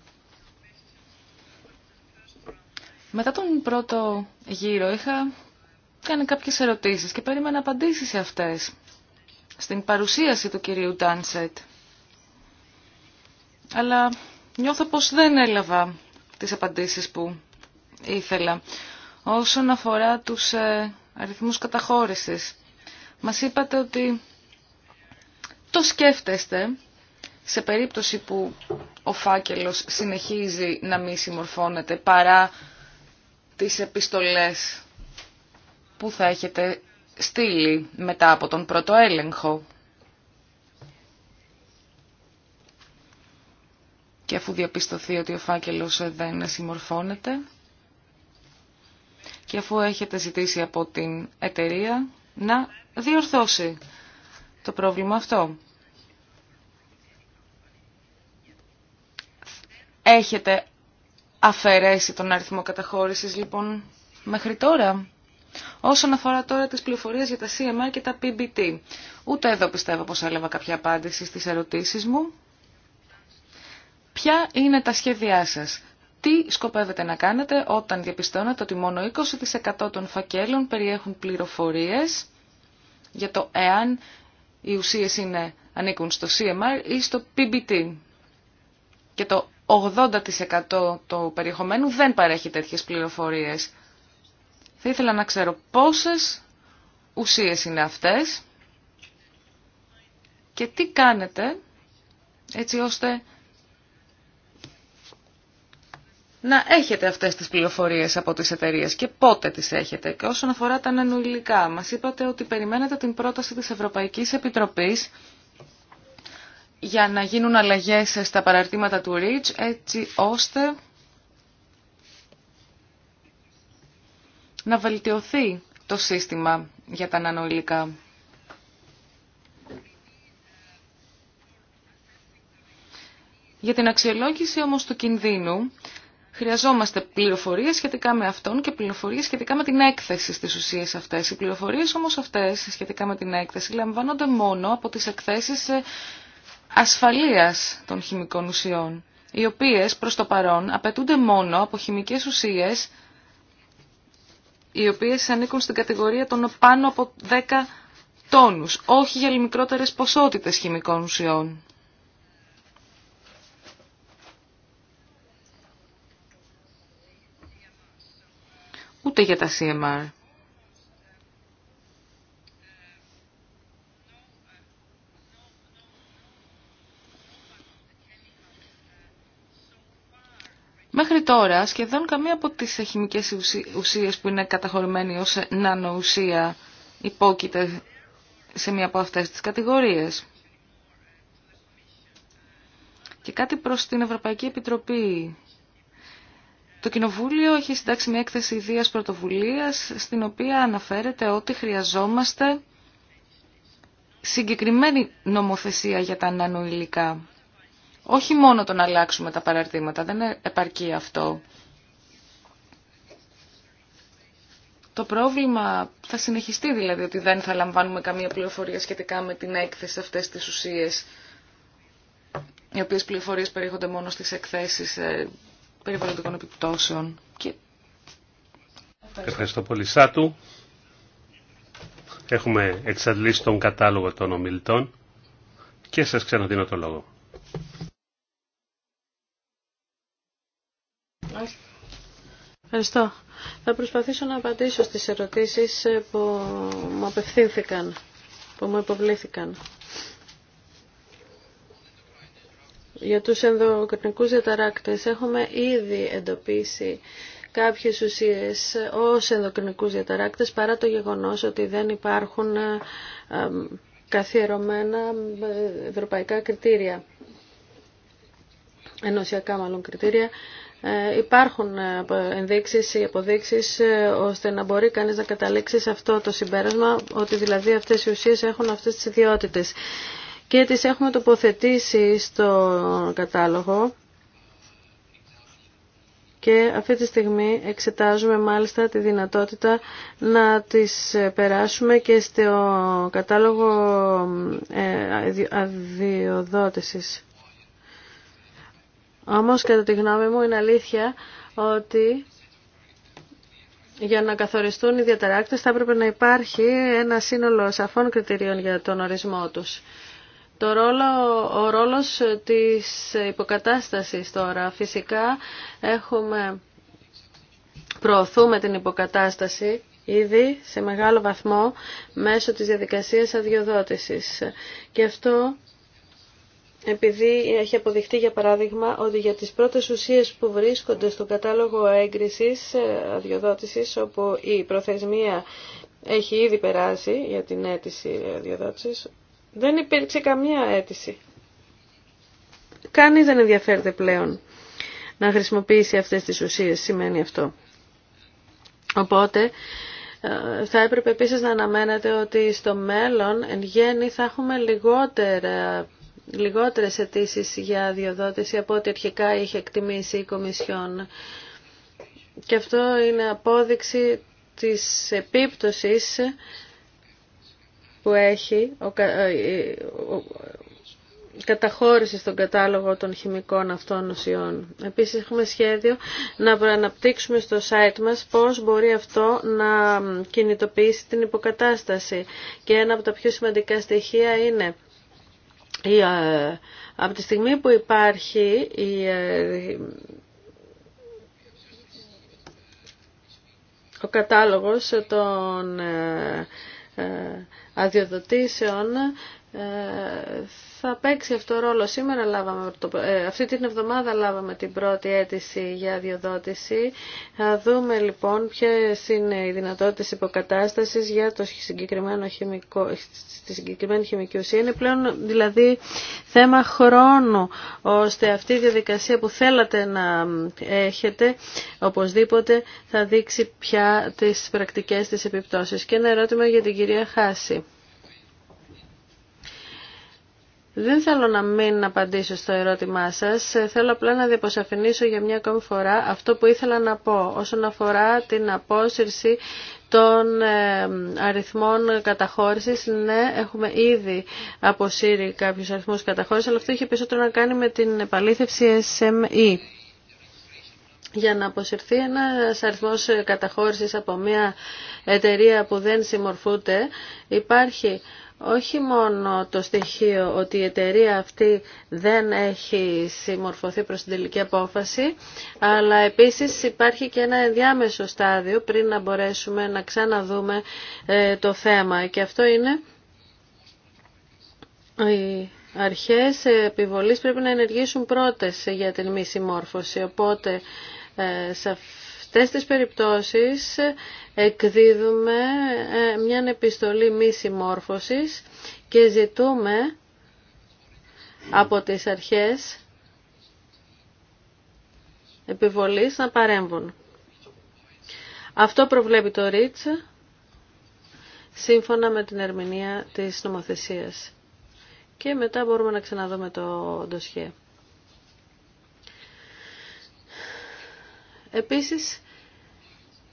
Μετά τον πρώτο γύρο είχα κάνει κάποιες ερωτήσεις και περίμενα απαντήσεις σε αυτές. Στην παρουσίαση του κυρίου Ντάνσετ. Αλλά νιώθω πως δεν έλαβα τις απαντήσεις που ήθελα. Όσον αφορά τους ε, αριθμούς καταχώρησης, μας είπατε ότι το σκέφτεστε, σε περίπτωση που ο φάκελος συνεχίζει να μη συμμορφώνεται παρά τις επιστολές που θα έχετε στείλει μετά από τον πρώτο έλεγχο. Και αφού διαπιστωθεί ότι ο φάκελος δεν συμμορφώνεται και αφού έχετε ζητήσει από την εταιρεία να διορθώσει το πρόβλημα αυτό. Έχετε αφαιρέσει τον αριθμό καταχώρησης λοιπόν μέχρι τώρα. Όσον αφορά τώρα τις πληροφορίες για τα CMR και τα PBT, ούτε εδώ πιστεύω πως έλαβα κάποια απάντηση στις ερωτήσεις μου. Ποια είναι τα σχέδιά σας. Τι σκοπεύετε να κάνετε όταν διαπιστώνετε ότι μόνο 20% των φακέλων περιέχουν πληροφορίες για το εάν οι ουσίες είναι, ανήκουν στο CMR ή στο PBT. Και το 80% του περιεχομένου δεν παρέχει τέτοιες πληροφορίες. Θα ήθελα να ξέρω πόσες ουσίες είναι αυτές και τι κάνετε έτσι ώστε να έχετε αυτές τις πληροφορίες από τις εταιρείες και πότε τις έχετε. Και όσον αφορά τα νανοηλικά, μας είπατε ότι περιμένετε την πρόταση της Ευρωπαϊκής Επιτροπής για να γίνουν αλλαγές στα παραρτήματα του REACH έτσι ώστε να βελτιωθεί το σύστημα για τα νανοηλικά. Για την αξιολόγηση όμως του κινδύνου χρειαζόμαστε πληροφορίες σχετικά με αυτόν και πληροφορίες σχετικά με την έκθεση στις ουσίες αυτές. Οι πληροφορίες όμως αυτές σχετικά με την έκθεση λαμβάνονται μόνο από τις εκθέσεις ε, ασφαλείας των χημικών ουσιών, οι οποίες προς το παρόν απαιτούνται μόνο από χημικές ουσίες οι οποίες ανήκουν στην κατηγορία των πάνω από 10 τόνους, όχι για μικρότερες ποσότητες χημικών ουσιών. Ούτε για τα CMR. Μέχρι τώρα σχεδόν καμία από τις χημικές ουσίες που είναι καταχωρημένη ως νανοουσία υπόκειται σε μία από αυτές τις κατηγορίες. Και κάτι προς την Ευρωπαϊκή Επιτροπή. Το Κοινοβούλιο έχει συντάξει μια έκθεση ιδίας πρωτοβουλίας, στην οποία αναφέρεται ότι χρειαζόμαστε συγκεκριμένη νομοθεσία για τα νανοηλικά. Όχι μόνο το να αλλάξουμε τα παραρτήματα, δεν ε- επαρκεί αυτό. Το πρόβλημα θα συνεχιστεί δηλαδή ότι δεν θα λαμβάνουμε καμία πληροφορία σχετικά με την έκθεση αυτές τις ουσίες, οι οποίες πληροφορίες περιέχονται μόνο στις εκθέσεις ε, περιβαλλοντικών επιπτώσεων. Και... Ευχαριστώ πολύ Σάτου. Έχουμε εξαντλήσει τον κατάλογο των ομιλητών και σας ξαναδίνω το λόγο. Ευχαριστώ. Θα προσπαθήσω να απαντήσω στις ερωτήσεις ε, που μου απευθύνθηκαν, που μου υποβλήθηκαν. Για τους ενδοκρινικούς διαταράκτες έχουμε ήδη εντοπίσει κάποιες ουσίες ως ενδοκρινικούς διαταράκτες παρά το γεγονός ότι δεν υπάρχουν ε, ε, καθιερωμένα ευρωπαϊκά κριτήρια, ενωσιακά μάλλον κριτήρια, ε, υπάρχουν ε, ενδείξεις ή αποδείξεις ε, ώστε να μπορεί κανείς να καταλήξει σε αυτό το συμπέρασμα ότι δηλαδή αυτές οι ουσίες έχουν αυτές τις ιδιότητες και τις έχουμε τοποθετήσει στο κατάλογο και αυτή τη στιγμή εξετάζουμε μάλιστα τη δυνατότητα να τις περάσουμε και στο κατάλογο αδειοδότησης. Όμως κατά τη γνώμη μου είναι αλήθεια ότι για να καθοριστούν οι διαταράκτες θα έπρεπε να υπάρχει ένα σύνολο σαφών κριτηρίων για τον ορισμό τους. Το ρόλο, ο ρόλος της υποκατάστασης τώρα. Φυσικά έχουμε, προωθούμε την υποκατάσταση ήδη σε μεγάλο βαθμό μέσω της διαδικασίας αδειοδότησης. Και αυτό επειδή έχει αποδειχτεί για παράδειγμα ότι για τις πρώτες ουσίες που βρίσκονται στον κατάλογο έγκρισης ε, αδειοδότησης όπου η προθεσμία έχει ήδη περάσει για την αίτηση αδειοδότησης δεν υπήρξε καμία αίτηση. Κανείς δεν ενδιαφέρεται πλέον να χρησιμοποιήσει αυτές τις ουσίες, σημαίνει αυτό. Οπότε, ε, θα έπρεπε επίσης να αναμένετε ότι στο μέλλον εν γέννη θα έχουμε λιγότερα λιγότερες αιτήσει για διοδότηση από ό,τι αρχικά είχε εκτιμήσει η Κομισιόν. Και αυτό είναι απόδειξη της επίπτωσης που έχει ο, ε, ε, καταχώρηση στον κατάλογο των χημικών αυτών ουσιών. Επίσης έχουμε σχέδιο να προαναπτύξουμε στο site μας πώς μπορεί αυτό να κινητοποιήσει την υποκατάσταση. Και ένα από τα πιο σημαντικά στοιχεία είναι ε, από τη στιγμή που υπάρχει η, ε, ο κατάλογος των ε, αδειοδοτήσεων θα παίξει αυτό ρόλο. Σήμερα λάβαμε, ε, αυτή την εβδομάδα λάβαμε την πρώτη αίτηση για αδειοδότηση. Θα δούμε λοιπόν ποιε είναι οι δυνατότητε υποκατάσταση για το συγκεκριμένο χημικό, στη συγκεκριμένη χημική ουσία. Είναι πλέον δηλαδή θέμα χρόνου ώστε αυτή η διαδικασία που θέλατε να έχετε οπωσδήποτε θα δείξει πια τις πρακτικές της επιπτώσεις. Και ένα ερώτημα για την κυρία Χάση. Δεν θέλω να μην απαντήσω στο ερώτημά σας. Θέλω απλά να διαποσαφηνίσω για μια ακόμη φορά αυτό που ήθελα να πω όσον αφορά την απόσυρση των ε, αριθμών καταχώρησης. Ναι, έχουμε ήδη αποσύρει κάποιους αριθμούς καταχώρησης, αλλά αυτό είχε περισσότερο να κάνει με την επαλήθευση SME. Για να αποσυρθεί ένας αριθμός καταχώρησης από μια εταιρεία που δεν συμμορφούνται, υπάρχει όχι μόνο το στοιχείο ότι η εταιρεία αυτή δεν έχει συμμορφωθεί προς την τελική απόφαση, αλλά επίσης υπάρχει και ένα ενδιάμεσο στάδιο πριν να μπορέσουμε να ξαναδούμε ε, το θέμα. Και αυτό είναι οι αρχές επιβολής πρέπει να ενεργήσουν πρώτες για την μη συμμόρφωση. Οπότε σε αυτές τις περιπτώσεις εκδίδουμε ε, μια επιστολή μη συμμόρφωσης και ζητούμε από τις αρχές επιβολής να παρέμβουν. Αυτό προβλέπει το ΡΙΤΣ σύμφωνα με την ερμηνεία της νομοθεσίας. Και μετά μπορούμε να ξαναδούμε το ντοσχέ. Επίσης,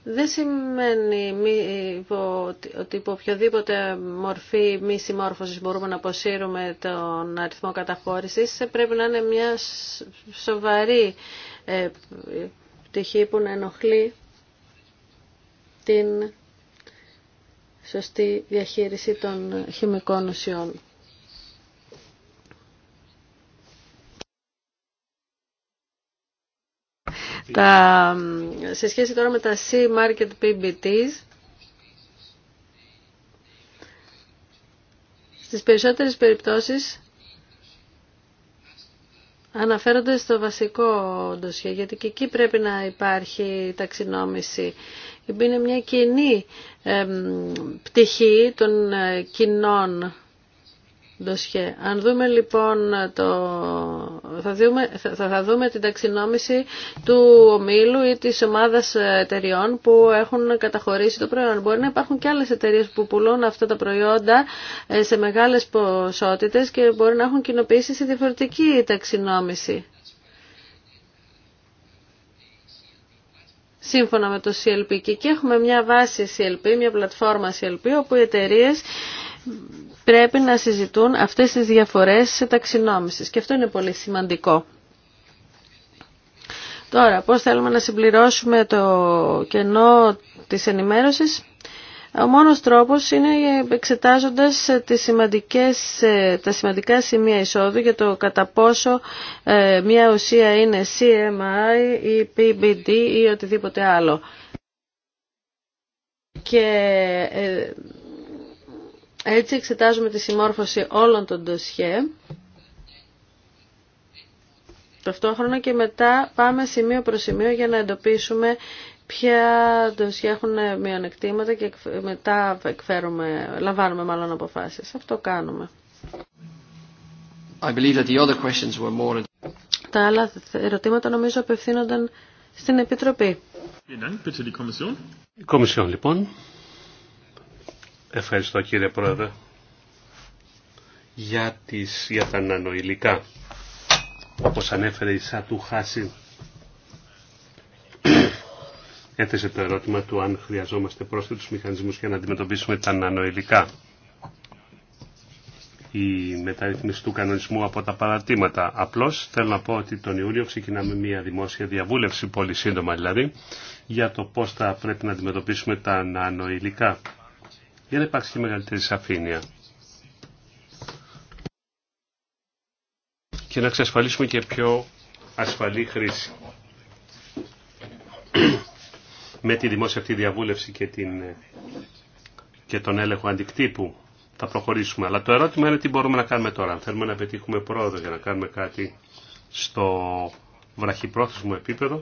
δεν σημαίνει ότι υπό οποιοδήποτε μορφή μη συμμόρφωσης μπορούμε να αποσύρουμε τον αριθμό καταχώρησης. Ε, πρέπει να είναι μια σοβαρή ε, πτυχή που να ενοχλεί την σωστή διαχείριση των χημικών ουσιών. Τα, σε σχέση τώρα με τα C-Market PBTs, στις περισσότερες περιπτώσεις αναφέρονται στο βασικό ντοσιέ, γιατί και εκεί πρέπει να υπάρχει ταξινόμηση. Είναι μια κοινή πτυχή των ε, κοινών αν δούμε λοιπόν το... θα, δούμε, θα, θα δούμε την ταξινόμηση του ομίλου ή της ομάδας εταιριών που έχουν καταχωρήσει το προϊόν. Μπορεί να υπάρχουν και άλλες εταιρείες που πουλούν αυτά τα προϊόντα ε, σε μεγάλες ποσότητες και μπορεί να έχουν κοινοποιήσει σε διαφορετική ταξινόμηση. σύμφωνα με το CLP και εκεί έχουμε μια βάση CLP, μια πλατφόρμα CLP όπου οι εταιρείε πρέπει να συζητούν αυτές τις διαφορές σε ταξινόμησης και αυτό είναι πολύ σημαντικό. Τώρα, πώς θέλουμε να συμπληρώσουμε το κενό της ενημέρωσης. Ο μόνος τρόπος είναι εξετάζοντας τις σημαντικές, τα σημαντικά σημεία εισόδου για το κατά πόσο ε, μια ουσία είναι CMI ή PBD ή οτιδήποτε άλλο. Και ε, έτσι εξετάζουμε τη συμμόρφωση όλων των ντοσιέ. Ταυτόχρονα και μετά πάμε σημείο προς σημείο για να εντοπίσουμε ποια ντοσιέ έχουν μειονεκτήματα και μετά εκφέρουμε, λαμβάνουμε μάλλον αποφάσεις. Αυτό κάνουμε. Τα άλλα ερωτήματα νομίζω απευθύνονταν στην Επιτροπή. Η Κομισιόν λοιπόν. Ευχαριστώ κύριε Πρόεδρε για, τις, για τα νανοηλικά όπως ανέφερε η Σάτου Χάση έθεσε το ερώτημα του αν χρειαζόμαστε πρόσθετους μηχανισμούς για να αντιμετωπίσουμε τα νανοηλικά η μεταρρύθμιση του κανονισμού από τα παρατήματα. Απλώς θέλω να πω ότι τον Ιούλιο ξεκινάμε μια δημόσια διαβούλευση πολύ σύντομα δηλαδή για το πώς θα πρέπει να αντιμετωπίσουμε τα νανοηλικά για να υπάρξει και μεγαλύτερη σαφήνεια. Και να εξασφαλίσουμε και πιο ασφαλή χρήση. Με τη δημόσια αυτή διαβούλευση και, την, και τον έλεγχο αντικτύπου θα προχωρήσουμε. Αλλά το ερώτημα είναι τι μπορούμε να κάνουμε τώρα. Αν θέλουμε να πετύχουμε πρόοδο για να κάνουμε κάτι στο βραχυπρόθεσμο επίπεδο,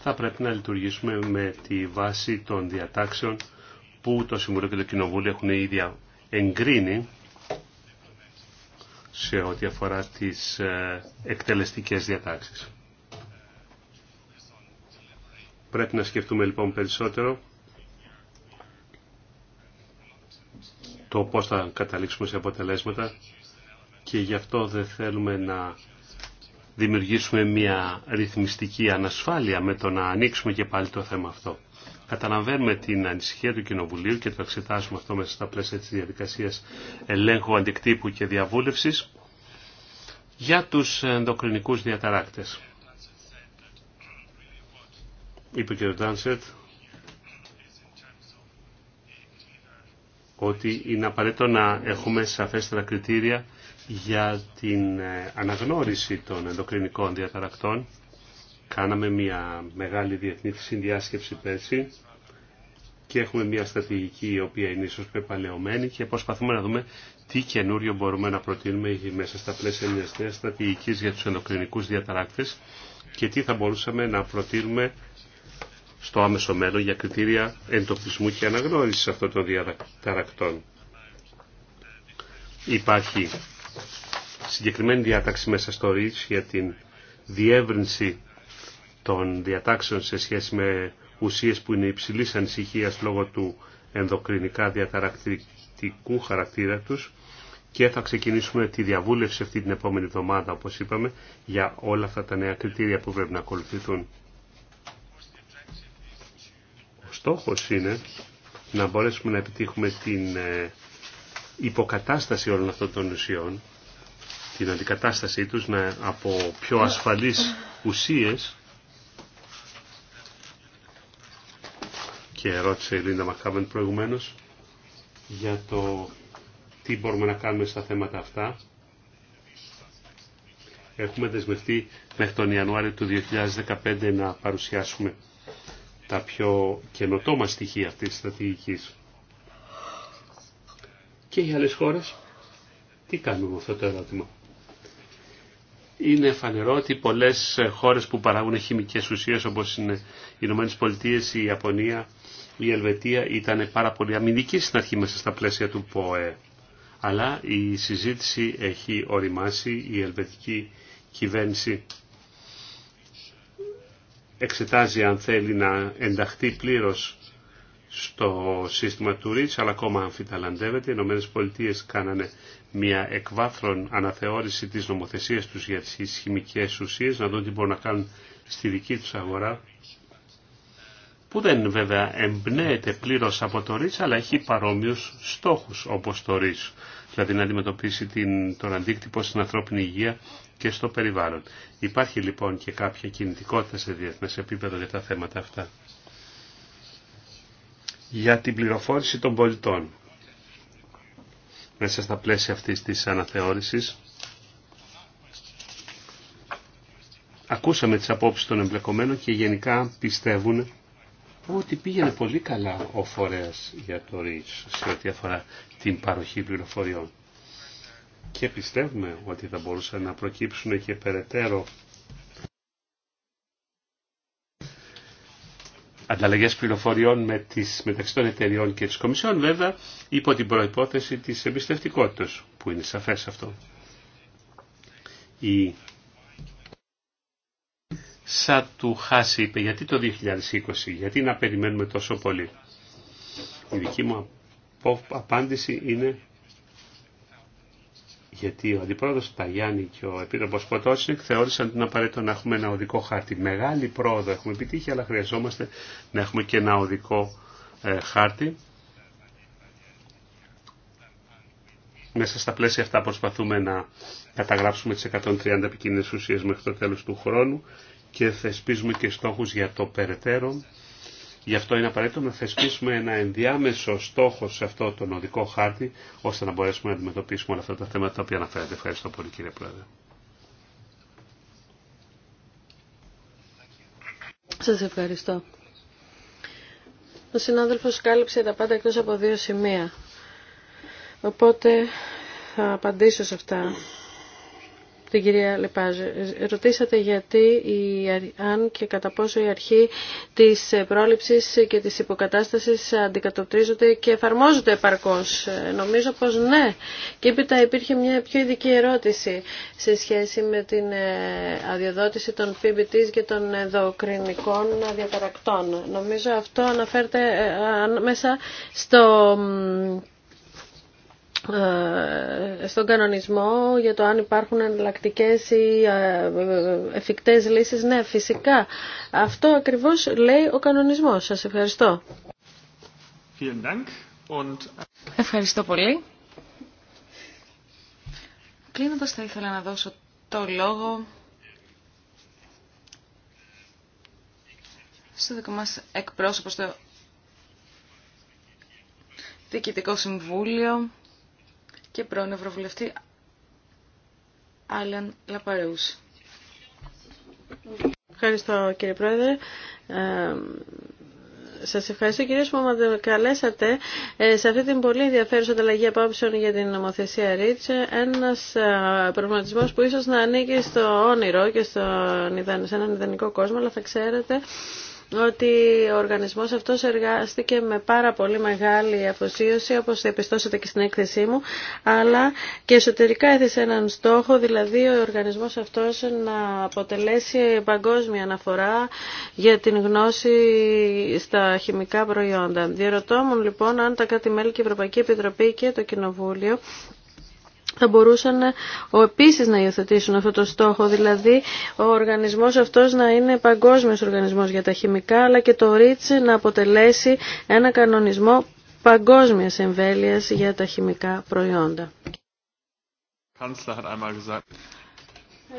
θα πρέπει να λειτουργήσουμε με τη βάση των διατάξεων που το Συμβουλίο και το Κοινοβούλιο έχουν ήδη εγκρίνει σε ό,τι αφορά τις ε, εκτελεστικές διατάξεις. Πρέπει να σκεφτούμε λοιπόν περισσότερο το πώς θα καταλήξουμε σε αποτελέσματα και γι' αυτό δεν θέλουμε να δημιουργήσουμε μια ρυθμιστική ανασφάλεια με το να ανοίξουμε και πάλι το θέμα αυτό. Καταλαβαίνουμε την ανησυχία του Κοινοβουλίου και το εξετάσουμε αυτό μέσα στα πλαίσια της διαδικασίας ελέγχου αντικτύπου και διαβούλευσης για τους ενδοκρινικούς διαταράκτες. Είπε και ο Ντάνσετ ότι είναι απαραίτητο να έχουμε σαφέστερα κριτήρια για την ε, αναγνώριση των ενδοκρινικών διαταρακτών Κάναμε μια μεγάλη διεθνή συνδιάσκεψη πέρσι και έχουμε μια στρατηγική η οποία είναι ίσως πεπαλαιωμένη και προσπαθούμε να δούμε τι καινούριο μπορούμε να προτείνουμε μέσα στα πλαίσια μιας νέας στρατηγικής για τους ενδοκρινικούς διαταράκτες και τι θα μπορούσαμε να προτείνουμε στο άμεσο μέλλον για κριτήρια εντοπισμού και αναγνώρισης αυτών των διαταρακτών. Υπάρχει συγκεκριμένη διάταξη μέσα στο ΡΙΤΣ για την διεύρυνση των διατάξεων σε σχέση με ουσίες που είναι υψηλής ανησυχίας λόγω του ενδοκρινικά διαταρακτικού χαρακτήρα τους και θα ξεκινήσουμε τη διαβούλευση αυτή την επόμενη εβδομάδα, όπως είπαμε, για όλα αυτά τα νέα κριτήρια που πρέπει να ακολουθηθούν. Ο στόχος είναι να μπορέσουμε να επιτύχουμε την ε, υποκατάσταση όλων αυτών των ουσιών, την αντικατάστασή τους να από πιο ασφαλείς ουσίες και ρώτησε η Λίντα Μακάβεν προηγουμένως για το τι μπορούμε να κάνουμε στα θέματα αυτά. Έχουμε δεσμευτεί μέχρι τον Ιανουάριο του 2015 να παρουσιάσουμε τα πιο καινοτόμα στοιχεία αυτής της στρατηγικής. Και οι άλλες χώρες τι κάνουμε με αυτό το ερώτημα είναι φανερό ότι πολλές χώρες που παράγουν χημικές ουσίες όπως είναι οι Ηνωμένες Πολιτείες, η Ιαπωνία, η Ελβετία ήταν πάρα πολύ αμυντική στην αρχή μέσα στα πλαίσια του ΠΟΕ. Αλλά η συζήτηση έχει οριμάσει, η ελβετική κυβέρνηση εξετάζει αν θέλει να ενταχθεί πλήρως στο σύστημα του ΡΙΤΣ, αλλά ακόμα αμφιταλαντεύεται. Οι Ηνωμένες Πολιτείες κάνανε μια εκβάθρον αναθεώρηση της νομοθεσίας τους για τις χημικές ουσίες, να δουν τι μπορούν να κάνουν στη δική τους αγορά, που δεν βέβαια εμπνέεται πλήρως από το αλλά έχει παρόμοιους στόχους όπως το ΡΙΣ, δηλαδή να αντιμετωπίσει την, τον αντίκτυπο στην ανθρώπινη υγεία και στο περιβάλλον. Υπάρχει λοιπόν και κάποια κινητικότητα σε διεθνές επίπεδο για τα θέματα αυτά. Για την πληροφόρηση των πολιτών μέσα στα πλαίσια αυτής της αναθεώρησης. Ακούσαμε τις απόψεις των εμπλεκομένων και γενικά πιστεύουν ότι πήγαινε πολύ καλά ο φορέας για το ΡΙΣ σε ό,τι αφορά την παροχή πληροφοριών. Και πιστεύουμε ότι θα μπορούσαν να προκύψουν και περαιτέρω Ανταλλαγέ πληροφοριών με τις, μεταξύ των εταιριών και της Κομισιόν, βέβαια υπό την προϋπόθεση της εμπιστευτικότητας, που είναι σαφές αυτό. Η Σα του Χάση είπε, γιατί το 2020, γιατί να περιμένουμε τόσο πολύ. Η δική μου απάντηση είναι γιατί ο αντιπρόεδρο Ταγιάννη και ο επίτροπο Ποτόσνικ θεώρησαν την απαραίτητο να έχουμε ένα οδικό χάρτη. Μεγάλη πρόοδο έχουμε επιτύχει, αλλά χρειαζόμαστε να έχουμε και ένα οδικό ε, χάρτη. Μέσα στα πλαίσια αυτά προσπαθούμε να καταγράψουμε τις 130 επικίνδυνες ουσίες μέχρι το τέλος του χρόνου και θεσπίζουμε και στόχους για το περαιτέρω Γι' αυτό είναι απαραίτητο να θεσπίσουμε ένα ενδιάμεσο στόχο σε αυτό τον οδικό χάρτη, ώστε να μπορέσουμε να αντιμετωπίσουμε όλα αυτά τα θέματα τα οποία αναφέρατε. Ευχαριστώ πολύ κύριε Πρόεδρε. Σας ευχαριστώ. Ο συνάδελφος κάλυψε τα πάντα εκτός από δύο σημεία. Οπότε θα απαντήσω σε αυτά την κυρία Λεπάζε. Ρωτήσατε γιατί η, αν και κατά πόσο η αρχή της πρόληψης και της υποκατάστασης αντικατοπτρίζονται και εφαρμόζονται επαρκώς. Νομίζω πως ναι. Και έπειτα υπήρχε μια πιο ειδική ερώτηση σε σχέση με την ε, αδειοδότηση των PBTs και των ενδοκρινικών διαταρακτών. Νομίζω αυτό αναφέρεται ε, μέσα στο ε, στον κανονισμό για το αν υπάρχουν εναλλακτικέ ή ε, ε, εφικτές λύσεις. Ναι, φυσικά. Αυτό ακριβώς λέει ο κανονισμός. Σας ευχαριστώ. Ευχαριστώ πολύ. Κλείνοντας θα ήθελα να δώσω το λόγο στο δικό μας εκπρόσωπο στο Διοικητικό Συμβούλιο και πρώην Ευρωβουλευτή Άλεν Λαπαρεούς. Ευχαριστώ κύριε Πρόεδρε. Ε, σας ευχαριστώ κυρίως που με καλέσατε ε, σε αυτή την πολύ ενδιαφέρουσα ανταλλαγή απόψεων για την νομοθεσία Ρίτς. Ένας ε, προβληματισμός που ίσως να ανήκει στο όνειρο και στο, σε έναν ιδανικό κόσμο, αλλά θα ξέρετε ότι ο οργανισμός αυτός εργάστηκε με πάρα πολύ μεγάλη αφοσίωση, όπως επιστώσετε και στην έκθεσή μου, αλλά και εσωτερικά έθεσε έναν στόχο, δηλαδή ο οργανισμός αυτός να αποτελέσει παγκόσμια αναφορά για την γνώση στα χημικά προϊόντα. Διερωτώ λοιπόν αν τα Κάτι μελη και η Ευρωπαϊκή Επιτροπή και το Κοινοβούλιο θα μπορούσαν επίσης να υιοθετήσουν αυτό το στόχο, δηλαδή ο οργανισμός αυτός να είναι παγκόσμιος οργανισμός για τα χημικά, αλλά και το ΡΙΤΣ να αποτελέσει ένα κανονισμό παγκόσμιας εμβέλειας για τα χημικά προϊόντα.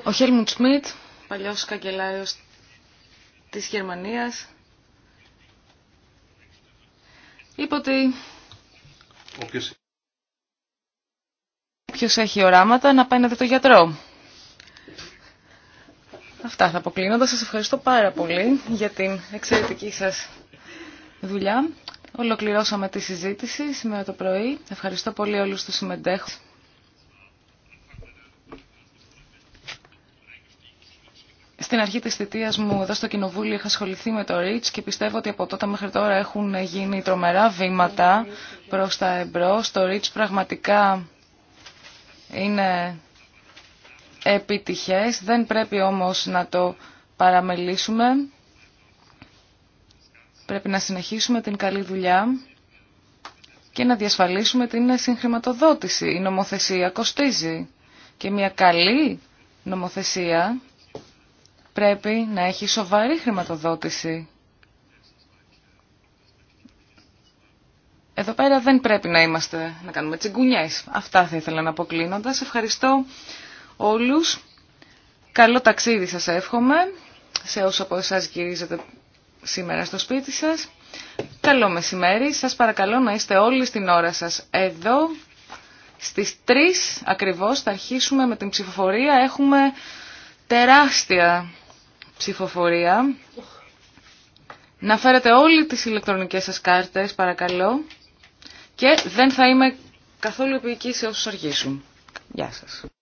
Ο Χέλμουντ Σμιτ, παλιός καγκελάριος της Γερμανίας, είπε ότι... Ποιος έχει οράματα να πάει να δει το γιατρό. Αυτά θα αποκλίνοντα. Σας ευχαριστώ πάρα πολύ για την εξαιρετική σας δουλειά. Ολοκληρώσαμε τη συζήτηση σήμερα το πρωί. Ευχαριστώ πολύ όλους τους συμμετέχους. Στην αρχή της θητείας μου εδώ στο Κοινοβούλιο είχα ασχοληθεί με το REACH και πιστεύω ότι από τότε μέχρι τώρα έχουν γίνει τρομερά βήματα προς τα εμπρό. Το REACH πραγματικά είναι επιτυχές, δεν πρέπει όμως να το παραμελήσουμε. Πρέπει να συνεχίσουμε την καλή δουλειά και να διασφαλίσουμε την συγχρηματοδότηση. Η νομοθεσία κοστίζει και μια καλή νομοθεσία πρέπει να έχει σοβαρή χρηματοδότηση. Εδώ πέρα δεν πρέπει να είμαστε, να κάνουμε τσιγκουνιές. Αυτά θα ήθελα να αποκλίνοντα. Ευχαριστώ όλους. Καλό ταξίδι σας εύχομαι σε όσους από εσάς γυρίζετε σήμερα στο σπίτι σας. Καλό μεσημέρι. Σας παρακαλώ να είστε όλοι στην ώρα σας εδώ. Στις 3 ακριβώς θα αρχίσουμε με την ψηφοφορία. Έχουμε τεράστια ψηφοφορία. Να φέρετε όλοι τις ηλεκτρονικές σας κάρτες, παρακαλώ και δεν θα είμαι καθόλου επίοικη σε όσους αργήσουν. Γεια σας.